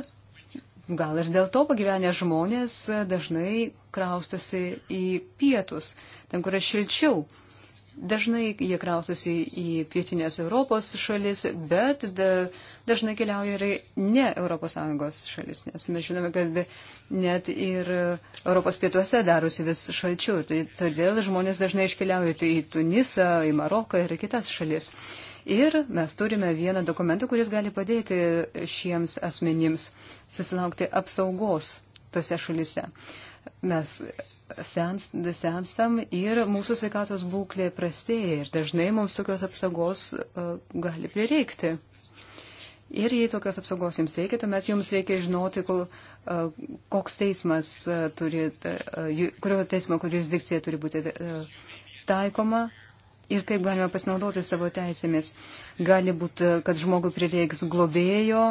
gal ir dėl to pagyvenę žmonės dažnai kraustosi į pietus, ten, kur yra šilčiau. Dažnai jie kraustosi į pietinės Europos šalis, bet dažnai keliauja ir ne ES šalis, nes mes žinome, kad net ir Europos pietuose darosi vis šalčiau. Tai todėl žmonės dažnai iškeliauja tai į Tunisą, į Maroką ir kitas šalis. Ir mes turime vieną dokumentą, kuris gali padėti šiems asmenims susilaukti apsaugos tose šalise. Uh, Mes senstam ir mūsų sveikatos būklė prastėja ir dažnai mums tokios apsaugos e, gali prireikti. Ir jei tokios apsaugos jums reikia, tuomet jums reikia žinoti, kol, e, koks teismas e, turi, kurio teismo jurisdikcija turi būti taikoma ir kaip galima pasinaudoti savo teisėmis. Gali būti, kad žmogui prireiks globėjo,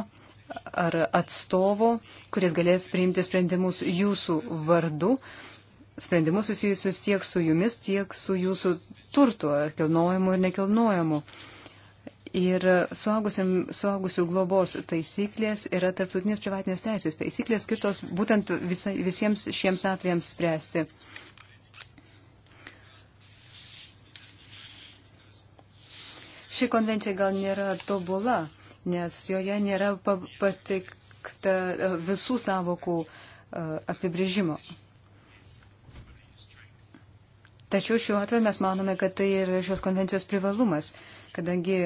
ar atstovo, kuris galės priimti sprendimus jūsų vardu, sprendimus susijusius tiek su jumis, tiek su jūsų turtu, ar kilnojimu ir nekilnojimu. Ir suaugusių globos taisyklės yra tarptautinės privatinės teisės taisyklės skirtos būtent visa, visiems šiems atvejams spręsti. Ši konvencija gal nėra tobula, nes joje nėra patikta e, visų savokų e, apibrėžimo. Tačiau šiuo atveju mes manome, kad tai yra šios konvencijos privalumas, kadangi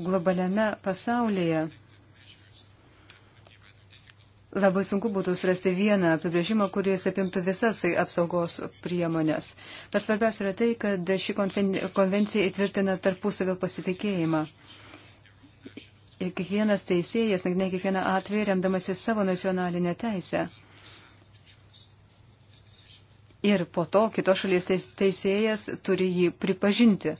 globaliame pasaulyje labai sunku būtų surasti vieną apibrėžimą, kuris apimtų visas apsaugos priemonės. Bet svarbiausia yra tai, kad ši konvencija įtvirtina tarpusavio pasitikėjimą. Ir kiekvienas teisėjas, nagrinėja kiekvieną atvejį, remdamasi savo nacionalinę teisę. Ir po to kitos šalies teisėjas turi jį pripažinti.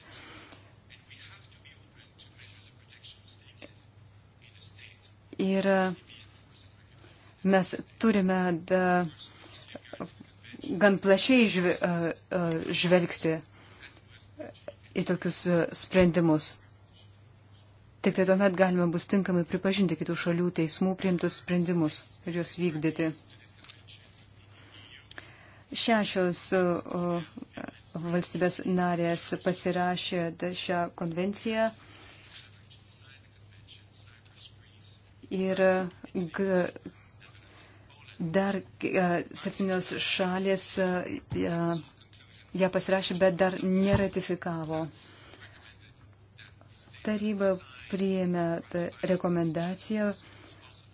Ir e, mes turime da, gan plašiai žve, e, e, žvelgti į tokius sprendimus. Tik tai tuomet galima bus tinkamai pripažinti kitų šalių teismų priimtus sprendimus ir juos vykdyti. Šešios valstybės narės pasirašė šią konvenciją ir dar septynios šalės ją pasirašė, bet dar neratifikavo. Taryba priėmė rekomendaciją,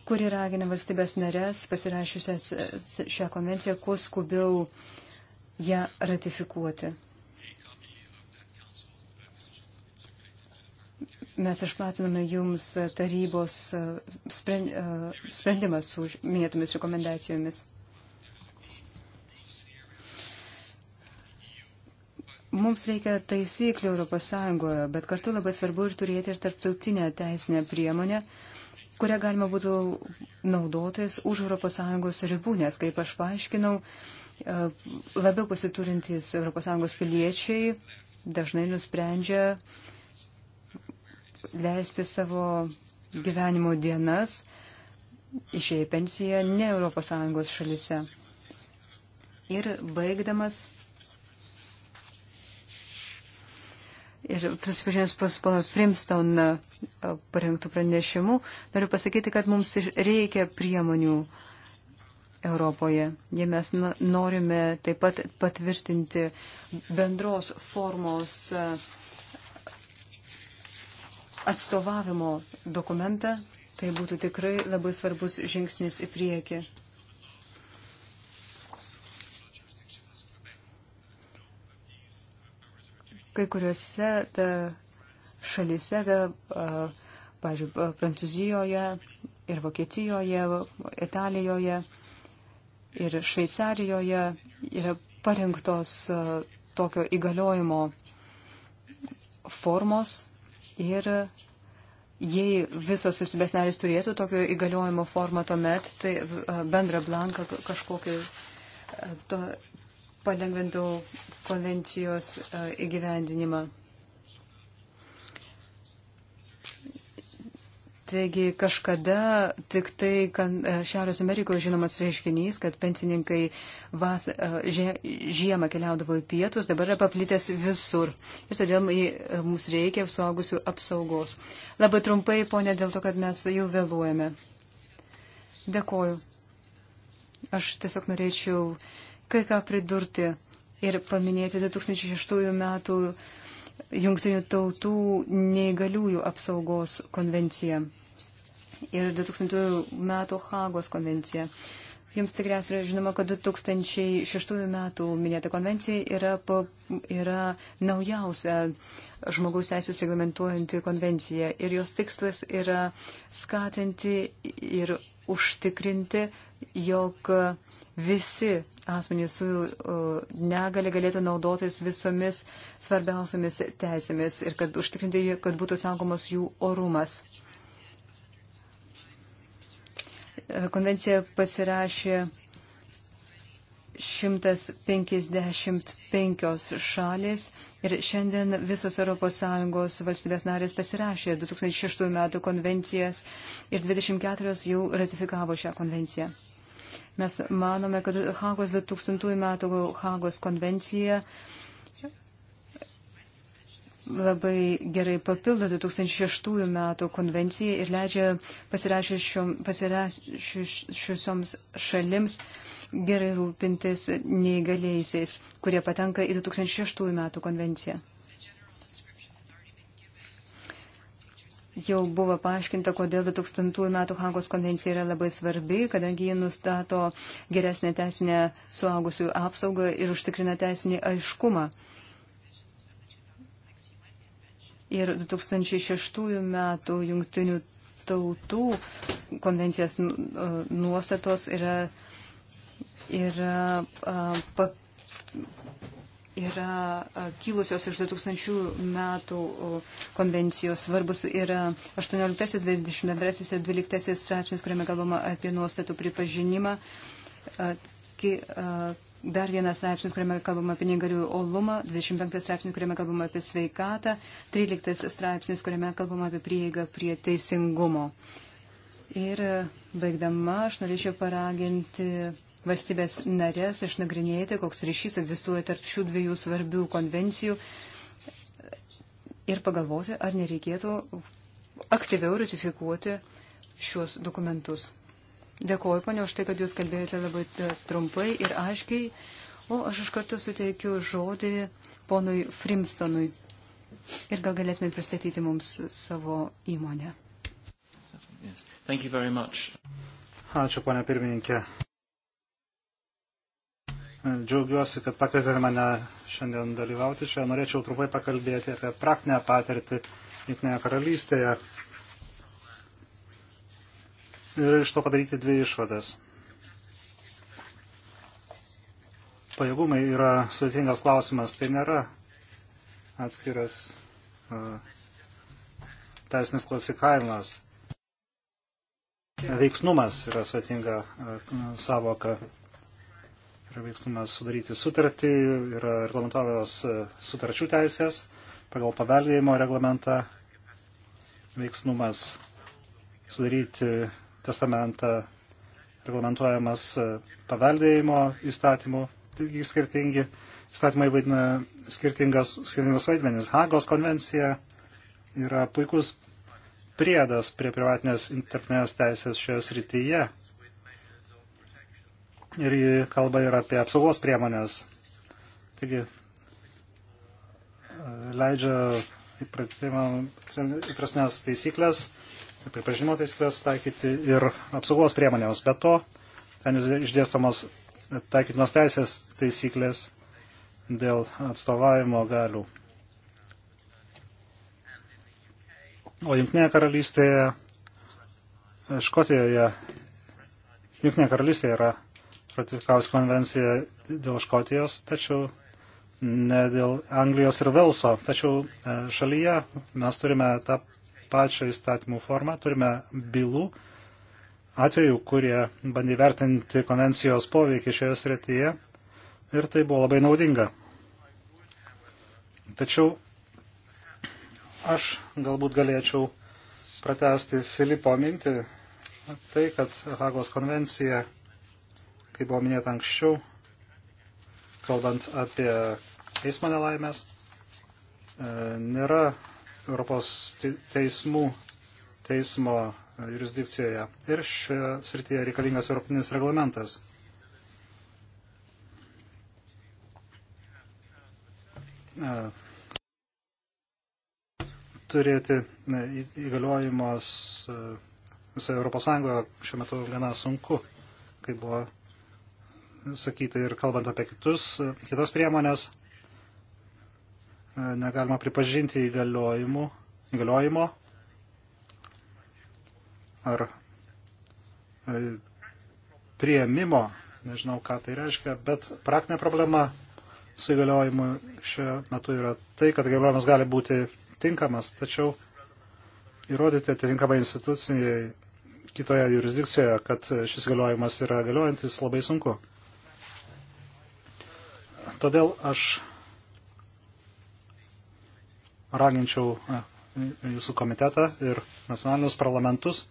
kuri ragina valstybės narės pasirašiusias e, šią konvenciją kuo skubiau ją ratifikuoti. Mes išplatinome jums tarybos e, e, sprendimą su minėtomis rekomendacijomis. Mums reikia taisyklių ES, bet kartu labai svarbu ir turėti ir tarptautinę teisinę priemonę, kurią galima būtų naudotis už ES ribų, nes, kaip aš paaiškinau, e, labiau pasiturintys ES piliečiai dažnai nusprendžia leisti savo gyvenimo dienas išėję pensiją ne ES šalise. Ir baigdamas Ir susipažinęs pas pono Frimston e, parengtų pranešimų, noriu pasakyti, kad mums reikia priemonių Europoje. Jei mes norime taip pat patvirtinti bendros formos e, atstovavimo dokumentą, tai būtų tikrai labai svarbus žingsnis į priekį. kai kuriuose šalise, pavyzdžiui, Prancūzijoje ir Vokietijoje, Italijoje ir Šveicarijoje yra parinktos tokio įgaliojimo formos ir jei visos valstybės narės turėtų tokio įgaliojimo formą tuomet, tai bendrą blanką kažkokį to, palengvintų konvencijos e, įgyvendinimą. Taigi kažkada tik tai e, Šiaurės Amerikoje žinomas reiškinys, kad pensininkai vas, e, žie, žiemą keliaudavo į pietus, dabar yra paplitęs visur. Ir todėl mums reikia suaugusių apsaugos. Labai trumpai, ponė, dėl to, kad mes jau vėluojame. Dėkoju. Aš tiesiog norėčiau uh, kai ką pridurti ir paminėti 2006 metų Jungtinių tautų neįgaliųjų apsaugos konvenciją ir 2000 metų Hagos konvenciją. Jums tikriausiai yra žinoma, kad 2006 metų minėta konvencija yra, pa, yra naujausia žmogaus teisės reglamentuojanti konvencija ir jos tikslas yra skatinti ir užtikrinti, jog visi asmenys su negali galėtų naudotis visomis svarbiausiamis teisėmis ir kad užtikrinti, kad būtų saugomas jų orumas. Konvencija pasirašė 155 šalis Ir šiandien visos ES valstybės narės pasirašė 2006 metų konvencijas ir 24 jau ratifikavo šią konvenciją. Mes manome, kad Hagos 2000 metų Hagos konvencija labai gerai papildo 2006 metų konvenciją ir leidžia pasirašiusioms šalims gerai rūpintis neįgaliaisiais, kurie patenka į 2006 metų konvenciją. Jau buvo paaiškinta, kodėl 2000 metų Hagos konvencija yra labai svarbi, kadangi ji nustato geresnę teisinę suaugusiųjų apsaugą ir užtikrina teisinį aiškumą ir 2006 metų jungtinių tautų konvencijos nu, e, nuostatos yra, yra, e, pa, yra e, kilusios iš 2000 metų konvencijos. Svarbus yra 18, 22 ir 12 straipsnis, kuriame kalbama apie nuostatų pripažinimą. Ki, a, Dar vienas straipsnis, kuriame kalbama apie negalių olumą, 25 straipsnis, kuriame kalbama apie sveikatą, 13 straipsnis, kuriame kalbama apie prieigą prie teisingumo. Ir baigdama, aš norėčiau paraginti valstybės narės išnagrinėti, koks ryšys egzistuoja tarp šių dviejų svarbių konvencijų ir pagalvoti, ar nereikėtų aktyviau ratifikuoti šiuos dokumentus. Dėkuoju, ponia, už tai, kad jūs kalbėjote labai trumpai ir aiškiai. O aš iš karto suteikiu žodį ponui Frimstonui. Ir gal galėtumėt pristatyti mums savo įmonę. Yes. Ačiū, ponia pirmininkė. Džiaugiuosi, kad pakvietėte mane šiandien dalyvauti čia. Norėčiau trumpai pakalbėti apie praktinę patirtį Jungtinėje karalystėje, ir iš to padaryti dvi išvadas. Pajėgumai yra sudėtingas klausimas, tai nėra atskiras uh, teisinis klasifikavimas. Veiksnumas yra sudėtinga uh, savoka. Yra veiksnumas sudaryti sutartį, yra reglamentavęs sutarčių teisės pagal paveldėjimo reglamentą veiksnumas sudaryti testamentą reglamentuojamas e, paveldėjimo įstatymų, taigi skirtingi įstatymai vaidina skirtingas, skirtingas vaidmenis. Hagos konvencija yra puikus priedas prie privatinės internetinės teisės šioje srityje. Ir jį kalba ir apie apsaugos priemonės. Taigi, e, leidžia įprastinės taisyklės pripažinimo taisyklės taikyti ir apsaugos priemonėms. Be to, ten išdėstomos taikytinos teisės taisyklės dėl atstovavimo galių. O Junktinėje karalystėje, Škotijoje, Junktinėje karalystėje yra ratifikavusi konvenciją dėl Škotijos, tačiau ne dėl Anglijos ir Velso. Tačiau e, šalyje mes turime tą pačią įstatymų formą. Turime bylų atvejų, kurie bandė vertinti konvencijos poveikį šioje srityje ir tai buvo labai naudinga. Tačiau aš galbūt galėčiau pratesti Filipo mintį, tai, kad Hagos konvencija, kaip buvo minėta anksčiau, kalbant apie eismo nelaimės, e, nėra Europos teismų teismo jurisdikcijoje. Ir šioje srityje reikalingas europinis reglamentas. E, turėti įgaliojimus e, visą Europos Sąjungą šiuo metu gana sunku, kaip buvo sakyti ir kalbant apie kitus, e, kitas priemonės E, negalima pripažinti įgaliojimo ar e, prieimimo, nežinau, ką tai reiškia, bet praktinė problema su įgaliojimu šiuo metu yra tai, kad įgaliojimas gali būti tinkamas, tačiau įrodyti atitinkamai institucijai kitoje jurisdikcijoje, kad šis galiojimas yra galiojantis, labai sunku. Todėl aš raginčiau jūsų komitetą ir nacionalinius parlamentus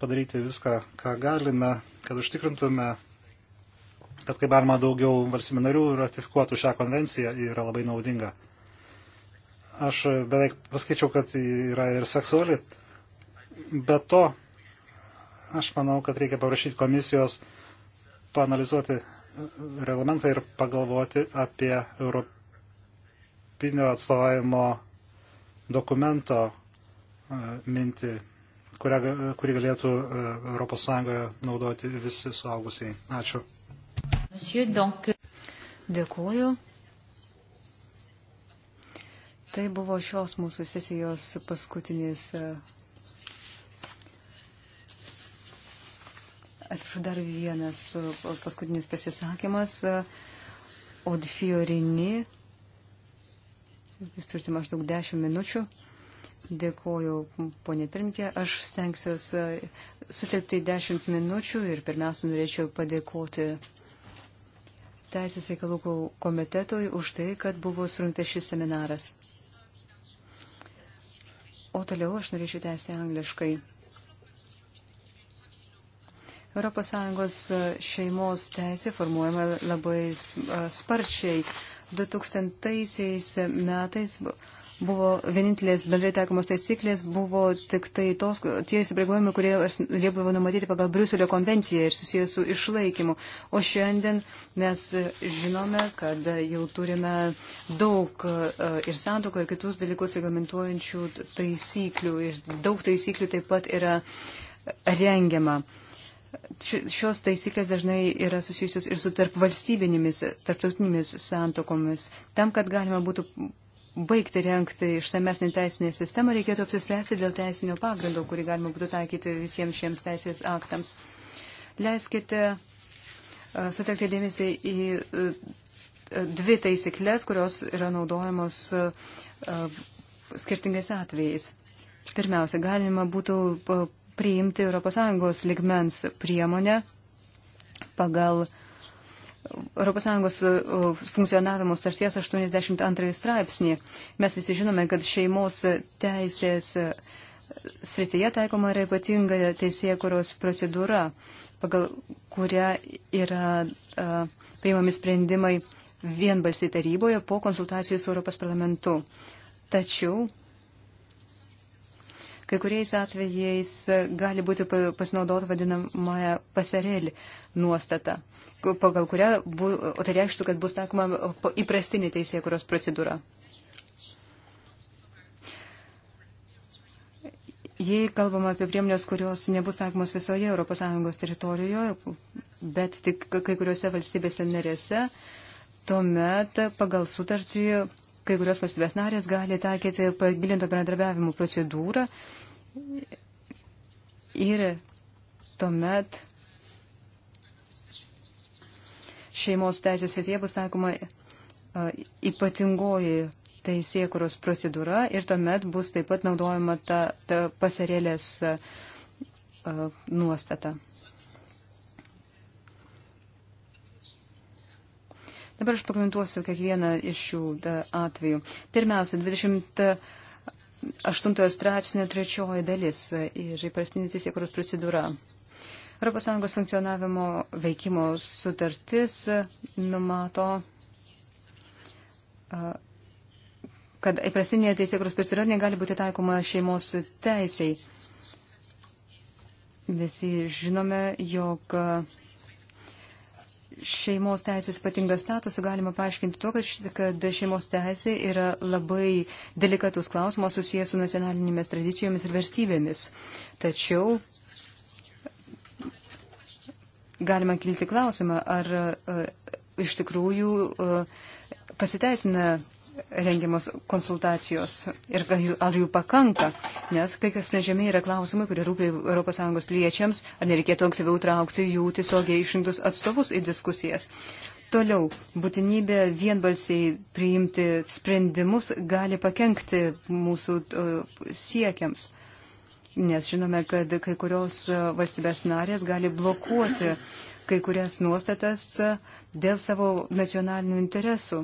padaryti viską, ką galime, kad užtikrintume, kad kaip galima daugiau valstybių narių ratifikuotų šią konvenciją yra labai naudinga. Aš beveik paskaičiau, kad yra ir seksuali. Be to, aš manau, kad reikia paprašyti komisijos paanalizuoti reglamentą ir pagalvoti apie Europą europinio atstovavimo dokumento e, mintį, kurią, kurį galėtų ES naudoti visi suaugusiai. Ačiū. Dėkuoju. Tai buvo šios mūsų sesijos paskutinis. E, atsiprašau, dar vienas e, paskutinis pasisakymas. Od Fiorini Jūs turite maždaug 10 minučių. Dėkoju, ponė Pirmkė. Aš stengsiuosi e, sutilpti 10 minučių ir pirmiausia norėčiau padėkoti Teisės reikalų komitetui už tai, kad buvo surinktas šis seminaras. O toliau aš norėčiau tęsti angliškai. ES e, šeimos teisė formuojama labai e, sparčiai. 2000 metais buvo vienintelės bendrai taikomos taisyklės, buvo tik tai tos, tie įsipareigojimai, kurie liepdavo numatyti pagal Briuselio konvenciją ir susijęs su išlaikymu. O šiandien mes žinome, kad jau turime daug e, ir santoką, ir kitus dalykus reglamentuojančių taisyklių. Ir daug taisyklių taip pat yra rengiama. Šios taisyklės dažnai yra susijusios ir su tarpvalstybinėmis, tarptautinėmis santokomis. Tam, kad galima būtų baigti renkti išsamesnį teisinę sistemą, reikėtų apsispręsti dėl teisinio pagrindo, kurį galima būtų taikyti visiems šiems teisės aktams. Leiskite sutekti dėmesį į dvi taisyklės, kurios yra naudojamos skirtingais atvejais. Pirmiausia, galima būtų priimti ES ligmens priemonę pagal ES uh, funkcionavimo starties 82 straipsnį. Mes visi žinome, kad šeimos teisės uh, srityje taikoma yra ypatinga teisėkuros procedūra, pagal kurią yra a, uh, priimami sprendimai vienbalsiai taryboje po konsultacijų su Europos parlamentu. Tačiau Kai kuriais atvejais gali būti pasinaudota vadinamąją pasarelį nuostatą, pagal kurią, bu, o tai reikštų, kad bus takoma įprastinė teisėkuros procedūra. Jei kalbama apie priemonės, kurios nebus taikomos visoje ES teritorijoje, bet tik kai kuriuose valstybėse narėse, tuomet pagal sutartį kai kurios valstybės narės gali taikyti pagilinto bendradarbiavimo procedūrą ir tuomet šeimos teisės srityje bus taikoma ypatingoji teisėkuros procedūra ir tuomet bus taip pat naudojama ta, ta pasarėlės nuostata. Dabar aš pakomentuosiu kiekvieną iš šių atvejų. Pirmiausia, 28 straipsnio trečioji dalis ir įprastinė teisėkuros procedūra. ES funkcionavimo veikimo sutartis numato kad įprastinė teisėkuros procedūra negali būti taikoma šeimos teisiai. Visi žinome, jog šeimos teisės ypatingą statusą galima paaiškinti to, kad šeimos teisė yra labai delikatus klausimas susijęs su nacionalinėmis tradicijomis ir vertybėmis. Tačiau galima kilti klausimą, ar e, iš tikrųjų e, pasiteisina rengiamos konsultacijos ir ar jų pakanka, nes kai kas sprendžiami yra klausimai, kurie rūpi ES piliečiams, ar nereikėtų aktyviau traukti jų tiesiogiai išrinktus atstovus į diskusijas. Toliau, būtinybė vienbalsiai priimti sprendimus gali pakenkti mūsų siekiams, nes žinome, kad kai kurios valstybės narės gali blokuoti kai kurias nuostatas e, dėl savo nacionalinių interesų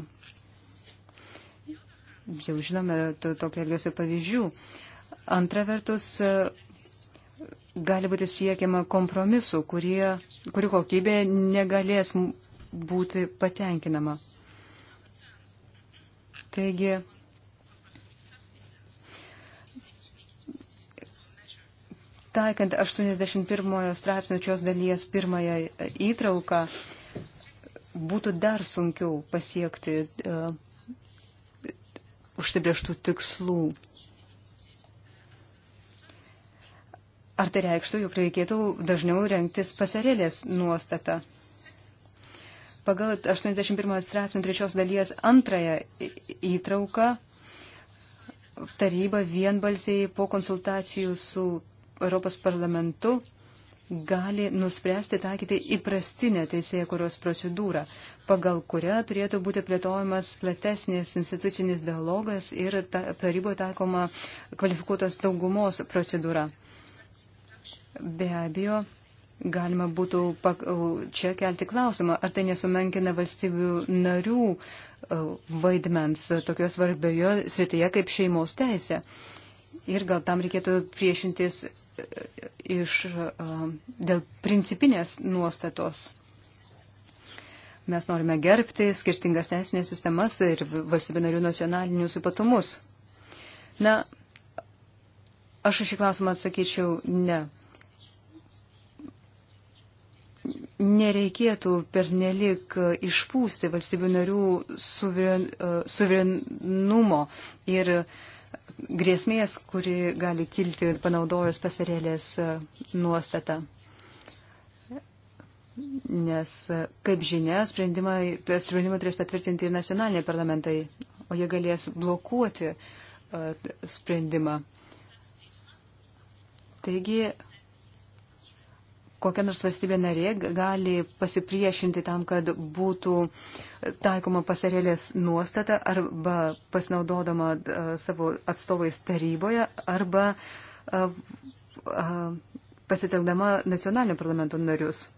jau žinome to, tokio elgesio pavyzdžių. Antra vertus, e, gali būti siekiama kompromisų, kurie, kurių kokybė negalės būti patenkinama. Taigi, taikant 81 straipsnio šios dalies pirmąją įtrauką, būtų dar sunkiau pasiekti uh, užsibrieštų tikslų. Ar tai reikštų, jog reikėtų dažniau rengtis pasarėlės nuostatą? Pagal 81 straipsnių trečios dalies antrąją įtrauką taryba vienbalsiai po konsultacijų su Europos parlamentu gali nuspręsti taikyti įprastinę teisėje kurios procedūrą pagal kurią turėtų būti plėtojamas platesnis institucinis dialogas ir ta, taryboje taikoma kvalifikuotos daugumos procedūra. Be abejo, galima būtų pak, čia kelti klausimą, ar tai nesumenkina valstybių narių vaidmens tokio svarbioje srityje kaip šeimos teisė. Ir gal tam reikėtų priešintis e, iš, dėl principinės nuostatos. Mes norime gerbti skirtingas teisinės sistemas ir valstybinarių nacionalinius ypatumus. Na, aš šį klausimą atsakyčiau ne. Nereikėtų pernelik išpūsti valstybių narių suveren, e, suverenumo ir grėsmės, kuri gali kilti panaudojus pasarėlės e, nuostatą. Nes, kaip žinia, sprendimą, sprendimą turės patvirtinti ir nacionaliniai parlamentai, o jie galės blokuoti uh, sprendimą. Taigi, kokia nors valstybė narė gali pasipriešinti tam, kad būtų taikoma pasarėlės nuostata arba pasinaudodama uh, savo atstovais taryboje arba uh, uh, pasitelkdama nacionalinio parlamento narius.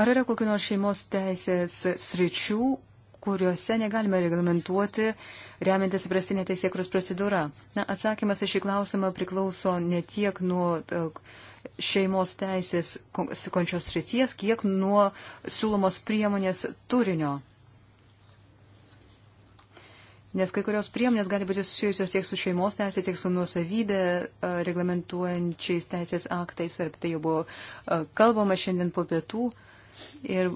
Ar yra kokių nors šeimos teisės sričių, kuriuose negalime reglamentuoti remiantis įprastinė teisėkros procedūra? Na, atsakymas į šį klausimą priklauso ne tiek nuo e, šeimos teisės končios srities, kiek nuo siūlomos priemonės turinio. Nes kai kurios priemonės gali būti susijusios tiek su šeimos teisė, tiek su nuosavybė e, reglamentuojančiais teisės aktais, ar tai jau buvo e, kalbama šiandien po pietų. Uh, Ir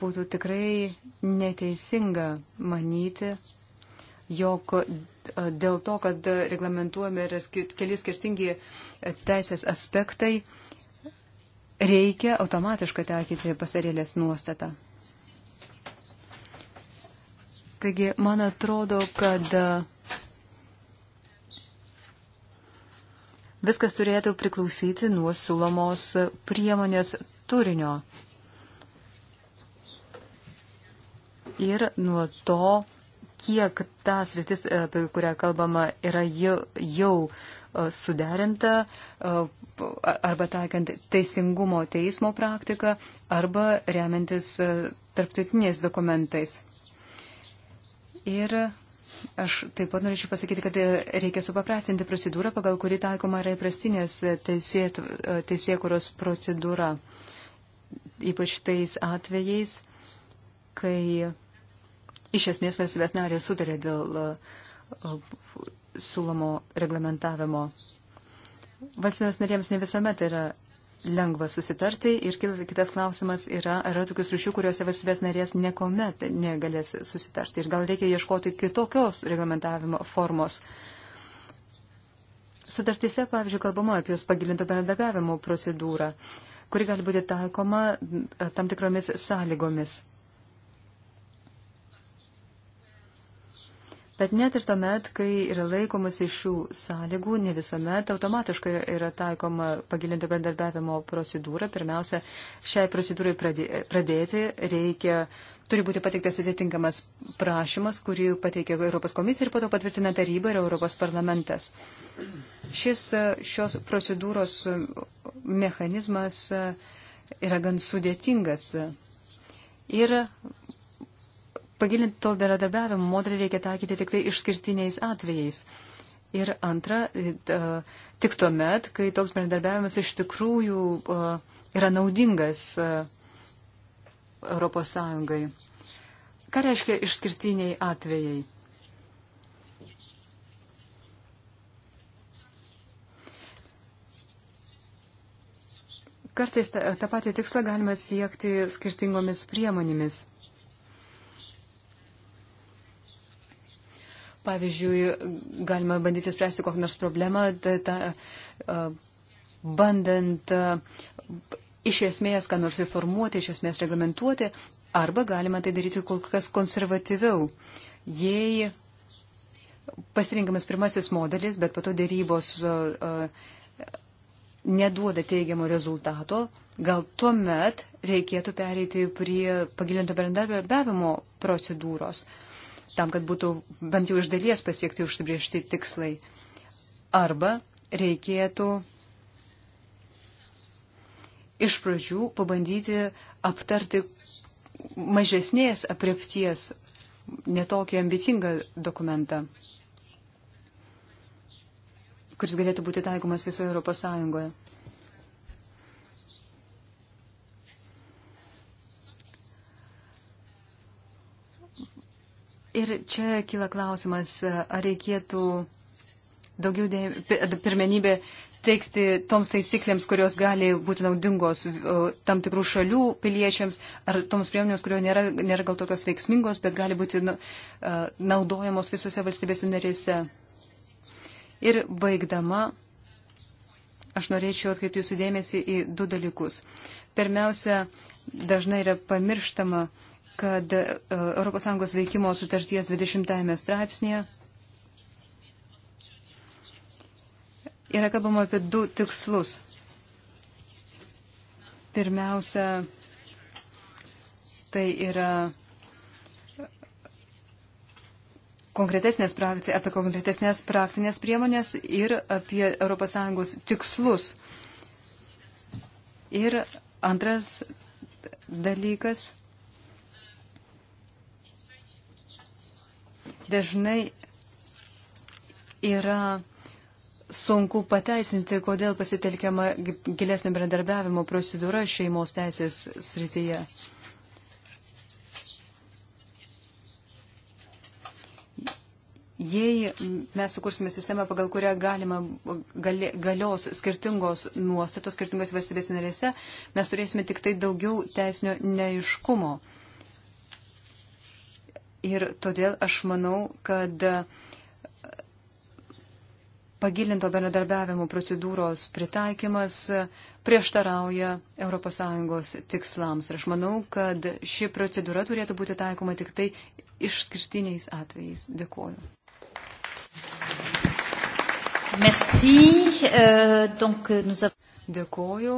būtų tikrai neteisinga manyti, jog e, dėl to, kad reglamentuojami yra keli skirtingi e, teisės aspektai, reikia automatiškai taikyti pasarėlės nuostatą. Taigi, man atrodo, kad Viskas turėtų priklausyti nuo sulomos priemonės turinio ir nuo to, kiek ta sritis, e, apie kurią kalbama, yra jau, jau e, suderinta e, arba taikant teisingumo teismo praktiką arba remiantis tarptautiniais dokumentais. Ir Aš taip pat norėčiau pasakyti, kad e, reikia supaprastinti procedūrą, pagal kurį taikoma yra įprastinės e, e, teisėkuros procedūra. Ypač tais atvejais, kai iš esmės valstybės narės sutarė dėl siūlomo reglamentavimo. Valstybės narėms ne visuomet yra lengva susitarti ir kitas klausimas yra, ar yra tokius ryšių, kuriuose valstybės narės niekuomet negalės susitarti ir gal reikia ieškoti kitokios reglamentavimo formos. Sutartyse, pavyzdžiui, kalbama apie jūs pagilinto bendradarbiavimo procedūrą, kuri gali būti taikoma tam tikromis sąlygomis. Bet net ir tuomet, kai yra laikomasi šių sąlygų, ne visuomet automatiškai yra taikoma pagilinto bendarbiavimo procedūra. Pirmiausia, šiai procedūrai pradėti reikia, turi būti pateiktas atitinkamas prašymas, kurį pateikia Europos komisija ir po to patvirtina taryba ir Europos parlamentas. Šis šios procedūros mechanizmas yra gan sudėtingas. Ir pagilinto bendradarbiavimo modelį reikia taikyti tik tai išskirtiniais atvejais. Ir antra, tik tuo met, kai toks bendradarbiavimas iš tikrųjų yra naudingas Europos Sąjungai. Ką reiškia išskirtiniai atvejai? Kartais tą patį tikslą galima siekti skirtingomis priemonėmis. Pavyzdžiui, galima bandyti spręsti kokią nors problemą, ta, ta, bandant iš esmės ką nors reformuoti, iš esmės reglamentuoti, arba galima tai daryti kur kas konservatyviau. Jei pasirinkamas pirmasis modelis, bet pato dėrybos neduoda teigiamo rezultato, gal tuomet reikėtų pereiti prie pagilinto bendradarbiavimo procedūros. Uh, tam, kad būtų bent jau iš dalies pasiekti užsibriežti tikslai. Arba reikėtų iš pradžių pabandyti aptarti mažesnės apriepties netokį ambicingą dokumentą, kuris galėtų būti taikomas visoje Europos Sąjungoje. Ir čia kyla klausimas, ar reikėtų daugiau dė... pirmenybė teikti toms taisyklėms, kurios gali būti naudingos tam tikrų šalių piliečiams, ar toms priemonėms, kurio nėra, nėra gal tokios veiksmingos, bet gali būti naudojamos visose valstybėse narėse. Ir baigdama, aš norėčiau atkreipti jūsų dėmesį į du dalykus. Pirmiausia, dažnai yra pamirštama, kad ES veikimo sutarties 20 straipsnėje yra kalbama apie du tikslus. Pirmiausia, tai yra konkretesnės prakti, apie konkretesnės praktinės priemonės ir apie ES tikslus. Ir antras dalykas dažnai yra sunku pateisinti, kodėl pasitelkiama gilesnio bendradarbiavimo procedūra šeimos teisės srityje. Jei mes sukursime sistemą, pagal kurią galima, gali, galios skirtingos nuostatos skirtingos valstybės narėse, mes turėsime tik tai daugiau teisinio neiškumo. Ir todėl aš manau, kad pagilinto bendradarbiavimo procedūros pritaikymas prieštarauja ES tikslams. Ir aš manau, kad ši procedūra turėtų būti taikoma tik tai išskirtiniais atvejais. Dėkuoju. Merci. Uh, donc, nous... Dėkuoju.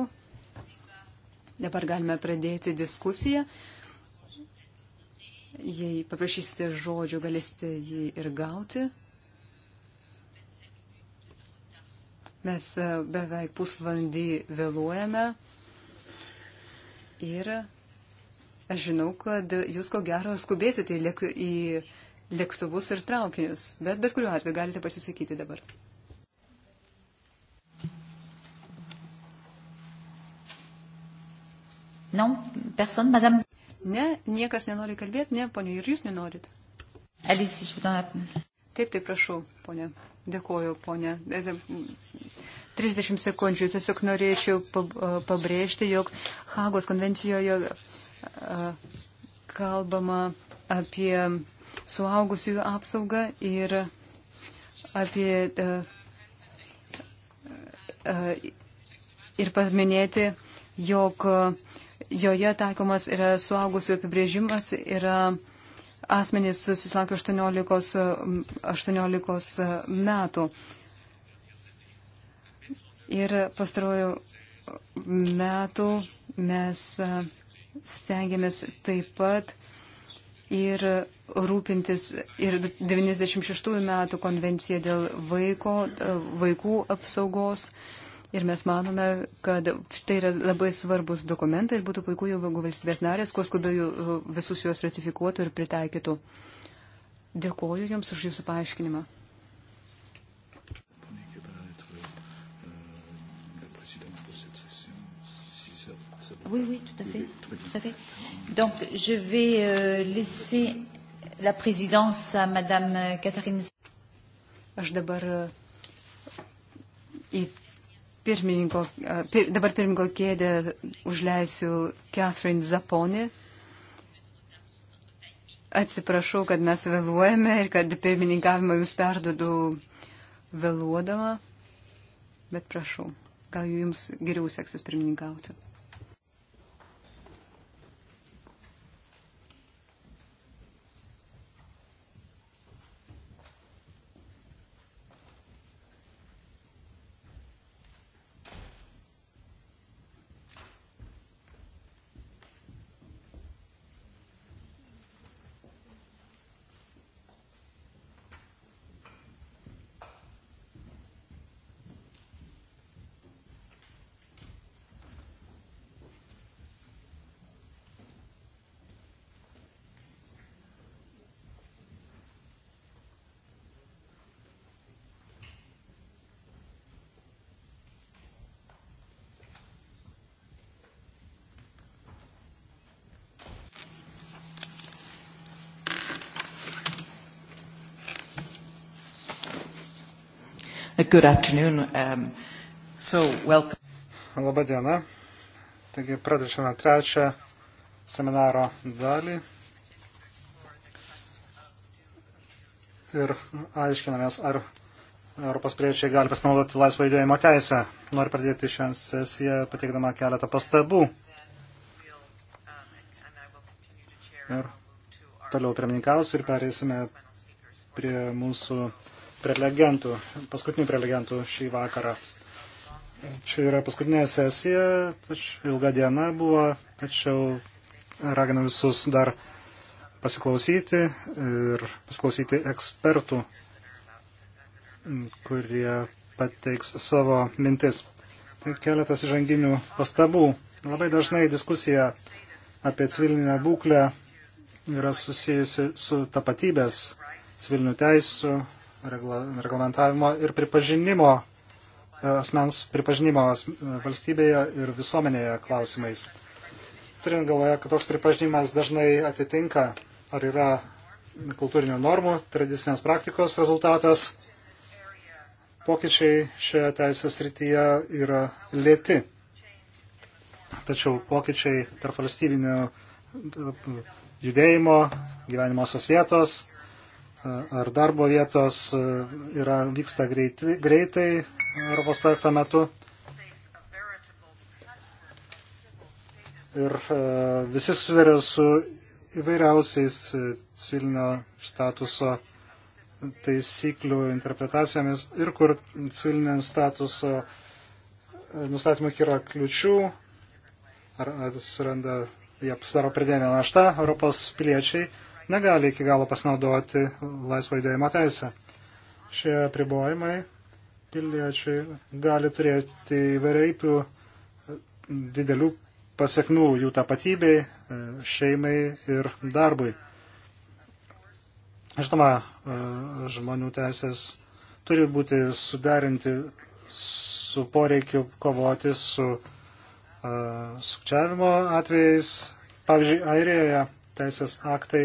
Dabar galime pradėti diskusiją. Uh, Jei paprašysite žodžio, galėsite jį ir gauti. Mes e, beveik pusvalandį vėluojame. Ir aš žinau, kad jūs ko gero skubėsite į, lėk į lėktuvus ir traukinius, bet bet kuriuo atveju galite pasisakyti dabar. Non, personne, madame. Ne, niekas nenori kalbėti, ne, ponė, ir jūs nenorit. Elis iš Vietnamo. Taip, tai prašau, ponė. Dėkoju, ponė. 30 e, e, sekundžių. Tiesiog norėčiau e, pabrėžti, jog Hagos konvencijoje kalbama apie suaugusiųjų apsaugą ir apie ir paminėti, jog uh, Joje taikomas yra suaugusių apibrėžimas, yra asmenys susilaukė 18, 18 metų. Ir pastarojų metų mes e, stengiamės taip pat ir rūpintis ir 96 metų konvencija dėl vaiko, e, vaikų apsaugos. Ir mes manome, kad tai yra labai svarbus dokumentai ir būtų puiku, jeigu valstybės narės, kuo skubiau uh, visus juos ratifikuotų ir pritaikytų. Dėkuoju Jums už Jūsų paaiškinimą. Oui, oui, tout à fait. Tout à fait. Donc, je vais euh, laisser la présidence à Madame Catherine. Aš dabar uh, į pirmininko, dabar pirmininko kėdę užleisiu Catherine Zaponi. Atsiprašau, kad mes vėluojame ir kad pirmininkavimą jūs perdodu vėluodama, bet prašau, gal jums geriau seksis pirmininkauti. Good afternoon. Um, so, welcome. Labą dieną. Taigi pradėčiame trečią seminaro dalį. Ir aiškinamės, ar Europos priečiai gali pasinaudoti laisvo judėjimo teisę. Noriu pradėti šią sesiją pateikdama keletą pastabų. Ir toliau pirmininkausiu ir perėsime prie mūsų prelegentų, paskutinių prelegentų šį vakarą. Čia yra paskutinė sesija, tačiau ilga diena buvo, tačiau raginu visus dar pasiklausyti ir pasiklausyti ekspertų, kurie pateiks savo mintis. Tai keletas įžanginių pastabų. Labai dažnai diskusija apie civilinę būklę yra susijusi su tapatybės civilinių teisų regla, reglamentavimo ir pripažinimo e, asmens pripažinimo e, valstybėje ir visuomenėje klausimais. Turint galvoje, kad toks pripažinimas dažnai atitinka ar yra kultūrinių normų, tradicinės praktikos rezultatas, pokyčiai šioje teisės rytyje yra lėti. Tačiau pokyčiai tarp valstybinio judėjimo, gyvenimosios vietos, ar darbo vietos e, yra, vyksta greitai, greitai Europos projekto metu. Ir e, visi susidarė su įvairiausiais e, civilinio statuso taisyklių interpretacijomis ir kur civilinio statuso nustatymai yra kliučių, ar atsiranda, jie pasidaro pridėnę naštą Europos piliečiai negali iki galo pasinaudoti laisvo judėjimo teisę. Šie pribojimai piliečiai gali turėti įvairiaipių e, didelių pasiekmių jų tapatybei, e, šeimai ir darbui. Žinoma, e, žmonių teisės turi būti suderinti su poreikiu kovoti su sukčiavimo atvejais. Pavyzdžiui, Airijoje teisės aktai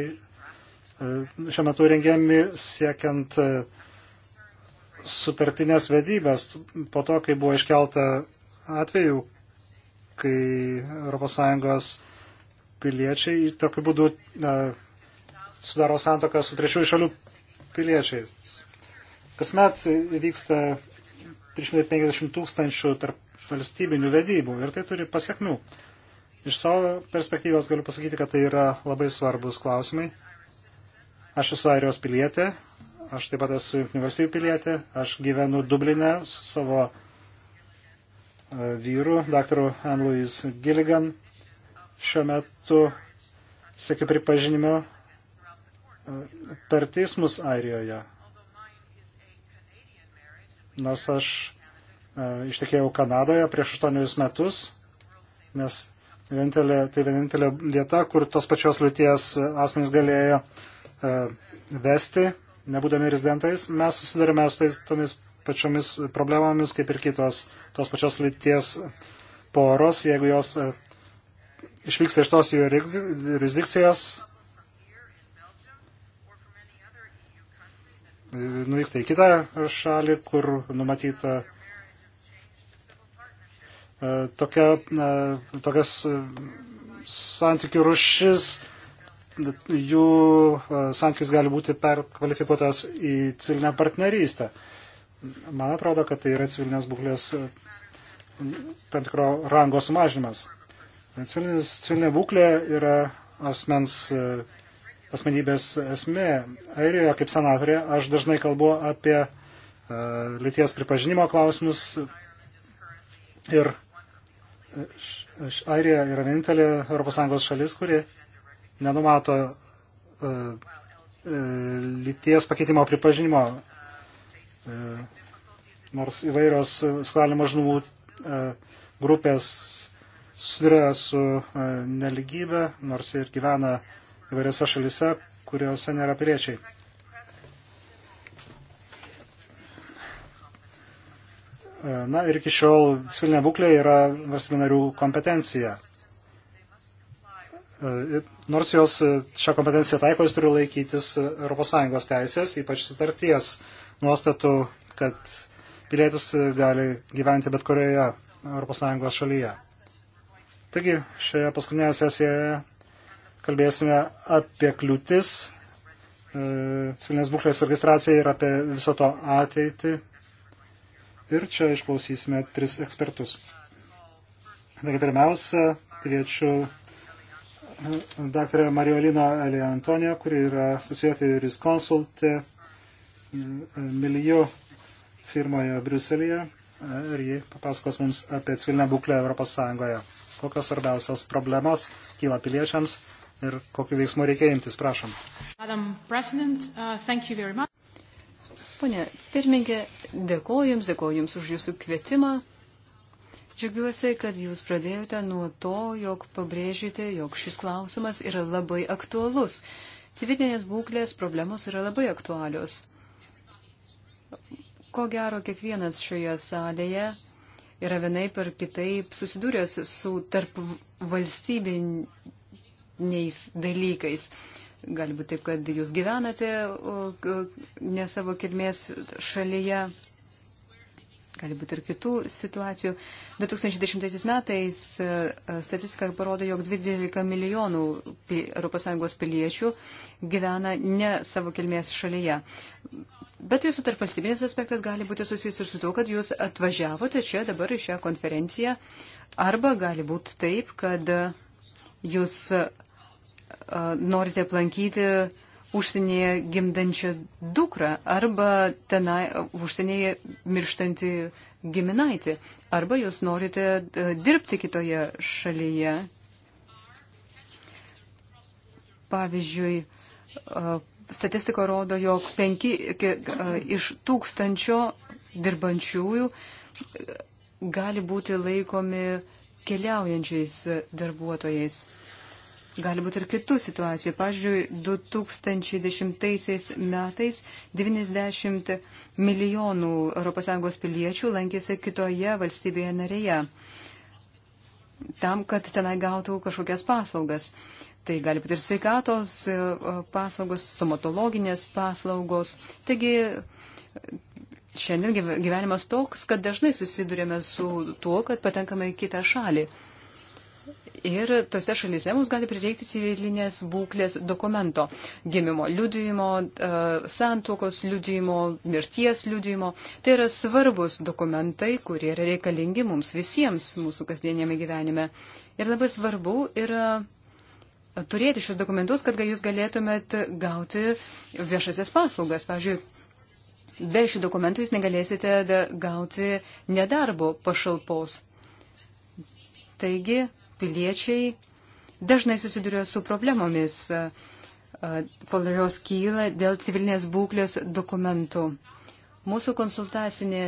šiuo metu rengiami siekiant e, sutartinės vedybės po to, kai buvo iškelta atveju, kai ES piliečiai tokiu būdu na, e, sudaro santoką su trečiųjų šalių piliečiais. Kasmet vyksta 350 tūkstančių tarp valstybinių vedybų ir tai turi pasiekmių. Iš savo perspektyvos galiu pasakyti, kad tai yra labai svarbus klausimai Aš esu Airijos pilietė, aš taip pat esu Junktinių valstybių pilietė, aš gyvenu Dublinė su savo e, vyru, daktaru Anne-Louis Gilligan. Šiuo metu sėkiu pripažinimo e, per teismus Airijoje. Nors aš e, ištekėjau Kanadoje prieš 8 metus, nes vienintelė, tai vienintelė vieta, kur tos pačios liūties asmenys galėjo uh, E, vesti, nebūdami rezidentais, mes susidurime su tais, tomis pačiomis problemomis, kaip ir kitos tos pačios lyties poros, jeigu jos e, išvyksta iš tos jurisdikcijos, nuvyksta į kitą šalį, kur numatyta e, tokia, tokias santykių rušis, jų e, sankis gali būti perkvalifikuotas į civilinę partnerystę. Man atrodo, kad tai yra civilinės būklės e, tam tikro rango sumažinimas. Civilinis, civilinė būklė yra asmens e, asmenybės esmė. Airijoje, kaip senatorė, aš dažnai kalbu apie uh, lyties pripažinimo klausimus ir Airija yra vienintelė ES šalis, kuri uh, nenumato e, e, lyties pakeitimo pripažinimo, e, nors įvairios skalimo žinumų e, grupės susiduria su e, neligybė, nors ir gyvena įvairiose šalise, kuriuose nėra piliečiai. E, na ir iki šiol civilinė būklė yra valstybinarių kompetencija. E, nors jos e, šią kompetenciją taiko, jis turi laikytis ES teisės, ypač sutarties nuostatų, kad pilietis e, gali gyventi bet kurioje ES šalyje. Taigi, šioje paskutinėje sesijoje kalbėsime apie kliūtis, e, civilinės būklės registraciją ir apie viso to ateitį. Ir čia išklausysime tris ekspertus. Taigi, pirmiausia, kviečiu daktarę Mariolino Elė Antonijo, kuri yra asocijuoti juriskonsultė e, Milijo firmoje Briuselėje ir ji papasakos mums apie civilinę būklę Europos Sąjungoje. Kokios svarbiausios problemos kyla piliečiams ir kokiu veiksmu reikia imtis, prašom. Uh, Pone pirmininkė, dėkoju Jums, dėkoju Jums už Jūsų kvietimą Džiugiuosi, kad jūs pradėjote nuo to, jog pabrėžite, jog šis klausimas yra labai aktualus. Civilinės būklės problemos yra labai aktualios. Ko gero, kiekvienas šioje salėje yra vienai per kitaip susidūręs su tarp valstybiniais dalykais. Galbūt taip, kad jūs gyvenate ne savo kilmės šalyje, gali būti ir kitų situacijų. 2010 metais e, e, statistika parodo, jog 12 milijonų ES piliečių gyvena ne savo kilmės šalyje. Bet jūsų tarp valstybinės aspektas gali būti susijęs ir su to, kad jūs atvažiavote čia dabar į šią konferenciją. Arba gali būti taip, kad jūs e, norite aplankyti uh, užsienyje gimdančią dukrą arba tenai užsienyje mirštantį giminaitį, arba jūs norite e, dirbti kitoje šalyje. Pavyzdžiui, e, statistika rodo, jog penki e, iš tūkstančio dirbančiųjų gali būti laikomi keliaujančiais darbuotojais. Gali būti ir kitų situacijų. Pavyzdžiui, 2010 metais 90 milijonų ES piliečių lankėsi kitoje valstybėje narėje tam, kad tenai gautų kažkokias paslaugas. Tai gali būti ir sveikatos e, paslaugos, stomatologinės paslaugos. Taigi šiandien gyvenimas toks, kad dažnai susidurėme su tuo, kad patenkame į kitą šalį ir tose šalise mums gali prireikti civilinės būklės dokumento - gimimo liudijimo, e, santokos liudijimo, mirties liudijimo. Tai yra svarbus dokumentai, kurie yra reikalingi mums visiems mūsų kasdienėme gyvenime. Ir labai svarbu yra turėti šios dokumentus, kad jūs galėtumėt gauti viešasias paslaugas. Pavyzdžiui, Be šių dokumentų jūs negalėsite gauti nedarbo pašalpos. Taigi, piliečiai dažnai susiduria su problemomis, kurios kyla dėl civilinės būklės dokumentų. Mūsų konsultacinė,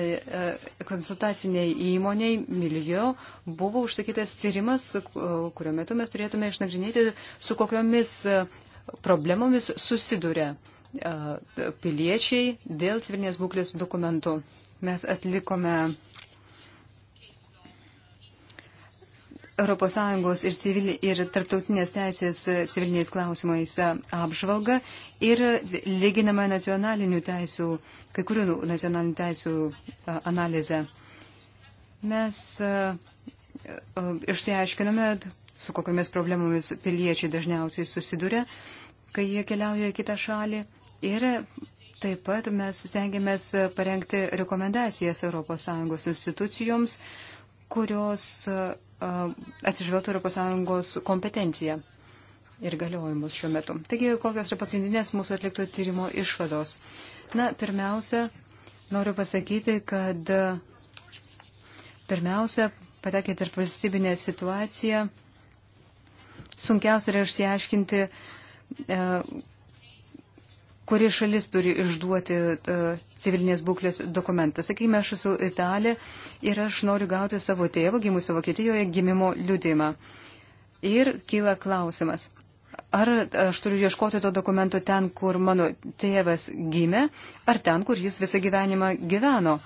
konsultacinė įmoniai Milijo buvo užsakytas tyrimas, kurio metu mes turėtume išnagrinėti, su kokiomis problemomis susiduria piliečiai dėl civilinės būklės dokumentų. Mes atlikome ES ir, civili, ir tarptautinės teisės civiliniais klausimais apžvalgą ir lyginamą nacionalinių teisų, kai kurių nacionalinių teisų analizę. Mes e, e, išsiaiškiname, su kokiamis problemomis piliečiai dažniausiai susiduria, kai jie keliauja į kitą šalį. Ir taip pat mes stengiamės parengti rekomendacijas ES institucijoms, kurios atsižvelgtų Europos Sąjungos kompetenciją ir galiojimus šiuo metu. Taigi, kokios yra pagrindinės mūsų atlikto tyrimo išvados? Na, pirmiausia, noriu pasakyti, kad pirmiausia, patekė tarp valstybinę situaciją, sunkiausia yra išsiaiškinti, kuri šalis turi išduoti e, civilinės būklės dokumentą. Sakykime, aš esu italė ir aš noriu gauti savo tėvo gimusio Vokietijoje gimimo liudimą. Ir kyla klausimas, ar aš turiu ieškoti to dokumento ten, kur mano tėvas gimė, ar ten, kur jis visą gyvenimą gyveno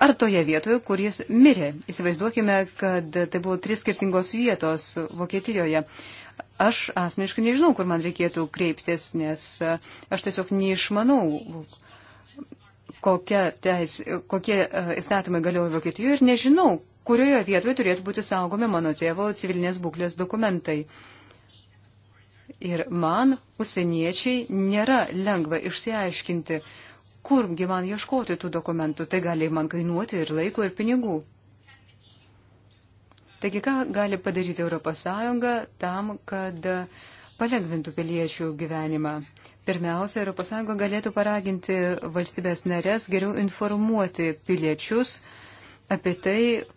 ar toje vietoje, kur jis mirė. Įsivaizduokime, kad tai buvo tris skirtingos vietos Vokietijoje. Aš asmeniškai nežinau, kur man reikėtų kreiptis, nes e, aš tiesiog neišmanau, teis, kokie e, įstatymai galioja Vokietijoje ir nežinau, kurioje vietoje turėtų būti saugomi mano tėvo civilinės būklės dokumentai. Ir man, užsieniečiai, nėra lengva išsiaiškinti, kurgi man ieškoti tų dokumentų. Tai gali man kainuoti ir laiko, ir pinigų. Taigi, ką gali padaryti ES tam, kad palengvintų piliečių gyvenimą? Pirmiausia, ES galėtų paraginti valstybės narės geriau informuoti piliečius apie tai, e,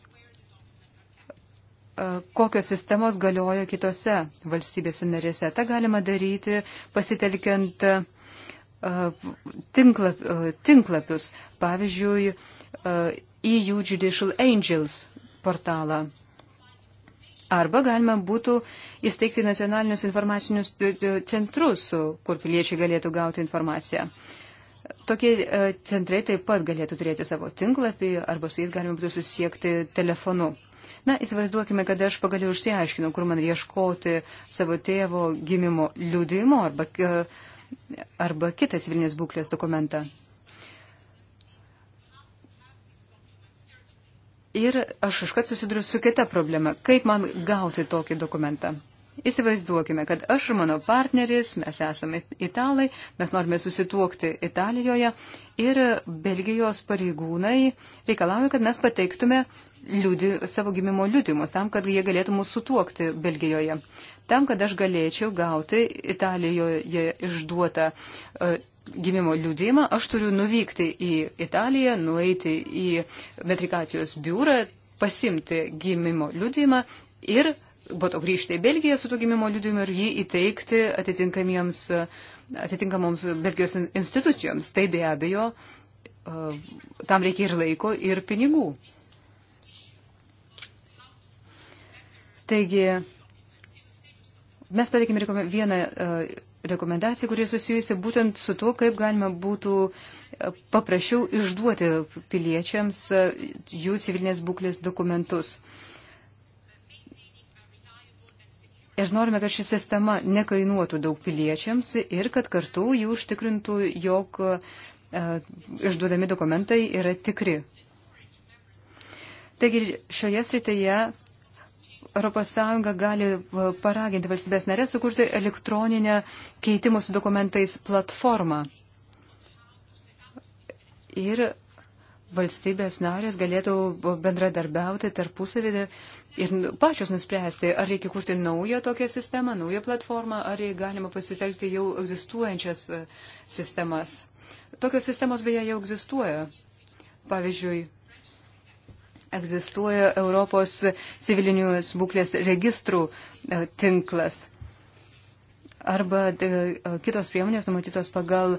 kokios sistemos galioja kitose valstybėse narėse. Ta galima daryti pasitelkiant e, tinklap, e, tinklapius, pavyzdžiui, EU Judicial Angels portalą. Arba galima būtų įsteigti nacionalinius informacinius centrus, kur piliečiai galėtų gauti informaciją. Tokie e, centrai taip pat galėtų turėti savo tinklapį arba su jais galima būtų susiekti telefonu. Na, įsivaizduokime, kad aš pagaliau išsiaiškinau, kur man ieškoti savo tėvo gimimo liudijimo arba, e, arba kitą civilinės būklės dokumentą. Ir aš iškart susiduriu su kita problema. Kaip man gauti tokį dokumentą? Įsivaizduokime, kad aš ir mano partneris, mes esame italai, mes norime susituokti Italijoje ir Belgijos pareigūnai reikalauja, kad mes pateiktume liudi, savo gimimo liudimus tam, kad jie galėtų mūsų sutuokti Belgijoje. Tam, kad aš galėčiau gauti Italijoje išduotą e, gimimo liūdimą, aš turiu nuvykti į Italiją, nueiti į metrikacijos biurą, pasimti gimimo liūdimą ir po to grįžti į Belgiją su to gimimo liūdimu ir jį įteikti atitinkamoms Belgijos institucijoms. Tai be abejo, e, tam reikia ir laiko, ir pinigų. Taigi, mes pateikėme vieną e, rekomendacija, kurie susijusi būtent su tuo, kaip galima būtų e, paprašiau išduoti piliečiams e, jų civilinės būklės dokumentus. Ir norime, kad ši sistema nekainuotų daug piliečiams ir kad kartu jų užtikrintų, jog e, išduodami dokumentai yra tikri. Taigi šioje srityje ES gali e, paraginti valstybės narės sukurti elektroninę keitimo su dokumentais platformą. Ir valstybės narės galėtų bendradarbiauti tarpusavį ir pačios nuspręsti, ar reikia kurti naują tokią sistemą, naują platformą, ar galima pasitelkti jau egzistuojančias e, sistemas. Tokios sistemos beje jau egzistuoja. Pavyzdžiui, egzistuoja Europos civilinius būklės registrų e, tinklas arba e, e, kitos priemonės numatytos pagal,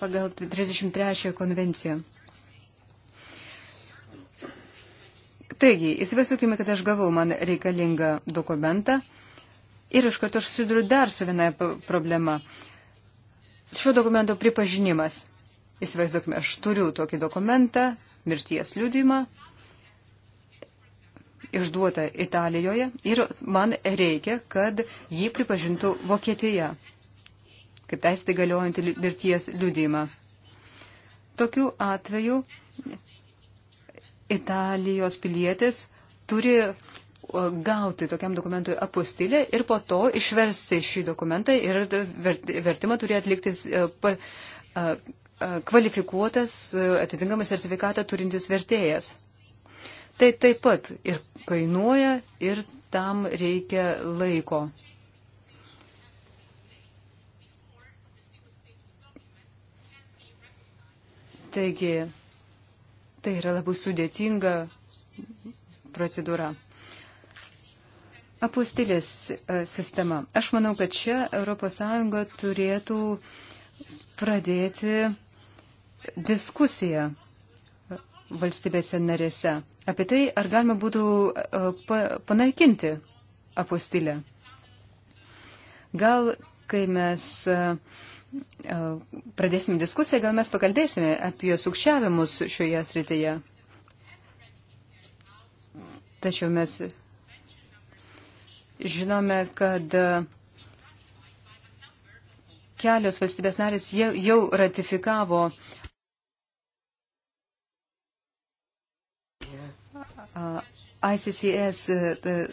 pagal 33 konvenciją. Taigi, įsivaizduokime, kad aš gavau man reikalingą dokumentą ir iš karto aš susiduriu dar su viena problema. Šio dokumento pripažinimas. Įsivaizduokime, aš turiu tokį dokumentą, mirties liūdimą, išduotą Italijoje ir man reikia, kad jį pripažintų Vokietija, kaip teisėtai galiojantį mirties liūdimą. Tokiu atveju Italijos pilietis turi gauti tokiam dokumentui apostilę ir po to išversti šį dokumentą ir vertimą turi atlikti e, e, E, kvalifikuotas e, atitinkamą sertifikatą turintis vertėjas. Tai taip pat ir kainuoja, ir tam reikia laiko. Taigi, tai yra labai sudėtinga procedūra. Apostilės e, sistema. Aš manau, kad čia ES turėtų pradėti diskusija valstybėse narėse apie tai, ar galima būtų e, panaikinti apostilę. Gal, kai mes e, e, pradėsime diskusiją, gal mes pakalbėsime apie sukčiavimus šioje srityje. Tačiau mes žinome, kad kelios valstybės narės jau ratifikavo uh, ICCS e, e,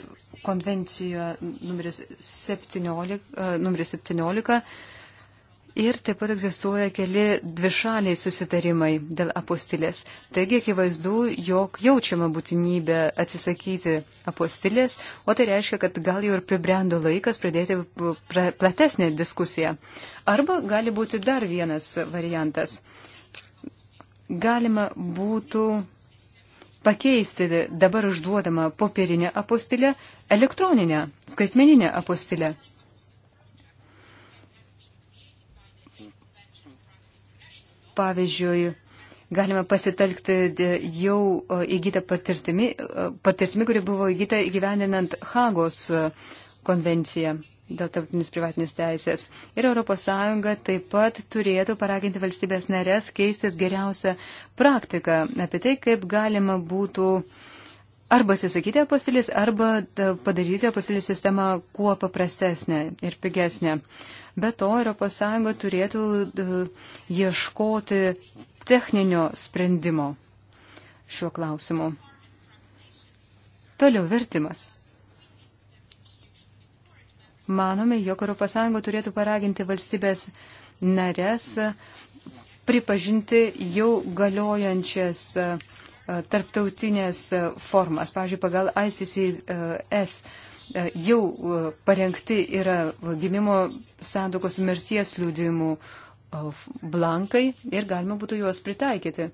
konvencijoje numeris 17, e, numeris 17 ir taip pat egzistuoja keli dvišaliai susitarimai dėl apostilės. Taigi akivaizdu, jog jaučiama būtinybė atsisakyti apostilės, o tai reiškia, kad gal jau ir pribrendo laikas pradėti platesnę diskusiją. Arba gali būti dar vienas variantas. Galima būtų pakeisti dabar užduodamą popierinę apostilę elektroninę, skaitmeninę apostilę. Pavyzdžiui, galima pasitelkti jau įgytą patirtimį, patirtimį kuri buvo įgyta įgyvendinant Hagos konvenciją dėl tarptautinės privatinės teisės. Ir ES taip pat turėtų paraginti valstybės narės keistis geriausią praktiką apie tai, kaip galima būtų arba atsisakyti apostilės, arba padaryti apostilės sistemą kuo paprastesnė ir pigesnė. Be to, ES turėtų ieškoti techninio sprendimo šiuo klausimu. Toliau vertimas manome, jog ES turėtų paraginti valstybės narės pripažinti jau galiojančias e, tarptautinės e, formas. Pavyzdžiui, pagal ICCS e, jau parengti yra gimimo santokos mirties liūdimų blankai ir galima būtų juos pritaikyti.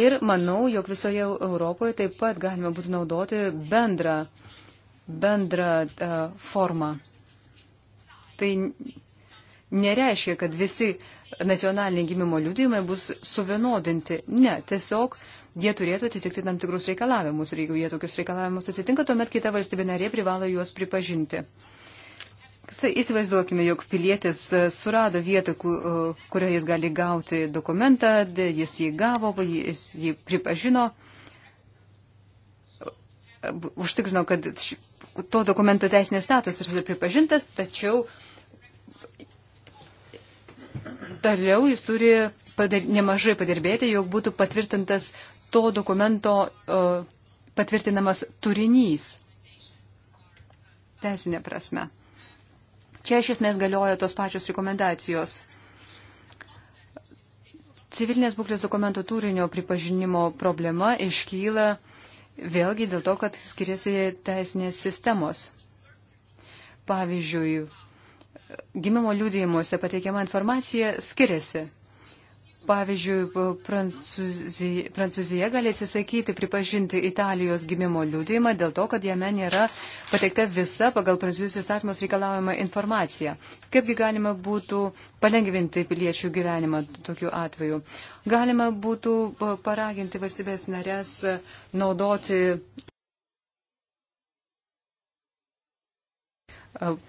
Ir manau, jog visoje Europoje taip pat galima būtų naudoti bendrą, bendrą uh, formą. Tai nereiškia, kad visi nacionaliniai gimimo liudijimai bus suvienodinti. Ne, tiesiog jie turėtų atitikti tam tikrus reikalavimus. Ir jeigu jie tokius reikalavimus atitinka, tuomet kita valstybė narė privalo juos pripažinti. Įsivaizduokime, jog pilietis e, surado vietą, e, kurioje jis gali gauti dokumentą, jis jį gavo, jis jį pripažino, užtikrino, kad to dokumento teisinės statusas yra pripažintas, tačiau toliau jis turi padar, nemažai padirbėti, jog būtų patvirtintas to dokumento e, patvirtinamas turinys. Teisinė prasme. Čia iš esmės galioja tos pačios rekomendacijos. Civilinės būklės dokumento turinio pripažinimo problema iškyla vėlgi dėl to, kad skiriasi teisinės sistemos. Pavyzdžiui, gimimo liūdėjimuose pateikiama informacija skiriasi. Pavyzdžiui, Prancūzija, Prancūzija gali atsisakyti pripažinti Italijos gimimo liūdėjimą dėl to, kad jame nėra pateikta visa pagal Prancūzijos įstatymus reikalaujama informacija. Kaipgi galima būtų palengvinti piliečių gyvenimą tokiu atveju? Galima būtų paraginti valstybės narės naudoti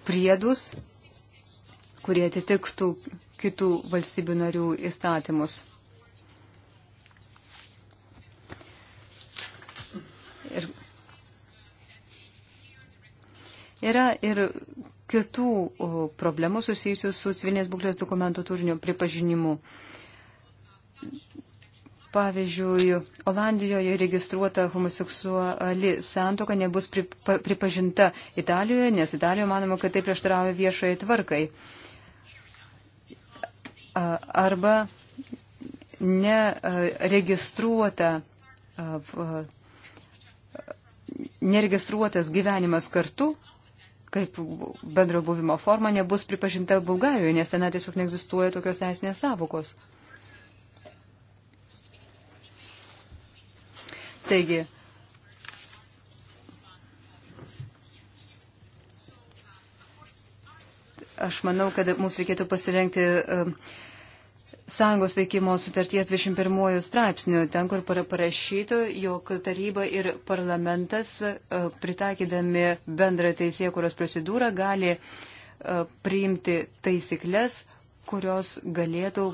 priedus, kurie atitiktų kitų valstybių narių įstatymus. Ir yra ir kitų problemų susijusių su civilinės būklės dokumento turinio pripažinimu. Pavyzdžiui, Olandijoje registruota homoseksuali santoka nebus pripa, pripažinta Italijoje, nes Italijoje manoma, kad tai prieštarauja viešai tvarkai. Uh, arba neregistruota, neregistruotas gyvenimas kartu kaip bendro buvimo forma nebus pripažinta Bulgarijoje, nes ten tiesiog neegzistuoja tokios teisinės savokos. Taigi, aš manau, kad mums reikėtų pasirengti uh, Sąjungos veikimo sutarties 21 straipsnių, ten, kur parašyta, jog taryba ir parlamentas, e, pritaikydami bendrą teisėkuros procedūrą, gali e, priimti taisyklės, kurios galėtų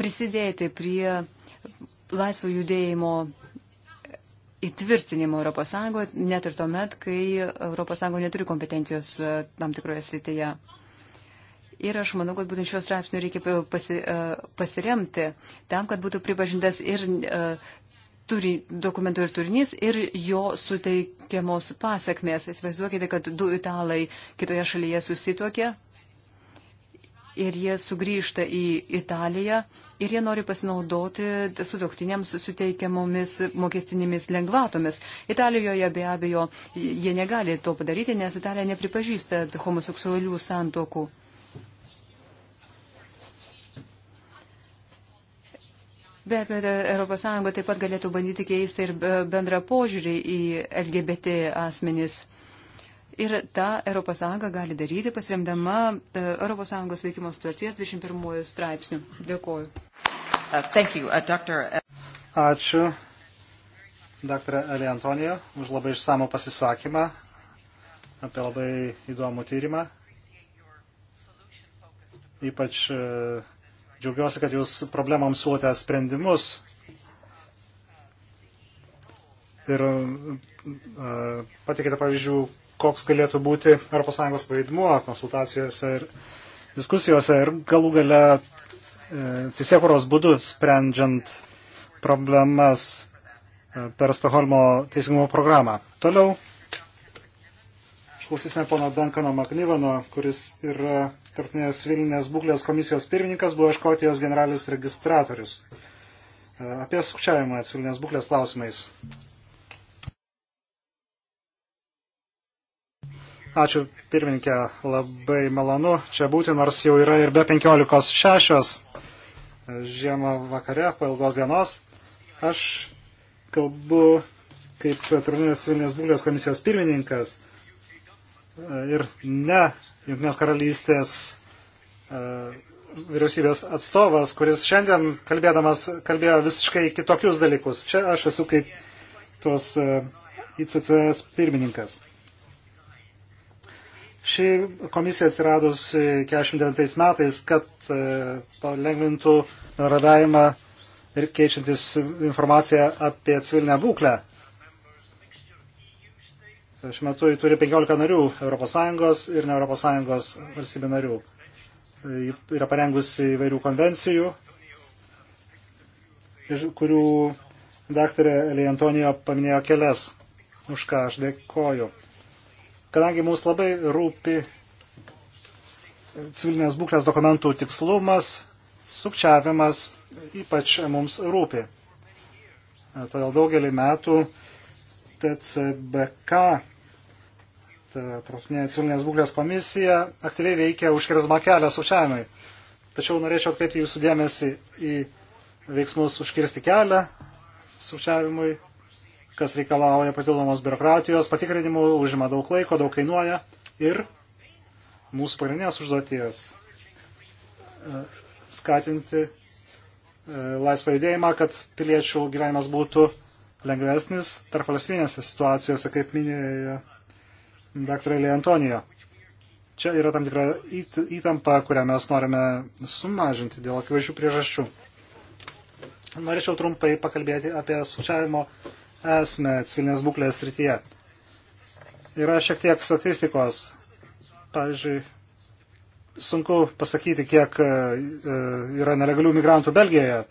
prisidėti prie laisvo judėjimo įtvirtinimo ES, net ir tuomet, kai ES neturi kompetencijos e, tam tikroje srityje. Ir aš manau, kad būtent šios straipsnių reikia pasi, pasiremti tam, kad būtų pripažintas ir uh, turi, dokumento ir turinys ir jo suteikiamos pasakmės. Įsivaizduokite, kad du italai kitoje šalyje susitokė ir jie sugrįžta į Italiją ir jie nori pasinaudoti sutoktiniams suteikiamomis mokestinėmis lengvatomis. Italijoje be abejo jie negali to padaryti, nes Italija nepripažįsta homoseksualių santokų. Be abejo, ES taip pat galėtų bandyti keisti ir bendrą požiūrį į LGBT asmenys. Ir tą ES gali daryti pasiremdama ES veikimo sutarties 21 straipsnių. Dėkuoju. Uh, you, uh, doctor... Uh, Ačiū, dr. Eli Antonijo, už labai išsamų pasisakymą apie labai įdomų tyrimą. Ypač uh, Džiaugiuosi, kad jūs problemams siūlote sprendimus ir e, patikite pavyzdžių, koks galėtų būti ES vaidmuo konsultacijose ir diskusijose ir galų gale e, teisėkuros būdu sprendžiant problemas e, per Stokholmo teisingumo programą. Toliau išklausysime pono Dankano Maknyvano, kuris yra tarptautinės civilinės būklės komisijos pirmininkas buvo Škotijos generalinis registratorius. E, apie sukčiavimą civilinės būklės klausimais. Ačiū pirmininkė, labai malonu čia būti, nors jau yra ir be 15.6 e, žiemą vakare po ilgos dienos. Aš kalbu kaip Tarnės civilinės būklės komisijos pirmininkas e, ir ne Junktinės karalystės e, vyriausybės atstovas, kuris šiandien kalbėdamas kalbėjo visiškai kitokius dalykus. Čia aš esu kaip tos e, ICCS pirmininkas. Ši komisija atsiradus 49 metais, kad e, palengvintų radavimą ir keičiantis informaciją apie civilinę būklę. Šiuo metu turi 15 narių ES ir ne ES valstybių narių. Yra parengusi įvairių konvencijų, kurių daktarė Elė Antonijo paminėjo kelias, už ką aš dėkoju. Kadangi mums labai rūpi civilinės būklės dokumentų tikslumas, sukčiavimas ypač mums rūpi. Todėl daugelį metų TCBK, Tarptautinė civilinės būklės komisija, aktyviai veikia užkirzma kelią sučiavimui. Tačiau norėčiau atkreipti jūsų dėmesį į veiksmus užkirsti kelią sučiavimui, kas reikalauja patildomos biurokratijos, patikrinimų, užima daug laiko, daug kainuoja ir mūsų pagrindinės užduoties e, skatinti e, laisvą judėjimą, kad piliečių gyvenimas būtų lengvesnis tarp valstybinėse situacijose, kaip minėjo dr. Lė Antonijo. Čia yra tam tikra įtampa, kurią mes norime sumažinti dėl akivaizdžių priežasčių. Norėčiau trumpai pakalbėti apie sukčiavimo esmę civilinės būklės srityje. Yra šiek tiek statistikos. Pavyzdžiui, sunku pasakyti, kiek e, yra nelegalių migrantų Belgijoje.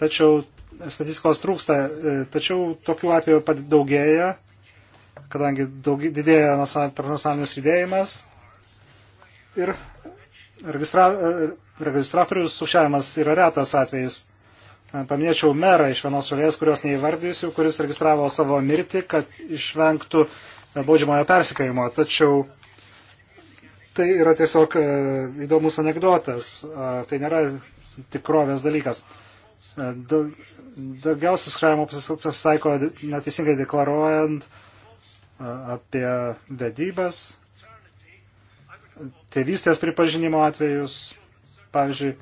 Tačiau statistikos trūksta, e, tačiau tokių atvejų padaugėja, kadangi daug, didėja transnacionalinis judėjimas ir registra, e, registratorių sukčiavimas yra retas atvejis. E, paminėčiau merą iš vienos šalies, kurios neįvardysiu, kuris registravo savo mirtį, kad išvengtų baudžiamojo persikėjimo. Tačiau tai yra tiesiog įdomus anegdotas, tai nėra tikrovės dalykas. Daugiausiai sukčiavimo pasitaiko neteisingai deklaruojant apie vedybas, tėvystės pripažinimo atvejus. Pavyzdžiui,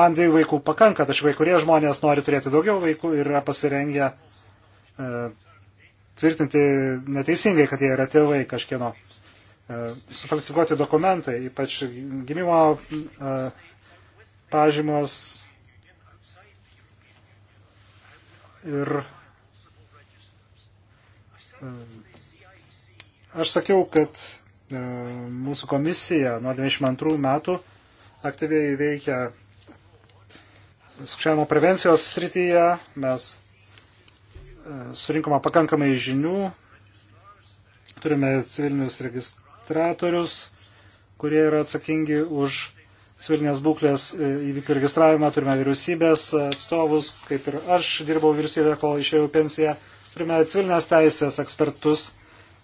man dviejų vaikų pakanka, tačiau kai kurie žmonės nori turėti daugiau vaikų ir yra pasirengę e, tvirtinti neteisingai, kad jie yra tėvai kažkieno. E, sufalsifikuoti dokumentai, ypač gimimo e, pažymos Ir e, aš sakiau, kad e, mūsų komisija nuo 92 metų aktyviai veikia sukčiavimo prevencijos srityje. Mes e, surinkome pakankamai žinių, turime civilinius registratorius, kurie yra atsakingi už civilinės būklės e, įvykių registravimą, turime vyriausybės atstovus, kaip ir aš dirbau vyriausybėje, kol išėjau pensiją, turime civilinės teisės ekspertus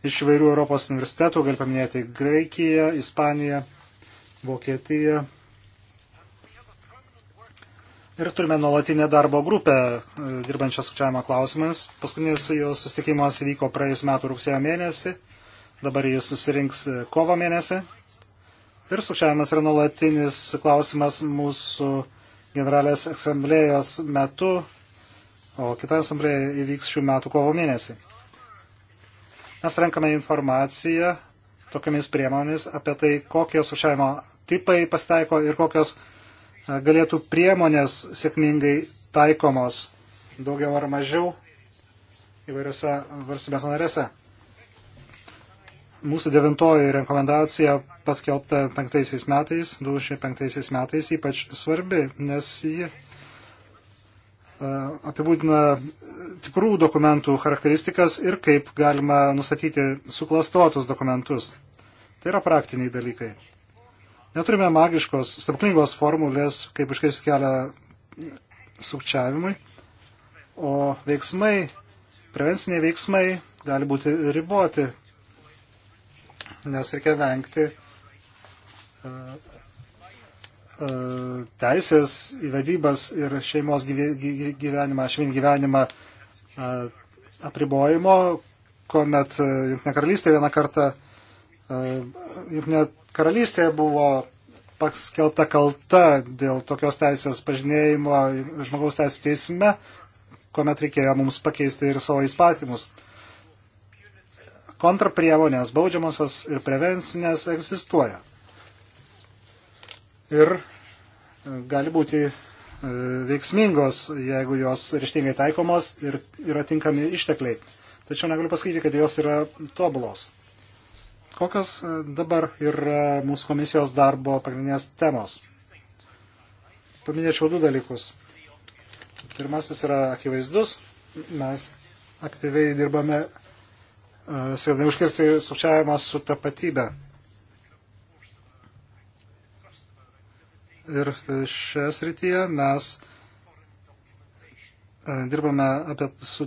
iš vairių Europos universitetų, gal paminėti Graikiją, Ispaniją, Vokietiją. Ir turime nuolatinę darbo grupę e, dirbančią skaičiavimo klausimais. Paskutinis jos susitikimas įvyko praėjus metų rugsėjo mėnesį, dabar jis susirinks e, kovo mėnesį. Ir sukčiavimas yra nuolatinis klausimas mūsų generalės asamblėjos metu, o kita asamblėja įvyks šių metų kovo mėnesį. Mes renkame informaciją tokiamis priemonėmis apie tai, kokie sukčiavimo tipai pasitaiko ir kokios e, galėtų priemonės sėkmingai taikomos daugiau ar mažiau įvairiose valstybės narėse mūsų devintoji rekomendacija paskelbta penktaisiais metais, 2005 metais, ypač svarbi, nes ji e, apibūdina tikrų dokumentų charakteristikas ir kaip galima nustatyti suklastotus dokumentus. Tai yra praktiniai dalykai. Neturime magiškos, stebuklingos formulės, kaip iškaisti kelią sukčiavimui, o veiksmai, prevenciniai veiksmai gali būti riboti nes reikia vengti e, e, teisės įvedybas ir šeimos gyvenimą, šeiminį gyvenimą e, apribojimo, kuomet Junktinė karalystė vieną kartą, Junktinė karalystė buvo paskelbta kalta dėl tokios teisės pažinėjimo žmogaus teisų teisme, kuomet reikėjo mums pakeisti ir savo įstatymus kontrapriemonės, baudžiamosios ir prevencinės egzistuoja. Ir e, gali būti e, veiksmingos, jeigu jos ryštingai taikomos ir yra tinkami ištekliai. Tačiau negaliu pasakyti, kad jos yra tobulos. Kokios e, dabar yra mūsų komisijos darbo pagrindinės temos? Paminėčiau du dalykus. Pirmasis yra akivaizdus. Mes aktyviai dirbame E, siekdami užkirsti sukčiavimą su tapatybė. Ir šioje srityje mes e, dirbame apie su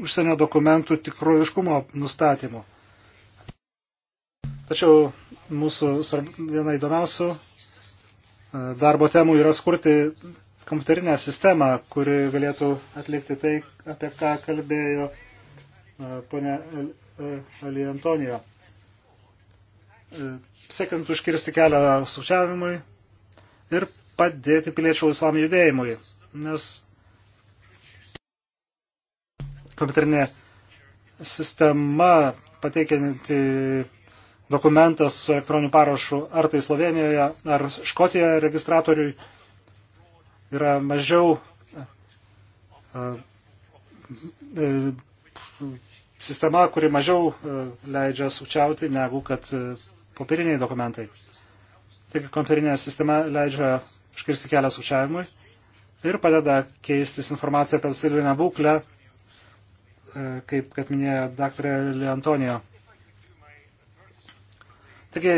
užsienio dokumentų tikroviškumo nustatymu. Tačiau mūsų viena įdomiausių e, darbo temų yra skurti kompiuterinę sistemą, kuri galėtų atlikti tai, apie ką kalbėjo E, Pone Ali Antonijo, e, siekiant užkirsti kelią sučiavimui ir padėti piliečių laisvam judėjimui, nes kompiuterinė sistema pateikianti dokumentas su elektroniniu parašu ar tai Slovenijoje, ar Škotijoje registratoriui yra mažiau e, sistema, kuri mažiau e, leidžia sukčiauti negu kad e, popieriniai dokumentai. Taigi kompiuterinė sistema leidžia iškirsti kelią sukčiavimui ir padeda keistis informaciją apie civilinę būklę, e, kaip kad minėjo daktarė Leontonijo. Taigi,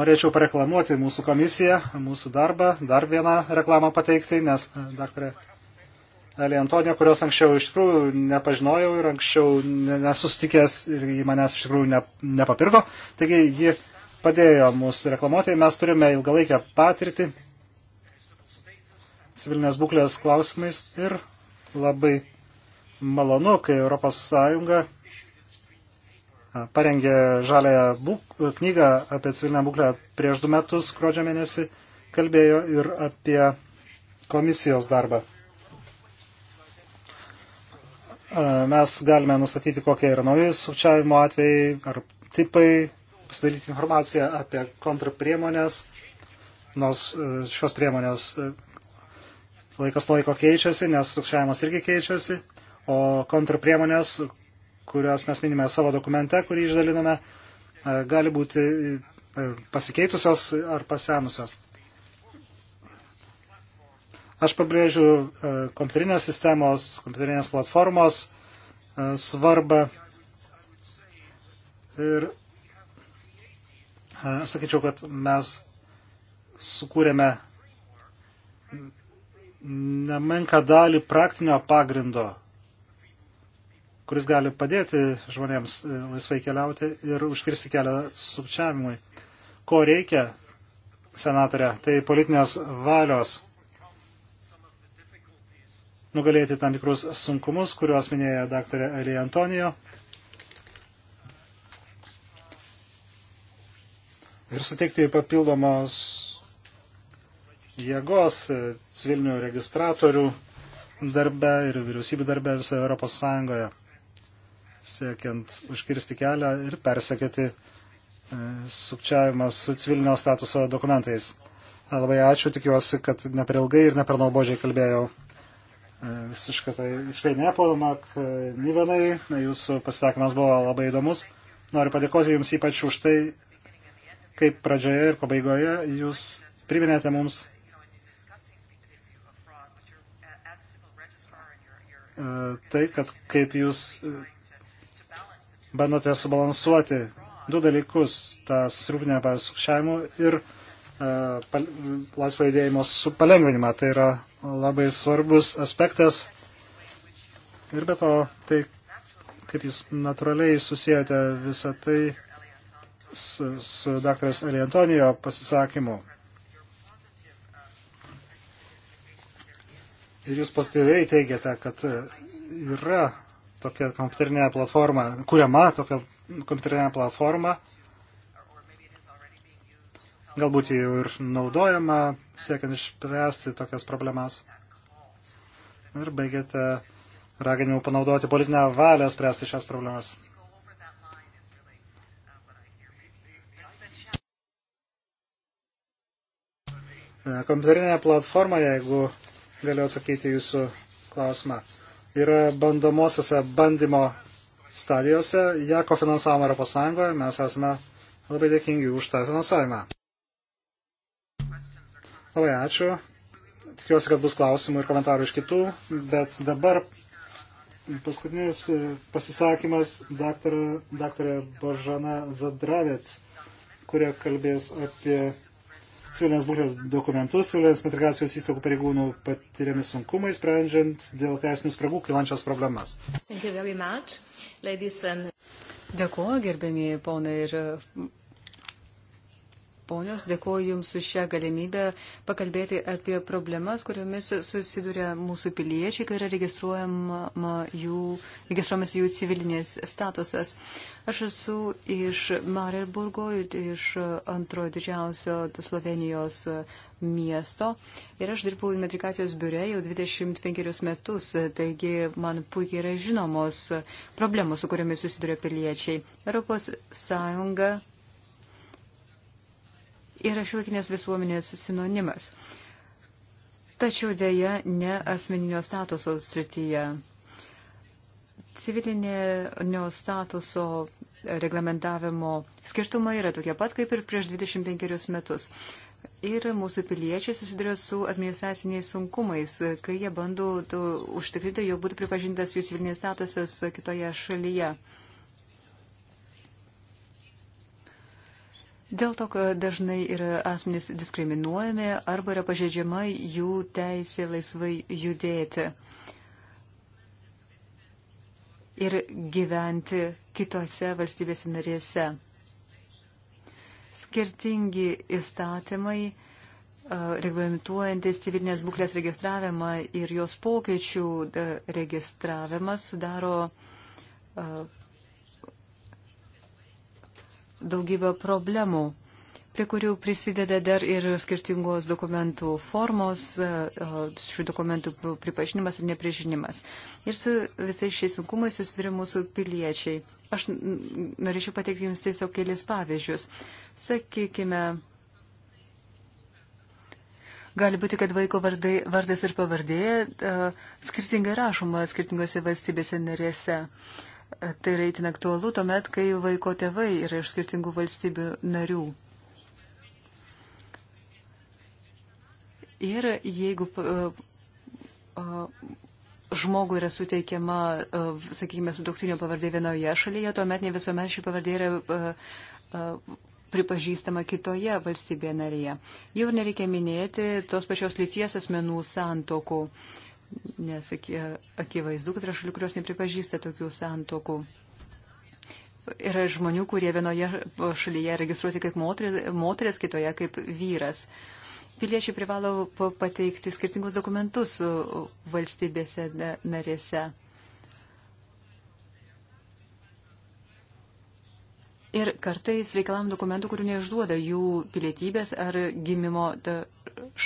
norėčiau pareklamuoti mūsų komisiją, mūsų darbą, dar vieną reklamą pateikti, nes daktarė Eli Antonio, kurios anksčiau iš tikrųjų nepažinojau ir anksčiau nesustikęs ir jį manęs iš tikrųjų ne, nepapirko. Taigi ji padėjo mūsų reklamuoti, mes turime ilgalaikę patirtį civilinės būklės klausimais ir labai malonu, kai ES parengė žalę būk, knygą apie civilinę būklę prieš du metus, gruodžio mėnesį, kalbėjo ir apie komisijos darbą mes galime nustatyti, kokie yra nauji sukčiavimo atvejai ar tipai, pasidaryti informaciją apie kontrpriemonės, nors e, šios priemonės e, laikas laiko keičiasi, nes sukčiavimas irgi keičiasi, o kontrpriemonės, kurias mes minime savo dokumente, kurį išdalinome, e, gali būti pasikeitusios ar pasenusios. Aš pabrėžiu e, kompiuterinės sistemos, kompiuterinės platformos e, svarbą. Ir e, sakyčiau, kad mes sukūrėme nemenką dalį praktinio pagrindo, kuris gali padėti žmonėms laisvai keliauti ir užkirsti kelią sukčiavimui. Ko reikia, senatorė, tai politinės valios nugalėti tam tikrus sunkumus, kuriuos minėjo daktarė Elija Antonijo. Ir suteikti papildomos jėgos civilinių registratorių darbe ir vyriausybių darbe visoje Europos Sąjungoje, siekiant užkirsti kelią ir persekėti e, sukčiavimą su civilinio statuso dokumentais. Labai ačiū, tikiuosi, kad ne per ilgai ir ne per nuobodžiai kalbėjau. E, visiškai tai visiškai neapalama, Nivenai, jūsų pasisakymas buvo labai įdomus. Noriu padėkoti Jums ypač už tai, kaip pradžioje ir pabaigoje Jūs priminėte mums e, tai, kad kaip Jūs e, bandote subalansuoti du dalykus, tą susirūpinę apie sukčiavimų ir uh, E, laisvo judėjimo palengvinimą. Tai yra labai svarbus aspektas. Ir be to, tai kaip jūs natūraliai susijęte visą tai su, su dr. Eliantonijo pasisakymu. Ir jūs pozityviai teigiate, kad yra tokia kompiuterinė platforma, kuriama tokia kompiuterinė platforma, Galbūt jau ir naudojama, siekiant išspręsti tokias problemas. Ir baigėte raginimu panaudoti politinę valią spręsti šias problemas. Kompiuterinė platforma, jeigu galiu atsakyti jūsų klausimą, yra bandomosiose bandymo stadijose. Ja kofinansavome Europos Sąjungoje, mes esame labai dėkingi už tą finansavimą. Labai ačiū. Tikiuosi, kad bus klausimų ir komentarų iš kitų, bet dabar paskutinis e, pasisakymas daktarė Božana Zadravets, kurie kalbės apie civilinės būklės dokumentus, civilinės metrikacijos įstaigų pareigūnų patiriamis sunkumai, sprendžiant dėl teisinių spragų kilančias problemas. Dėkuoju, gerbėmiai ponai ir ponios, dėkuoju Jums už šią galimybę pakalbėti apie problemas, kuriomis susiduria mūsų piliečiai, kai yra registruojama jų, registruojamas jų civilinės statusas. Aš esu iš Marelburgo, iš antro didžiausio Slovenijos miesto ir aš dirbu metrikacijos biure jau 25 metus, taigi man puikiai yra žinomos problemos, su kuriomis susiduria piliečiai. Europos Sąjunga yra šilakinės visuomenės sinonimas. Tačiau dėja ne asmeninio statuso srityje. Civilinio statuso reglamentavimo skirtumai yra tokie pat kaip ir prieš 25 metus. Ir mūsų piliečiai susiduria su administraciniais sunkumais, kai jie bando užtikrinti, jog būtų pripažintas jų civilinis statusas kitoje šalyje. Dėl to, kad dažnai yra asmenys diskriminuojami arba yra pažeidžiama jų teisė laisvai judėti ir gyventi kitose valstybėse narėse. Skirtingi įstatymai reglamentuojantis civilinės būklės registravimą ir jos pokyčių registravimas sudaro daugybę problemų, prie kurių prisideda dar ir skirtingos dokumentų formos, e, šių dokumentų pripažinimas ir neprižinimas. Ir su visais šiais sunkumais susiduria mūsų piliečiai. Aš norėčiau pateikti Jums tiesiog kelis pavyzdžius. Sakykime, Gali būti, kad vaiko vardai, vardas ir pavardė uh, skirtingai rašoma skirtingose valstybėse narėse. Tai yra itin aktualu tuomet, kai vaiko tėvai yra iš skirtingų valstybių narių. Ir jeigu žmogui yra suteikiama, sakykime, sudoktinio pavardė vienoje šalyje, tuomet ne visuomet ši pavardė yra pripažįstama kitoje valstybėje narėje. Jau nereikia minėti tos pačios lyties asmenų santokų. Uh, nes akivaizdu, kad yra šalių, kurios nepripažįsta tokių santokų. Yra žmonių, kurie vienoje šalyje registruoti kaip moteris, kitoje kaip vyras. Piliečiai privalo pateikti skirtingus dokumentus valstybėse narėse. Ir kartais reikalam dokumentų, kurių neišduoda jų pilietybės ar gimimo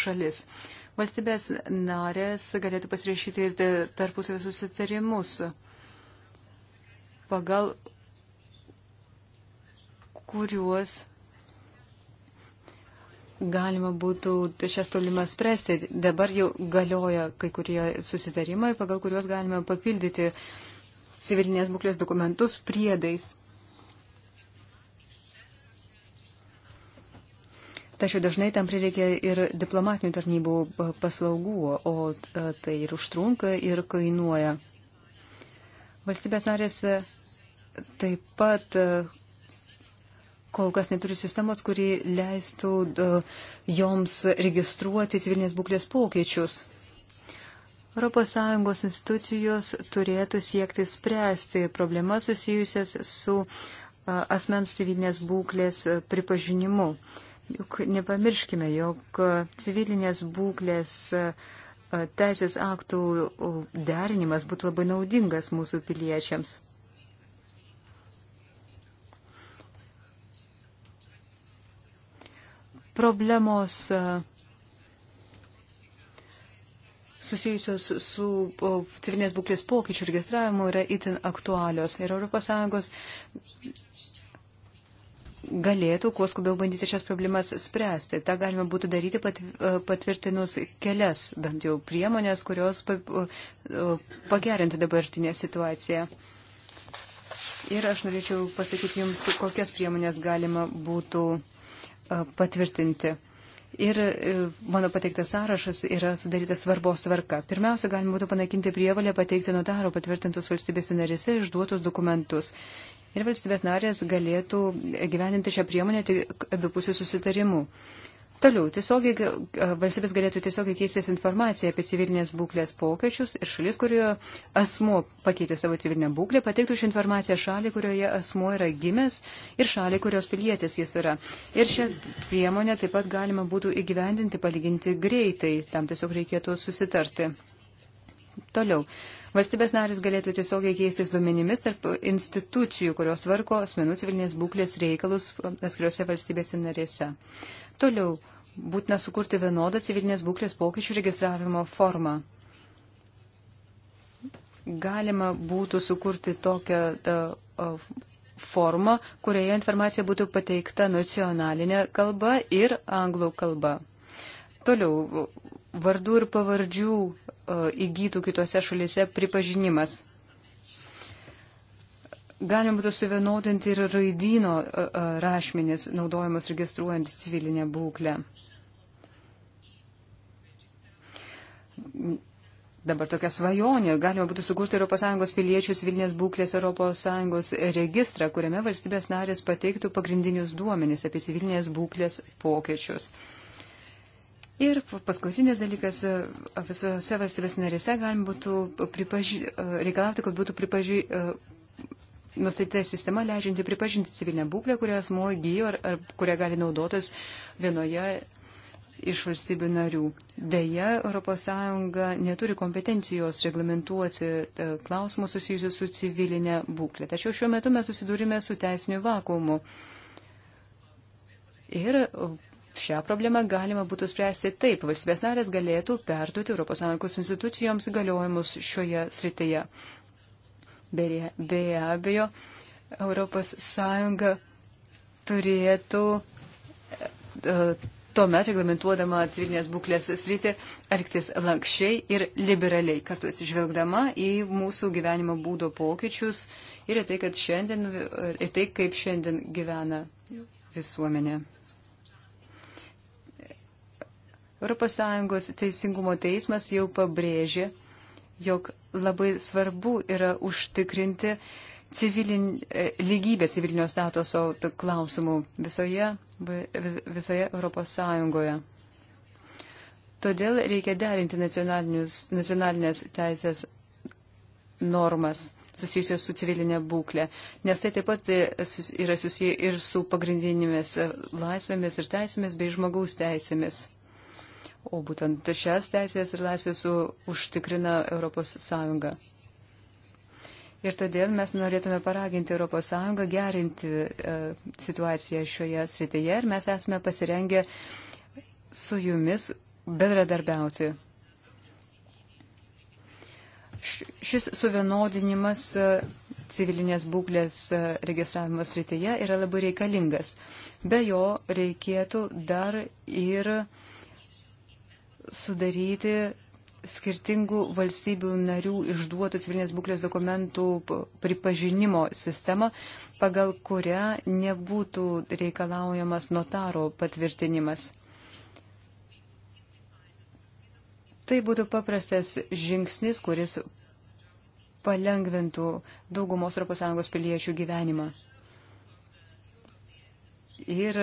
šalis. Uh, valstybės narės galėtų pasirašyti tarpusavį susitarimus, pagal kuriuos galima būtų šias problemas spręsti. Dabar jau galioja kai kurie susitarimai, pagal kuriuos galima papildyti civilinės būklės dokumentus priedais. Tačiau dažnai tam prireikia ir diplomatinių tarnybų e, paslaugų, o e, tai ir užtrunka, ir kainuoja. Valstybės narės e, taip pat kol kas neturi sistemos, kuri leistų joms registruoti civilinės būklės pokyčius. ES institucijos turėtų siekti spręsti problemas susijusias su asmens civilinės būklės pripažinimu. Uh, Juk nepamirškime, jog civilinės būklės e, teisės aktų derinimas būtų labai naudingas mūsų piliečiams. Problemos e, susijusios su civilinės būklės pokyčių registravimu yra itin aktualios ir ES galėtų kuo skubiau bandyti šias problemas spręsti. Ta galima būtų daryti pat, e, patvirtinus kelias, bent jau priemonės, kurios e, e, pagerintų dabartinę situaciją. Ir aš norėčiau pasakyti Jums, kokias priemonės galima būtų patvirtinti. Ir mano pateiktas sąrašas yra sudarytas svarbos tvarka. Pirmiausia, galima būtų panaikinti prievalę pateikti notaro patvirtintus valstybės narėse išduotus dokumentus ir valstybės narės galėtų gyveninti šią priemonę tik abipusių susitarimų. Toliau, tiesiogiai, valstybės galėtų tiesiogiai keistis informaciją apie civilinės būklės pokyčius ir šalis, kurioje asmo pakeitė savo civilinę būklę, pateiktų šią informaciją šalį, kurioje asmo yra gimęs ir šalį, kurios pilietis jis yra. Ir šią priemonę taip pat galima būtų įgyvendinti palyginti greitai, tam tiesiog reikėtų susitarti. Toliau, Valstybės narys galėtų tiesiogiai keistis duomenimis tarp institucijų, kurios tvarko asmenų civilinės būklės reikalus atskiriuose valstybėse narėse. Toliau būtina sukurti vienodą civilinės būklės pokyčių registravimo formą. Galima būtų sukurti tokią uh, formą, kurioje informacija būtų pateikta nacionalinė kalba ir anglų kalba. Toliau, vardų ir pavardžių E, įgytų kitose šalyse pripažinimas. Galima būtų suvienodinti ir raidyno e, e, rašmenis naudojamas registruojant civilinę būklę. Dabar tokia svajonė. Galima būtų sukurti ES piliečių civilinės būklės ES registrą, kuriame valstybės narės pateiktų pagrindinius duomenys apie civilinės būklės pokyčius. Uh, Ir paskutinis dalykas, e, visose valstybės narėse galima būtų pripaži, e, reikalauti, kad būtų pripaži, e, nustatyta sistema leidžianti pripažinti civilinę būklę, kurią asmo įgyjo ar, ar kurią gali naudotis vienoje iš valstybių narių. Deja, ES neturi kompetencijos reglamentuoti klausimus susijusius su civilinė būklė. Tačiau šiuo metu mes susidūrime su teisiniu vakumu. Ir Šią problemą galima būtų spręsti taip. Valstybės narės galėtų perduoti ES institucijoms galiojimus šioje srityje. Be, be abejo, ES turėtų e, tuomet reglamentuodama civilinės būklės sritį elgtis lankščiai ir liberaliai, kartu atsižvelgdama į mūsų gyvenimo būdo pokyčius ir į tai, kad šiandien, į tai kaip šiandien gyvena visuomenė. ES teisingumo teismas jau pabrėžė, jog labai svarbu yra užtikrinti civilin, e, lygybę civilinio statuso klausimų visoje, visoje ES. Todėl reikia derinti nacionalinės teisės normas susijusios su civilinė būklė, nes tai taip pat e, yra susiję ir su pagrindinėmis e, laisvėmis ir teisėmis bei žmogaus teisėmis. O būtent šias teisės ir laisvės užtikrina ES. Ir todėl mes norėtume paraginti ES gerinti uh, situaciją šioje srityje ir mes esame pasirengę su jumis bendradarbiauti. Šis suvienodinimas e, civilinės būklės e, registravimo srityje yra labai reikalingas. Be jo reikėtų dar ir sudaryti skirtingų valstybių narių išduotų civilinės būklės dokumentų pripažinimo sistemą, pagal kurią nebūtų reikalaujamas notaro patvirtinimas. Tai būtų paprastas žingsnis, kuris palengventų daugumos ES piliečių gyvenimą. Ir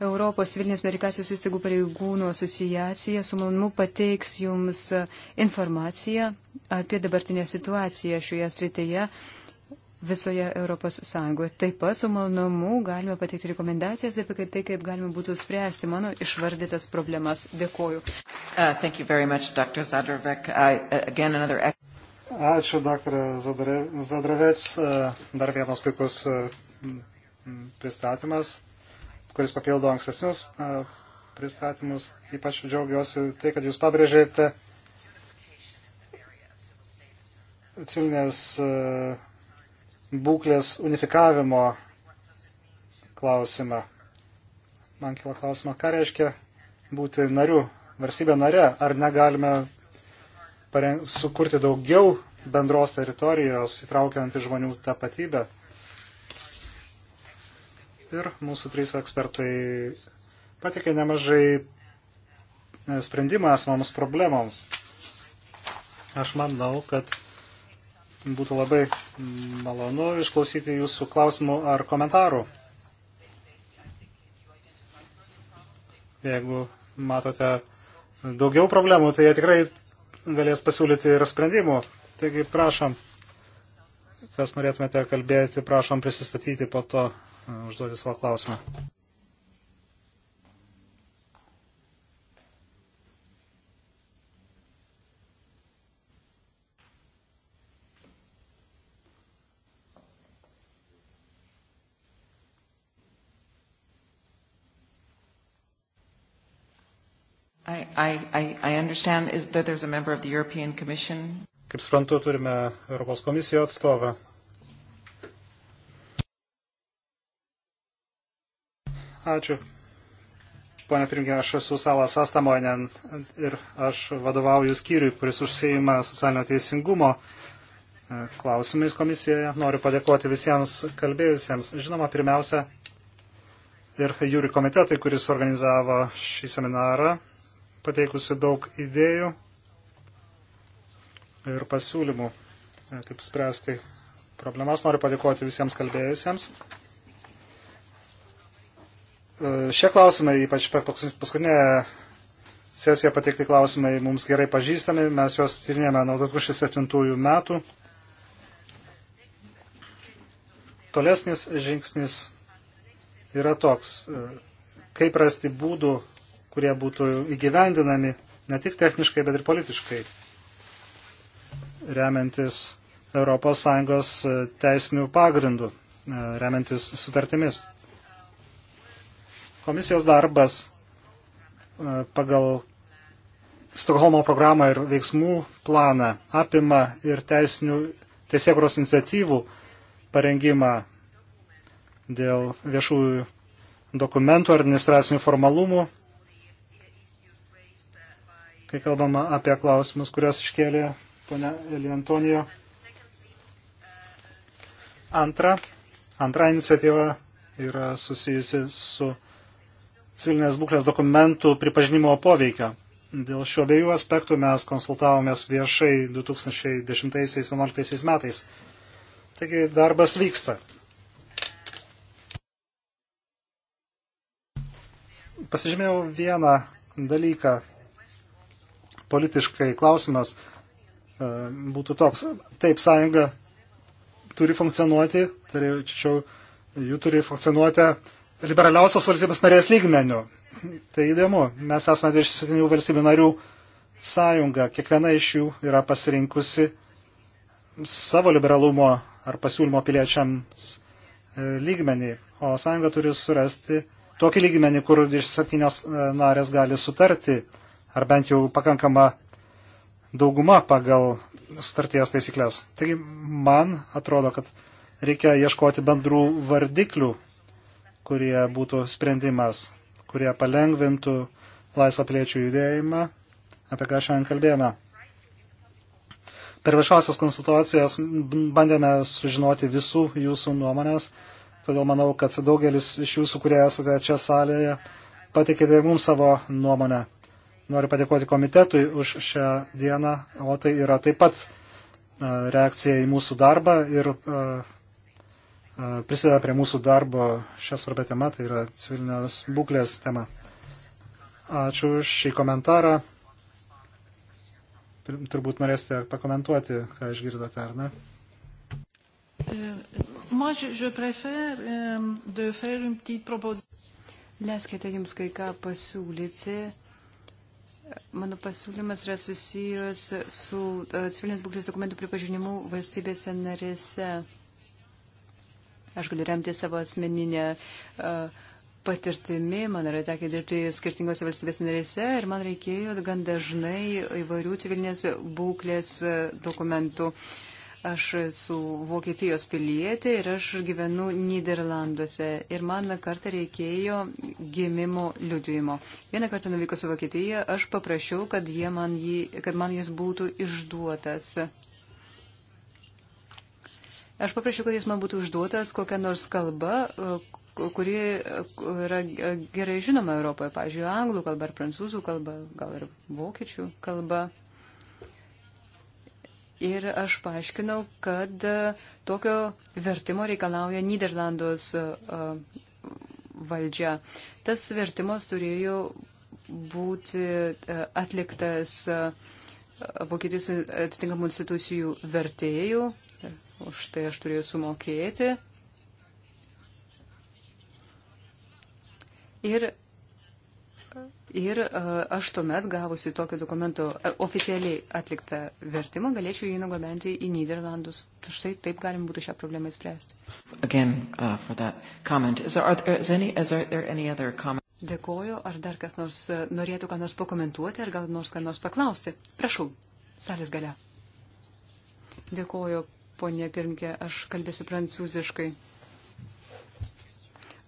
Europos civilinės medikacijos įstaigų pareigūnų asociacija su manimu pateiks jums informaciją apie dabartinę situaciją šioje srityje visoje Europos Sąjungoje. Taip pat su malonumu galime pateikti rekomendacijas apie tai, kaip galima būtų spręsti mano išvardytas problemas. Dėkoju. Uh, much, Dr. Zadravek. I, uh, again, another... Ačiū, dr. Zadravec. Uh, dar vienas puikus uh, pristatymas kuris papildo ankstesnius pristatymus. Ypač džiaugiuosi tai, kad jūs pabrėžėte civilinės būklės unifikavimo klausimą. Man kila klausimą, ką reiškia būti nariu, varsybė nare, ar negalime pareng, sukurti daugiau bendros teritorijos, įtraukiant į žmonių tapatybę ir mūsų trys ekspertai patikė nemažai e, sprendimą esamoms problemoms. Aš manau, kad būtų labai malonu išklausyti jūsų klausimų ar komentarų. Jeigu matote daugiau problemų, tai jie tikrai galės pasiūlyti ir sprendimų. Taigi prašom, kas norėtumėte kalbėti, prašom prisistatyti po to užduoti savo klausimą. I, I, I understand is that there's a member of the European Commission. Kaip suprantu, turime Europos komisijos atstovą. Ačiū. Pane Pirmininkė, aš esu Salas Astamonen ir aš vadovauju skyriui, kuris užsieima socialinio teisingumo e, klausimais komisijoje. Noriu padėkoti visiems kalbėjusiems. Žinoma, pirmiausia, ir jūri komitetui, kuris organizavo šį seminarą, pateikusi daug idėjų ir pasiūlymų, e, kaip spręsti problemas. Noriu padėkoti visiems kalbėjusiems. Šie klausimai, ypač per paskutinę sesiją pateikti klausimai, mums gerai pažįstami. Mes juos tyrinėjame nuo 2007 metų. Tolesnis žingsnis yra toks, kaip rasti būdų, kurie būtų įgyvendinami ne tik techniškai, bet ir politiškai, remiantis ES teisinių pagrindų, remiantis sutartimis. Komisijos darbas e, pagal Stokholmo programą ir veiksmų planą apima ir teisinių teisėkuros iniciatyvų parengimą dėl viešųjų dokumentų administracinių formalumų, kai kalbama apie klausimus, kurias iškėlė ponia Elė Antonijo. Antra, antra iniciatyva yra susijusi su civilinės būklės dokumentų pripažinimo poveikio. Dėl šių abiejų aspektų mes konsultavomės viešai 2010-2011 metais. Taigi darbas vyksta. Pasižymėjau vieną dalyką. Politiškai klausimas e, būtų toks. Taip, sąjunga turi funkcionuoti, tačiau jų turi funkcionuoti liberaliausios valstybės narės lygmenių. Tai įdomu, mes esame 27 valstybių narių sąjunga, kiekviena iš jų yra pasirinkusi savo liberalumo ar pasiūlymo piliečiams e, lygmenį, o sąjunga turi surasti tokį lygmenį, kur 27 e, narės gali sutarti, ar bent jau pakankama dauguma pagal sutarties taisyklės. Taigi man atrodo, kad reikia ieškoti bendrų vardiklių kurie būtų sprendimas, kurie palengvintų laisvą piliečių judėjimą, apie ką šiandien kalbėjome. Per viešasias konsultacijas bandėme sužinoti visų jūsų nuomonės, todėl manau, kad daugelis iš jūsų, kurie esate čia salėje, patikėte mums savo nuomonę. Noriu padėkoti komitetui už šią dieną, o tai yra taip pat reakcija į mūsų darbą ir uh, prisideda prie mūsų darbo šią svarbę temą, tai yra civilinės būklės tema. Ačiū už šį komentarą. Turbūt norėsite pakomentuoti, ką išgirdote, ar ne? Euh, moi, je, je préfère euh, de faire une petite proposition. Leiskite jums kai ką pasiūlyti. Mano pasiūlymas yra susijęs su uh, civilinės būklės dokumentų pripažinimu valstybėse narėse. Aš galiu remti savo asmeninę patirtimi, man yra tekę dirbti skirtingose valstybės narėse ir man reikėjo gan dažnai įvairių civilinės būklės dokumentų. Aš esu Vokietijos pilietė ir aš gyvenu Niderlanduose. Ir man kartą reikėjo gimimo liudijimo. Vieną kartą nuvykus į Vokietiją, aš paprašiau, kad, man jį, kad man jis būtų išduotas. Aš paprašiau, kad jis man būtų užduotas kokią nors kalbą, e, kuri e, yra e, gerai žinoma Europoje, pavyzdžiui, anglų kalba ar prancūzų kalba, gal ir vokiečių kalba. Ir aš paaiškinau, kad tokio vertimo reikalauja Niderlandos valdžia. Tas vertimas turėjo būti atliktas Vokietijos atitinkamų institucijų vertėjų už tai aš turėjau sumokėti. Ir, ir e, aš tuomet gavusi tokio dokumento e, oficialiai atliktą vertimą galėčiau jį nugabenti į Niderlandus. Tai štai taip galim būtų šią problemą spręsti. Again, uh, Dėkoju, ar dar kas nors e, norėtų ką nors pakomentuoti, ar gal nors ką nors paklausti. Prašau, salės gale. Dėkoju, ponė pirmkė, aš kalbėsiu prancūziškai.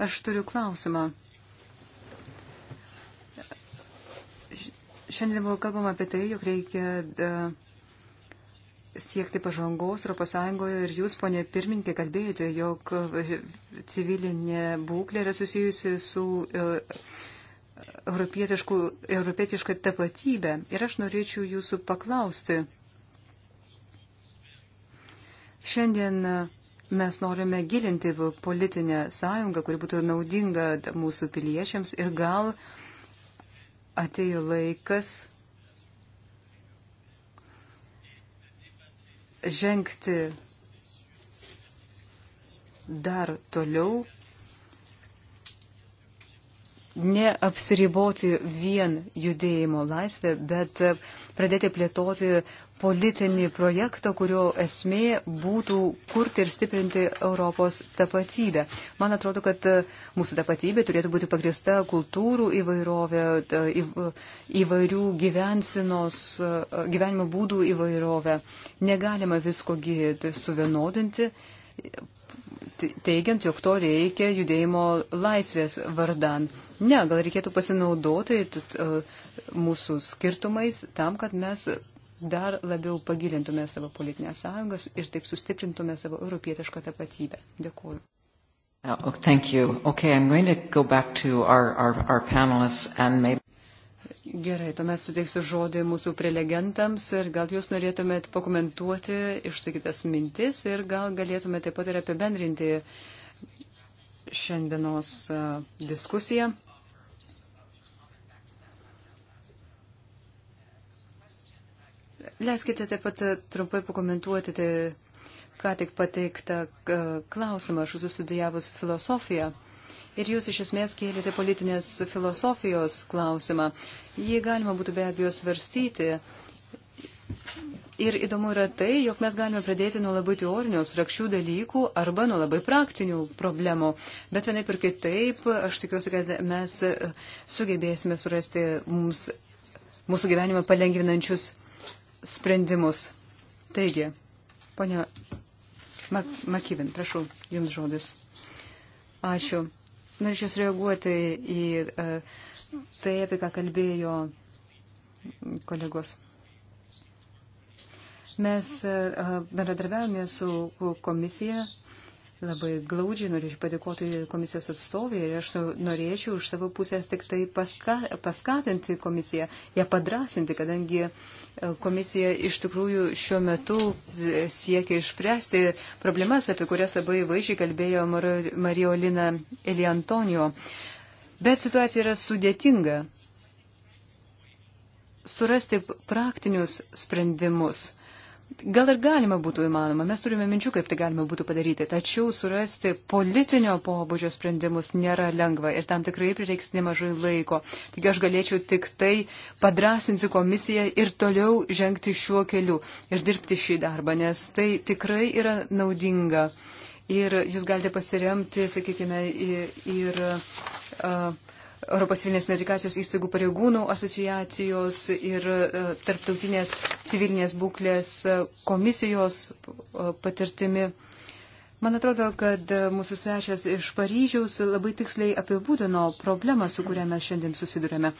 Aš turiu klausimą. Šiandien buvo kalbama apie tai, jog reikia e, siekti pažangos Europos Sąjungoje ir jūs, ponė pirmininkė, kalbėjote, jog civilinė būklė yra susijusi su e, europietiška tapatybė. Ir aš norėčiau jūsų paklausti. Šiandien mes norime gilinti politinę sąjungą, kuri būtų naudinga mūsų piliečiams ir gal atėjo laikas žengti dar toliau, neapsiriboti vien judėjimo laisvę, bet pradėti plėtoti politinį projektą, kurio esmė būtų kurti ir stiprinti Europos tapatybę. Man atrodo, kad e, mūsų tapatybė turėtų būti pagrista kultūrų įvairovė, e, įvairių gyvensinos, e, gyvenimo būdų įvairovė. Negalima visko suvienodinti, teigiant, jog to reikia judėjimo laisvės vardan. Ne, gal reikėtų pasinaudoti mūsų skirtumais tam, kad mes dar labiau pagilintume savo politinės sąjungas ir taip sustiprintume savo europietišką tapatybę. Dėkuoju. Oh, thank you. Okay, I'm going to go back to our, our, our panelists and maybe. Gerai, tuomet suteiksiu žodį mūsų prelegentams ir gal jūs norėtumėt pakomentuoti išsakytas mintis ir gal galėtumėte taip pat ir apibendrinti šiandienos diskusiją. Leiskite taip pat e, trumpai pakomentuoti tai, ką tik pateiktą e, klausimą. Aš esu studijavus filosofiją. Ir jūs iš esmės kėlėte politinės filosofijos klausimą. Jį galima būtų be abejo svarstyti. Ir įdomu yra tai, jog mes galime pradėti nuo labai teorinių, abstrakčių dalykų arba nuo labai praktinių problemų. Bet vienaip ir kitaip, aš tikiuosi, kad mes e, sugebėsime surasti mums, mūsų gyvenimą palengvinančius sprendimus. Taigi, ponia Makyvin, prašau, jums žodis. Ačiū. Norėčiau sureaguoti į e, tai, apie ką kalbėjo kolegos. Mes e, e, bendradarbiavome su komisija labai glaudžiai. Norėčiau padėkoti komisijos atstoviai ir aš norėčiau iš savo pusės tik tai paska, paskatinti komisiją, ją padrasinti, kadangi e, komisija iš tikrųjų šiuo metu siekia išspręsti problemas, apie kurias labai vaizdžiai kalbėjo Mariolina Eliantonio. Bet situacija yra sudėtinga surasti praktinius sprendimus Gal ir galima būtų įmanoma, mes turime minčių, kaip tai galima būtų padaryti, tačiau surasti politinio pobūdžio sprendimus nėra lengva ir tam tikrai prireiks nemažai laiko. Taigi aš galėčiau tik tai padrasinti komisiją ir toliau žengti šiuo keliu ir dirbti šį darbą, nes tai tikrai yra naudinga. Ir jūs galite pasiremti, sakykime, ir. ir uh, Europos civilinės medikacijos įstaigų pareigūnų asociacijos ir e, tarptautinės civilinės būklės e, komisijos e, patirtimi. Man atrodo, kad mūsų svečias iš Paryžiaus labai tiksliai apibūdino problemą, su kuria mes šiandien susidurėme.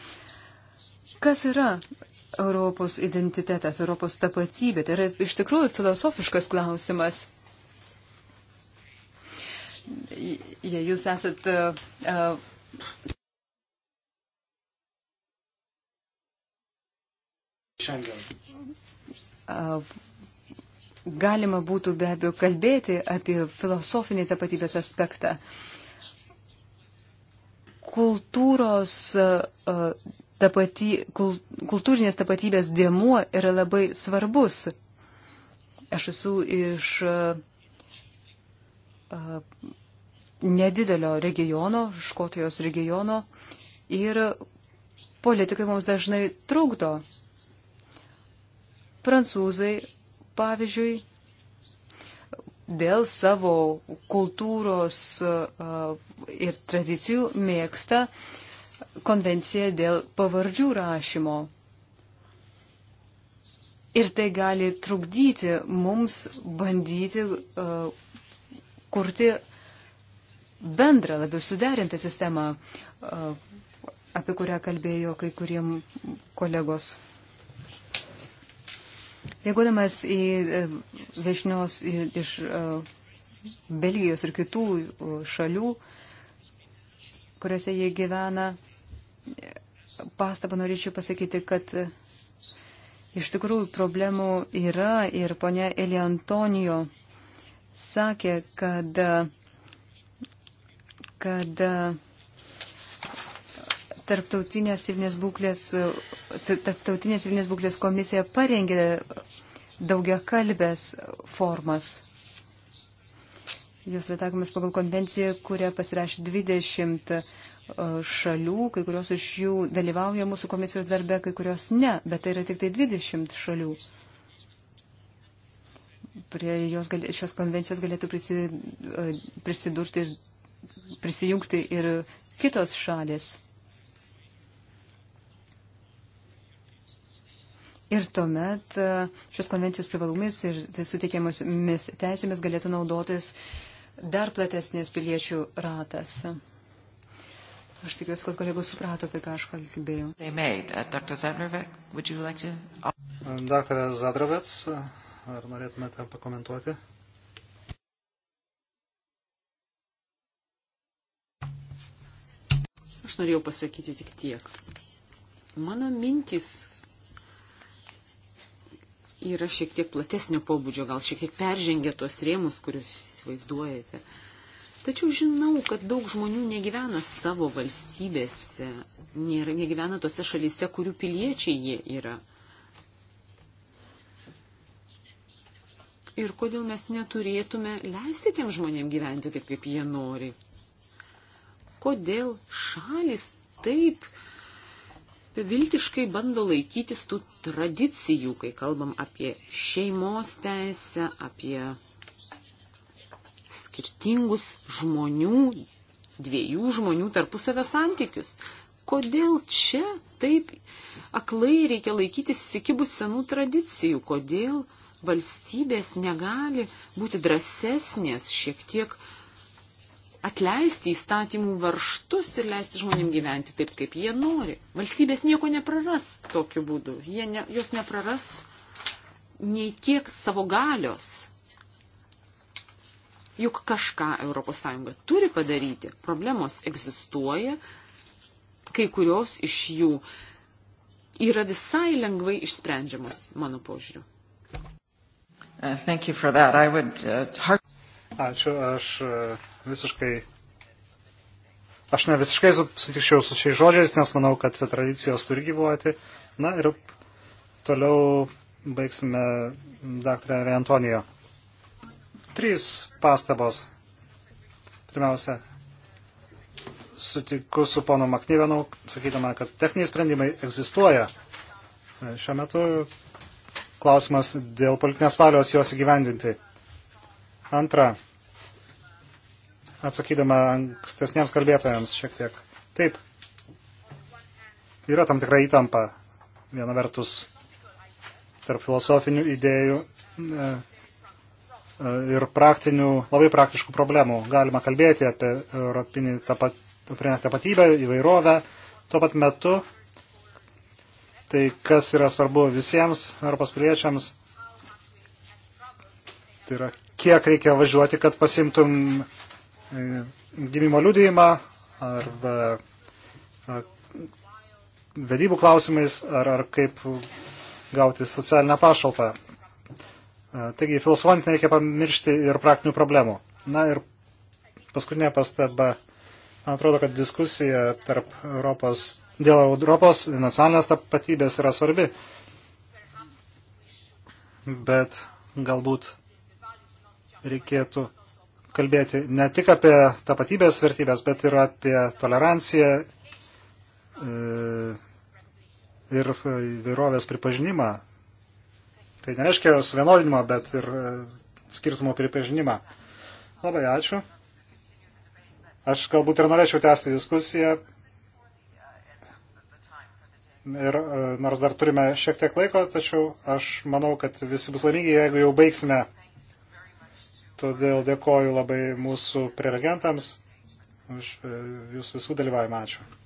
Kas yra Europos identitetas, Europos tapatybė? Tai yra iš tikrųjų filosofiškas klausimas. Jei jūs esat. Uh, šiandien? Galima būtų be abejo kalbėti apie filosofinį tapatybės aspektą. Kultūros tapaty, kultūrinės tapatybės dėmuo yra labai svarbus. Aš esu iš nedidelio regiono, Škotijos regiono ir politikai mums dažnai trukdo Prancūzai, pavyzdžiui, dėl savo kultūros ir tradicijų mėgsta konvenciją dėl pavardžių rašymo. Ir tai gali trukdyti mums bandyti uh, kurti bendrą, labiau suderintą sistemą, uh, apie kurią kalbėjo kai kuriem kolegos. Reaguodamas į e, viešnios iš e, Belgijos ir kitų e, šalių, kuriuose jie gyvena, pastabą norėčiau pasakyti, kad iš tikrųjų problemų yra ir ponia Elė Antonijo sakė, kad, kad tarptautinės civilinės būklės, tarptautinės civilinės būklės komisija parengė daugia kalbės formas. Jos yra taikomas pagal konvenciją, kurią pasirašė 20 e, šalių, kai kurios iš jų dalyvauja mūsų komisijos darbe, kai kurios ne, bet tai yra tik tai 20 šalių. Prie jos, šios konvencijos galėtų e, prisidurti ir prisijungti ir kitos šalis. Ir tuomet e, šios konvencijos privalumais ir tai suteikiamomis teisėmis galėtų naudotis dar platesnės piliečių ratas. Aš tikiuosi, kad kolegos suprato, apie ką aš kalbėjau. Daktarė uh, Zadravets, uh, ar norėtumėte pakomentuoti? Aš norėjau pasakyti tik tiek. Mano mintis yra šiek tiek platesnio pobūdžio, gal šiek tiek peržengia tuos rėmus, kuriuos įsivaizduojate. Tačiau žinau, kad daug žmonių negyvena savo valstybėse, nėra, negyvena tose šalyse, kurių piliečiai jie yra. Ir kodėl mes neturėtume leisti tiem žmonėm gyventi taip, kaip jie nori? Kodėl šalis taip uh, beviltiškai bando laikytis tų tradicijų, kai kalbam apie šeimos teisę, apie skirtingus žmonių, dviejų žmonių tarpusavę santykius. Kodėl čia taip aklai reikia laikytis sikibus senų tradicijų? Kodėl valstybės negali būti drąsesnės, šiek tiek uh, atleisti įstatymų varštus ir leisti žmonėm gyventi taip, kaip jie nori. Valstybės nieko nepraras tokiu būdu. Jie ne, jos nepraras nei kiek savo galios. Juk kažką ES turi padaryti. Problemos egzistuoja, kai kurios iš jų yra visai lengvai išsprendžiamos, mano požiūriu. Uh, would, uh, Ačiū, aš uh, visiškai. Aš ne visiškai sutikčiau su šiais žodžiais, nes manau, kad tradicijos turi gyvuoti. Na ir toliau baigsime daktarę Reantonijo. Trys pastabos. Pirmiausia, sutiku su ponu Maknyvenu, sakydama, kad techniniai sprendimai egzistuoja. Šiuo metu klausimas dėl politinės valios juos įgyvendinti. Antra, atsakydama ankstesniems kalbėtojams šiek tiek. Taip, yra tam tikra įtampa, viena vertus, tarp filosofinių idėjų e, e ir praktinių, labai praktiškų problemų. Galima kalbėti apie europinį tapat, tapatybę, įvairovę, tuo pat metu tai, kas yra svarbu visiems Europos piliečiams, tai yra kiek reikia važiuoti, kad pasimtum E, gimimo liudijimą arba e, vedybų klausimais ar, ar kaip gauti socialinę pašalpą. E, taigi filosofuojant nereikia pamiršti ir praktinių problemų. Na ir paskutinė pastaba. Man atrodo, kad diskusija tarp Europos, dėl Europos nacionalinės tapatybės yra svarbi. Bet galbūt reikėtų kalbėti ne tik apie tapatybės vertybės, bet ir apie toleranciją e, ir įvairovės pripažinimą. Tai nereiškia suvienodinimą, bet ir e, skirtumo pripažinimą. Labai ačiū. Aš galbūt ir norėčiau tęsti diskusiją. Ir e, nors dar turime šiek tiek laiko, tačiau aš manau, kad visi bus laimingi, jeigu jau baigsime Todėl dėkoju labai mūsų prelegentams už e, jūsų visų dalyvavimą. Ačiū.